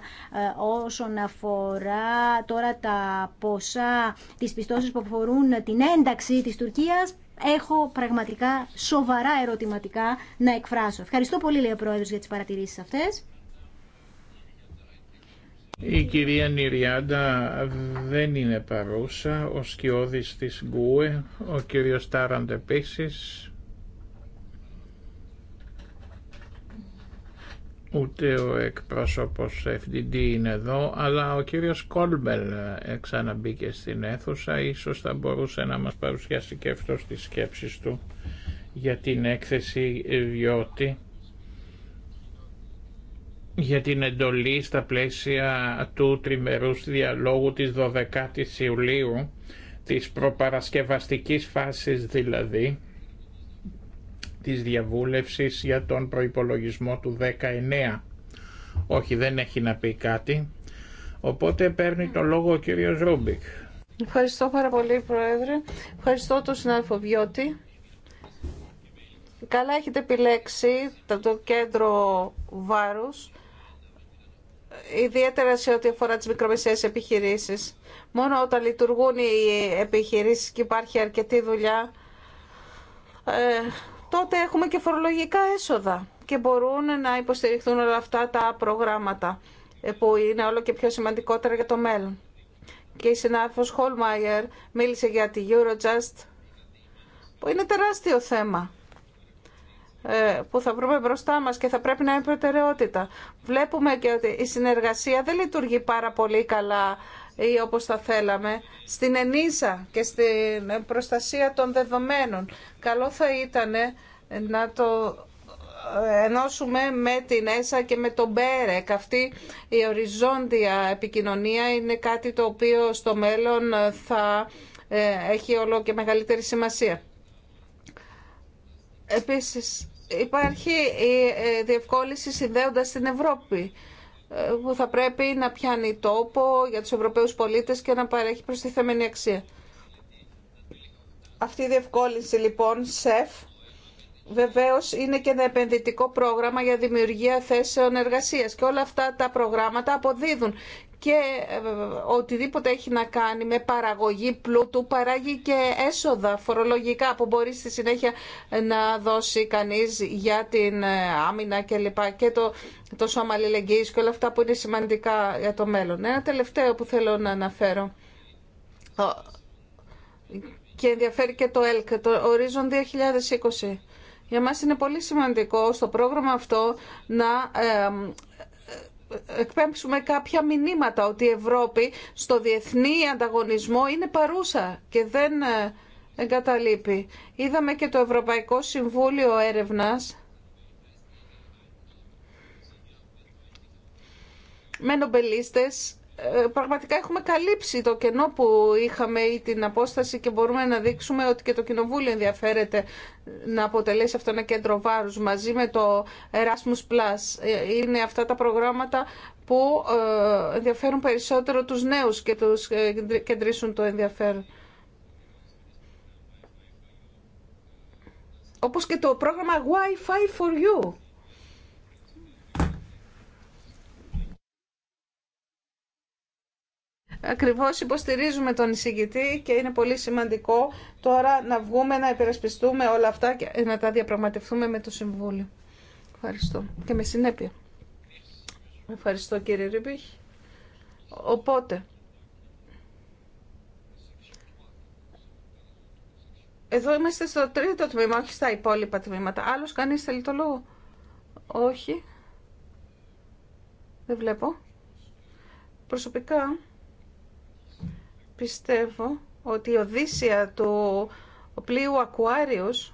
όσον αφορά τώρα τα ποσά τις πιστώσεις που αφορούν την ένταξη της Τουρκίας έχω πραγματικά σοβαρά ερωτηματικά να εκφράσω. Ευχαριστώ πολύ, λέει ο Πρόεδρος, για τις παρατηρήσεις αυτές. Η κυρία Νιριάντα δεν είναι παρούσα, ο σκιώδης της Γκουε, ο κύριος Τάραντ επίσης. ούτε ο εκπρόσωπος FDD είναι εδώ, αλλά ο κύριος Κόλμπελ ε, ξαναμπήκε στην αίθουσα, ίσως θα μπορούσε να μας παρουσιάσει και αυτό τις σκέψεις του για την έκθεση ε, διότι για την εντολή στα πλαίσια του τριμερούς διαλόγου της 12ης Ιουλίου, της προπαρασκευαστικής φάσης δηλαδή, της διαβούλευσης για τον προϋπολογισμό του 19. Όχι, δεν έχει να πει κάτι. Οπότε παίρνει το λόγο ο κύριος Ρούμπικ. Ευχαριστώ πάρα πολύ, Πρόεδρε. Ευχαριστώ τον συνάδελφο Βιώτη. Καλά έχετε επιλέξει το κέντρο βάρους, ιδιαίτερα σε ό,τι αφορά τις μικρομεσαίες επιχειρήσεις. Μόνο όταν λειτουργούν οι επιχειρήσεις και υπάρχει αρκετή δουλειά, ε, τότε έχουμε και φορολογικά έσοδα και μπορούν να υποστηριχθούν όλα αυτά τα προγράμματα ε, που είναι όλο και πιο σημαντικότερα για το μέλλον. Και η συνάδελφος Χολμάιερ μίλησε για τη Eurojust που είναι τεράστιο θέμα ε, που θα βρούμε μπροστά μας και θα πρέπει να είναι προτεραιότητα. Βλέπουμε και ότι η συνεργασία δεν λειτουργεί πάρα πολύ καλά ή όπως θα θέλαμε, στην ενίσα και στην προστασία των δεδομένων. Καλό θα ήταν να το ε, ενώσουμε με την ΕΣΑ και με τον ΠΕΡΕΚ. Αυτή η οριζόντια επικοινωνία είναι κάτι το οποίο στο μέλλον θα ε, έχει όλο και μεγαλύτερη σημασία. Επίσης, υπάρχει η ε, διευκόλυνση συνδέοντας την Ευρώπη που θα πρέπει να πιάνει τόπο για τους Ευρωπαίους πολίτες και να παρέχει προστιθέμενη αξία. Αυτή η διευκόλυνση λοιπόν, ΣΕΦ, βεβαίως είναι και ένα επενδυτικό πρόγραμμα για δημιουργία θέσεων εργασίας και όλα αυτά τα προγράμματα αποδίδουν και ε, οτιδήποτε έχει να κάνει με παραγωγή πλούτου παράγει και έσοδα φορολογικά που μπορεί στη συνέχεια να δώσει κανείς για την ε, άμυνα και λοιπά και το, το σώμα αλληλεγγύης και όλα αυτά που είναι σημαντικά για το μέλλον. Ένα τελευταίο που θέλω να αναφέρω και ενδιαφέρει και το ΕΛΚ, το Horizon 2020. Για μας είναι πολύ σημαντικό στο πρόγραμμα αυτό να ε, εκπέμψουμε κάποια μηνύματα ότι η Ευρώπη στο διεθνή ανταγωνισμό είναι παρούσα και δεν ε, εγκαταλείπει. Είδαμε και το Ευρωπαϊκό Συμβούλιο Έρευνας με νομπελίστες ε, πραγματικά έχουμε καλύψει το κενό που είχαμε ή την απόσταση και μπορούμε να δείξουμε ότι και το Κοινοβούλιο ενδιαφέρεται να αποτελέσει αυτό ένα κέντρο βάρους μαζί με το Erasmus Plus. Ε, είναι αυτά τα προγράμματα που ε, ενδιαφέρουν περισσότερο τους νέους και τους κεντρήσουν το ενδιαφέρον. Όπως και το πρόγραμμα Wi-Fi for You Ακριβώς υποστηρίζουμε τον εισηγητή και είναι πολύ σημαντικό τώρα να βγούμε, να υπερασπιστούμε όλα αυτά και να τα διαπραγματευτούμε με το Συμβούλιο. Ευχαριστώ. Και με συνέπεια. Ευχαριστώ κύριε Ρίμπιχ. Οπότε, εδώ είμαστε στο τρίτο τμήμα, όχι στα υπόλοιπα τμήματα. Άλλος κανείς θέλει το λόγο. Όχι. Δεν βλέπω. Προσωπικά, πιστεύω ότι η Οδύσσια του πλοίου Ακουάριος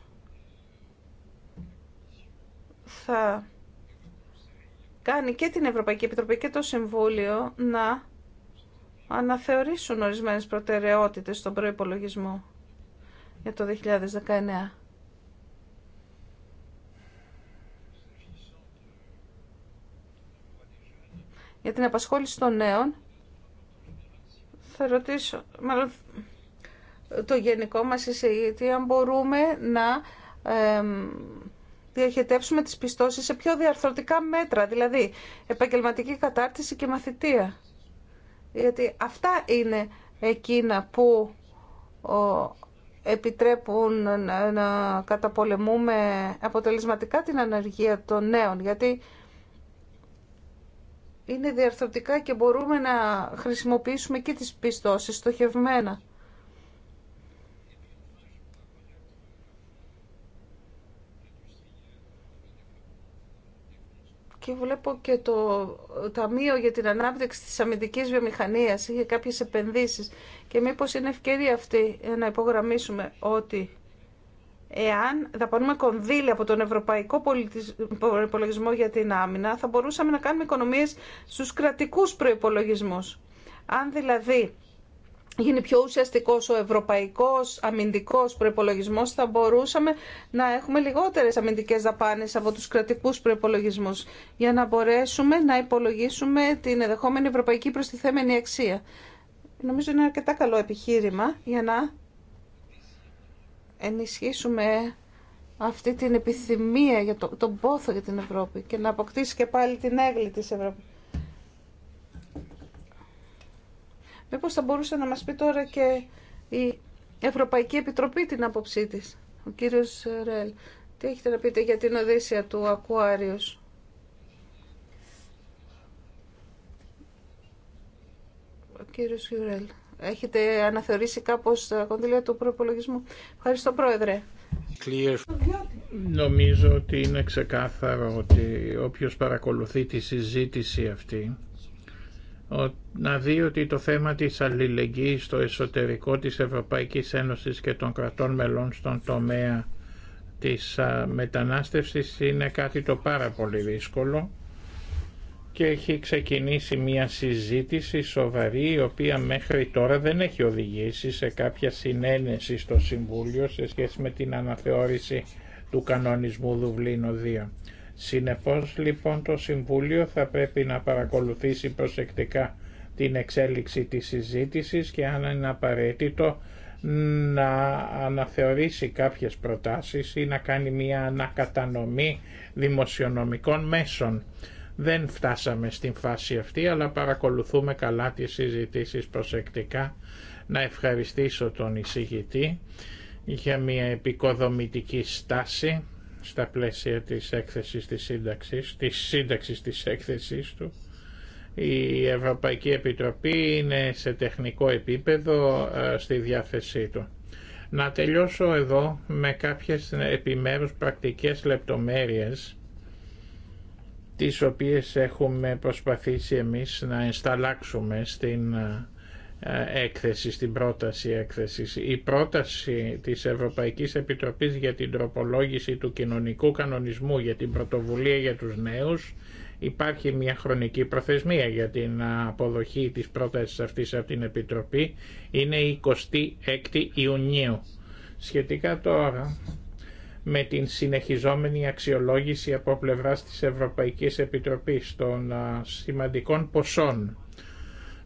θα κάνει και την Ευρωπαϊκή Επιτροπή και το Συμβούλιο να αναθεωρήσουν ορισμένες προτεραιότητες στον προϋπολογισμό για το 2019. Για την απασχόληση των νέων, θα ρωτήσω, μάλλον το γενικό μας εισηγητή, αν μπορούμε να ε, διοχετεύσουμε τις πιστώσεις σε πιο διαρθρωτικά μέτρα, δηλαδή επαγγελματική κατάρτιση και μαθητεία. Γιατί αυτά είναι εκείνα που επιτρέπουν να, καταπολεμούμε αποτελεσματικά την αναργία των νέων, γιατί είναι διαρθρωτικά και μπορούμε να χρησιμοποιήσουμε και τις πιστώσεις στοχευμένα. Και βλέπω και το Ταμείο για την Ανάπτυξη της Αμυντικής Βιομηχανίας είχε κάποιες επενδύσεις και μήπως είναι ευκαιρία αυτή να υπογραμμίσουμε ότι Εάν δαπανούμε κονδύλια από τον Ευρωπαϊκό Προπολογισμό για την Άμυνα, θα μπορούσαμε να κάνουμε οικονομίες στους κρατικούς προϋπολογισμούς. Αν δηλαδή γίνει πιο ουσιαστικός ο ευρωπαϊκός αμυντικός προϋπολογισμός, θα μπορούσαμε να έχουμε λιγότερες αμυντικές δαπάνες από τους κρατικούς προϋπολογισμούς, για να μπορέσουμε να υπολογίσουμε την ενδεχόμενη ευρωπαϊκή προστιθέμενη αξία. Νομίζω είναι ένα αρκετά καλό επιχείρημα για να ενισχύσουμε αυτή την επιθυμία για το, τον πόθο για την Ευρώπη και να αποκτήσει και πάλι την έγκλη της Ευρώπης. Μήπως θα μπορούσε να μας πει τώρα και η Ευρωπαϊκή Επιτροπή την άποψή της, ο κύριος Ρέλ. Τι έχετε να πείτε για την Οδύσσια του Ακουάριος. Ο κύριος Ρέλ έχετε αναθεωρήσει κάπως τα κονδύλια του προπολογισμού. Ευχαριστώ Πρόεδρε. Clear. Νομίζω ότι είναι ξεκάθαρο ότι όποιος παρακολουθεί τη συζήτηση αυτή να δει ότι το θέμα της αλληλεγγύης στο εσωτερικό της Ευρωπαϊκής Ένωσης και των κρατών μελών στον τομέα της μετανάστευσης είναι κάτι το πάρα πολύ δύσκολο και έχει ξεκινήσει μια συζήτηση σοβαρή η οποία μέχρι τώρα δεν έχει οδηγήσει σε κάποια συνένεση στο Συμβούλιο σε σχέση με την αναθεώρηση του κανονισμού Δουβλίνο 2. Συνεπώς λοιπόν το Συμβούλιο θα πρέπει να παρακολουθήσει προσεκτικά την εξέλιξη της συζήτησης και αν είναι απαραίτητο να αναθεωρήσει κάποιες προτάσεις ή να κάνει μια ανακατανομή δημοσιονομικών μέσων. Δεν φτάσαμε στην φάση αυτή, αλλά παρακολουθούμε καλά τις συζητήσεις προσεκτικά. Να ευχαριστήσω τον εισηγητή για μια επικοδομητική στάση στα πλαίσια της έκθεσης της σύνταξης, της σύνταξης της έκθεσης του. Η Ευρωπαϊκή Επιτροπή είναι σε τεχνικό επίπεδο ε, στη διάθεσή του. Να τελειώσω εδώ με κάποιες επιμέρους πρακτικές λεπτομέρειες τις οποίες έχουμε προσπαθήσει εμείς να ενσταλάξουμε στην ε, έκθεση, στην πρόταση έκθεσης. Η πρόταση της Ευρωπαϊκής Επιτροπής για την τροπολόγηση του κοινωνικού κανονισμού για την πρωτοβουλία για τους νέους υπάρχει μια χρονική προθεσμία για την αποδοχή της πρότασης αυτής από την Επιτροπή είναι η 26η Ιουνίου. Σχετικά τώρα με την συνεχιζόμενη αξιολόγηση από πλευράς της Ευρωπαϊκής Επιτροπής των σημαντικών ποσών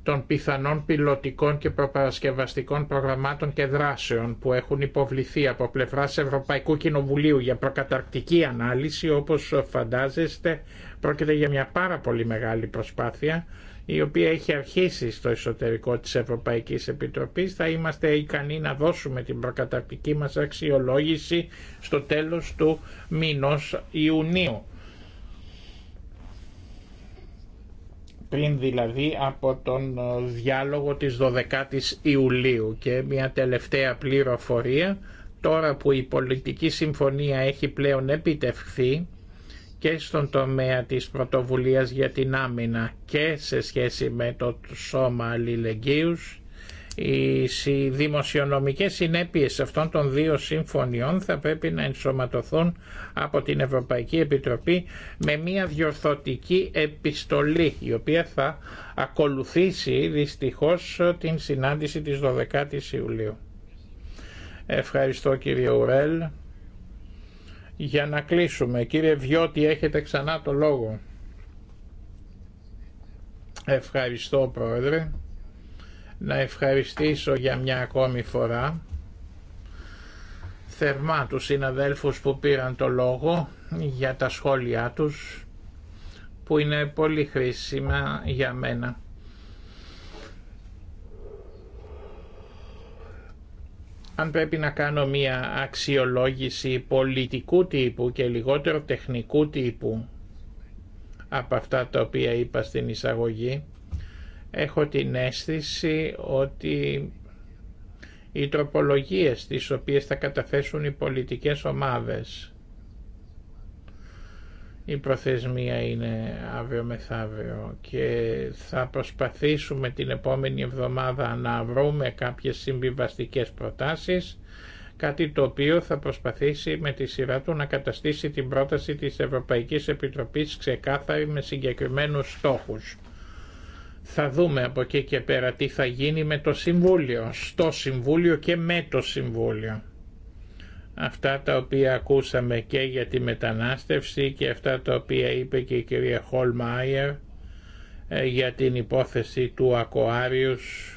των πιθανών πιλωτικών και προπαρασκευαστικών προγραμμάτων και δράσεων που έχουν υποβληθεί από πλευράς Ευρωπαϊκού Κοινοβουλίου για προκαταρκτική ανάλυση, όπως φαντάζεστε, πρόκειται για μια πάρα πολύ μεγάλη προσπάθεια η οποία έχει αρχίσει στο εσωτερικό της Ευρωπαϊκής Επιτροπής θα είμαστε ικανοί να δώσουμε την προκαταρκτική μας αξιολόγηση στο τέλος του μήνος Ιουνίου. πριν δηλαδή από τον διάλογο της 12ης Ιουλίου και μια τελευταία πληροφορία τώρα που η πολιτική συμφωνία έχει πλέον επιτευχθεί και στον τομέα της πρωτοβουλίας για την άμυνα και σε σχέση με το σώμα αλληλεγγύους. Οι δημοσιονομικές συνέπειες αυτών των δύο συμφωνιών θα πρέπει να ενσωματωθούν από την Ευρωπαϊκή Επιτροπή με μια διορθωτική επιστολή η οποία θα ακολουθήσει δυστυχώς την συνάντηση της 12ης Ιουλίου. Ευχαριστώ κύριε Ουρέλ για να κλείσουμε. Κύριε Βιώτη, έχετε ξανά το λόγο. Ευχαριστώ, Πρόεδρε. Να ευχαριστήσω για μια ακόμη φορά θερμά τους συναδέλφους που πήραν το λόγο για τα σχόλιά τους που είναι πολύ χρήσιμα για μένα. αν πρέπει να κάνω μία αξιολόγηση πολιτικού τύπου και λιγότερο τεχνικού τύπου από αυτά τα οποία είπα στην εισαγωγή, έχω την αίσθηση ότι οι τροπολογίες τις οποίες θα καταθέσουν οι πολιτικές ομάδες η προθεσμία είναι αύριο μεθαύριο και θα προσπαθήσουμε την επόμενη εβδομάδα να βρούμε κάποιες συμβιβαστικές προτάσεις, κάτι το οποίο θα προσπαθήσει με τη σειρά του να καταστήσει την πρόταση της Ευρωπαϊκής Επιτροπής ξεκάθαρη με συγκεκριμένους στόχους. Θα δούμε από εκεί και πέρα τι θα γίνει με το Συμβούλιο, στο Συμβούλιο και με το Συμβούλιο αυτά τα οποία ακούσαμε και για τη μετανάστευση και αυτά τα οποία είπε και η κυρία Χολμάιερ ε, για την υπόθεση του Ακοάριους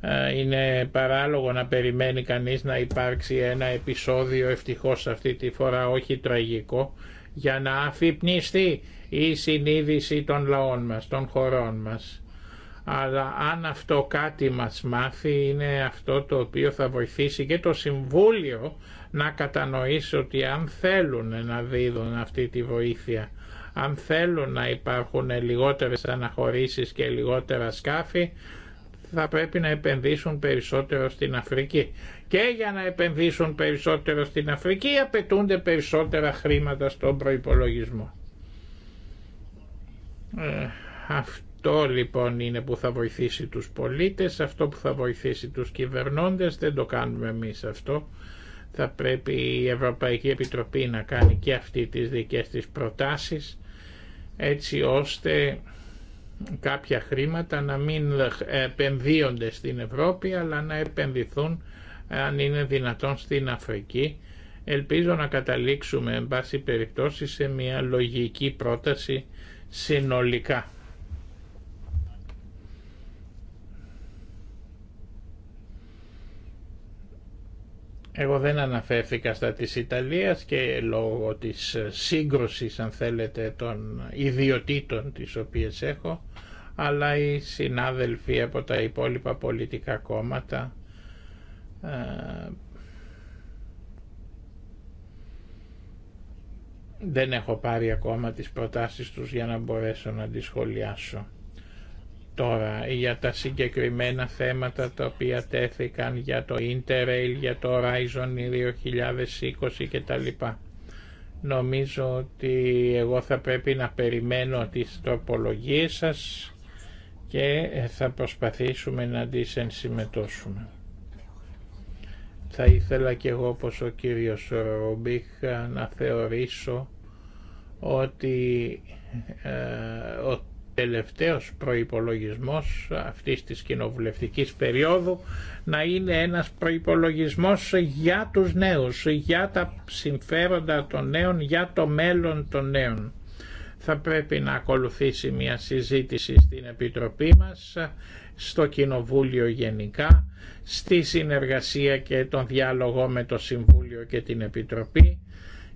ε, είναι παράλογο να περιμένει κανείς να υπάρξει ένα επεισόδιο ευτυχώς αυτή τη φορά όχι τραγικό για να αφυπνιστεί η συνείδηση των λαών μας, των χωρών μας αλλά αν αυτό κάτι μας μάθει είναι αυτό το οποίο θα βοηθήσει και το Συμβούλιο να κατανοήσει ότι αν θέλουν να δίδουν αυτή τη βοήθεια, αν θέλουν να υπάρχουν λιγότερες αναχωρήσεις και λιγότερα σκάφη, θα πρέπει να επενδύσουν περισσότερο στην Αφρική. Και για να επενδύσουν περισσότερο στην Αφρική απαιτούνται περισσότερα χρήματα στον προϋπολογισμό. Ε, αυτό αυτό λοιπόν είναι που θα βοηθήσει τους πολίτες, αυτό που θα βοηθήσει τους κυβερνώντες, δεν το κάνουμε εμείς αυτό. Θα πρέπει η Ευρωπαϊκή Επιτροπή να κάνει και αυτή τις δικές της προτάσεις, έτσι ώστε κάποια χρήματα να μην επενδύονται στην Ευρώπη, αλλά να επενδυθούν αν είναι δυνατόν στην Αφρική. Ελπίζω να καταλήξουμε, εν πάση περιπτώσει, σε μια λογική πρόταση συνολικά. Εγώ δεν αναφέρθηκα στα της Ιταλίας και λόγω της σύγκρουσης αν θέλετε των ιδιωτήτων τις οποίες έχω αλλά οι συνάδελφοι από τα υπόλοιπα πολιτικά κόμματα ε, δεν έχω πάρει ακόμα τις προτάσεις τους για να μπορέσω να τις σχολιάσω. Τώρα για τα συγκεκριμένα θέματα τα οποία τέθηκαν για το Interrail, για το Horizon 2020 κτλ. Νομίζω ότι εγώ θα πρέπει να περιμένω τις τροπολογίες σας και θα προσπαθήσουμε να τις ενσημετώσουμε. Θα ήθελα και εγώ όπως ο κύριος Ρομπίχ να θεωρήσω ότι ε, ο τελευταίος προϋπολογισμός αυτής της κοινοβουλευτικής περίοδου να είναι ένας προϋπολογισμός για τους νέους, για τα συμφέροντα των νέων, για το μέλλον των νέων. Θα πρέπει να ακολουθήσει μια συζήτηση στην Επιτροπή μας, στο Κοινοβούλιο γενικά, στη συνεργασία και τον διάλογο με το Συμβούλιο και την Επιτροπή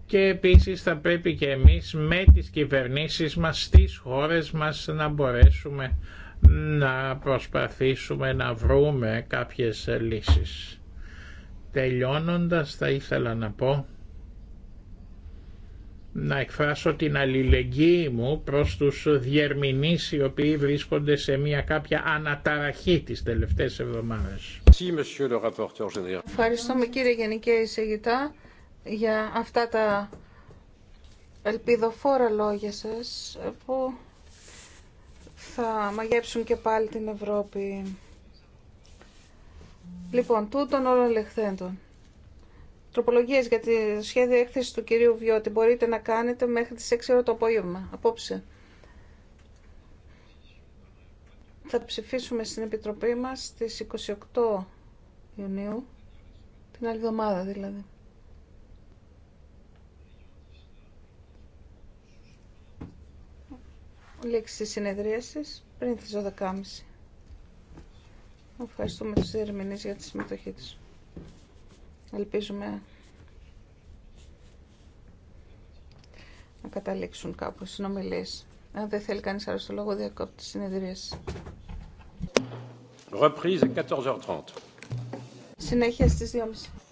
και επίσης θα πρέπει και εμείς με τις κυβερνήσεις μας στις χώρες μας να μπορέσουμε να προσπαθήσουμε να βρούμε κάποιες λύσεις. Τελειώνοντας θα ήθελα να πω να εκφράσω την αλληλεγγύη μου προς τους διερμηνείς οι οποίοι βρίσκονται σε μια κάποια αναταραχή τις τελευταίες εβδομάδες. Ευχαριστούμε κύριε Γενική Εισηγητά για αυτά τα ελπιδοφόρα λόγια σας που θα μαγέψουν και πάλι την Ευρώπη. Λοιπόν, τούτων όλων λεχθέντων. Τροπολογίες για τη σχέδια έκθεση του κυρίου Βιώτη μπορείτε να κάνετε μέχρι τις 6 ώρα το απόγευμα, απόψε. Θα ψηφίσουμε στην Επιτροπή μας στις 28 Ιουνίου, την άλλη εβδομάδα δηλαδή. λήξη της συνεδρίασης πριν τις 12.30. Ευχαριστούμε του διερμηνείς για τη συμμετοχή του. Ελπίζουμε να καταλήξουν κάπου συνομιλίε. Αν δεν θέλει κανεί άλλο το λόγο, διακόπτει τη συνεδρίαση. Reprise à 14h30. Συνέχεια στις 2.30.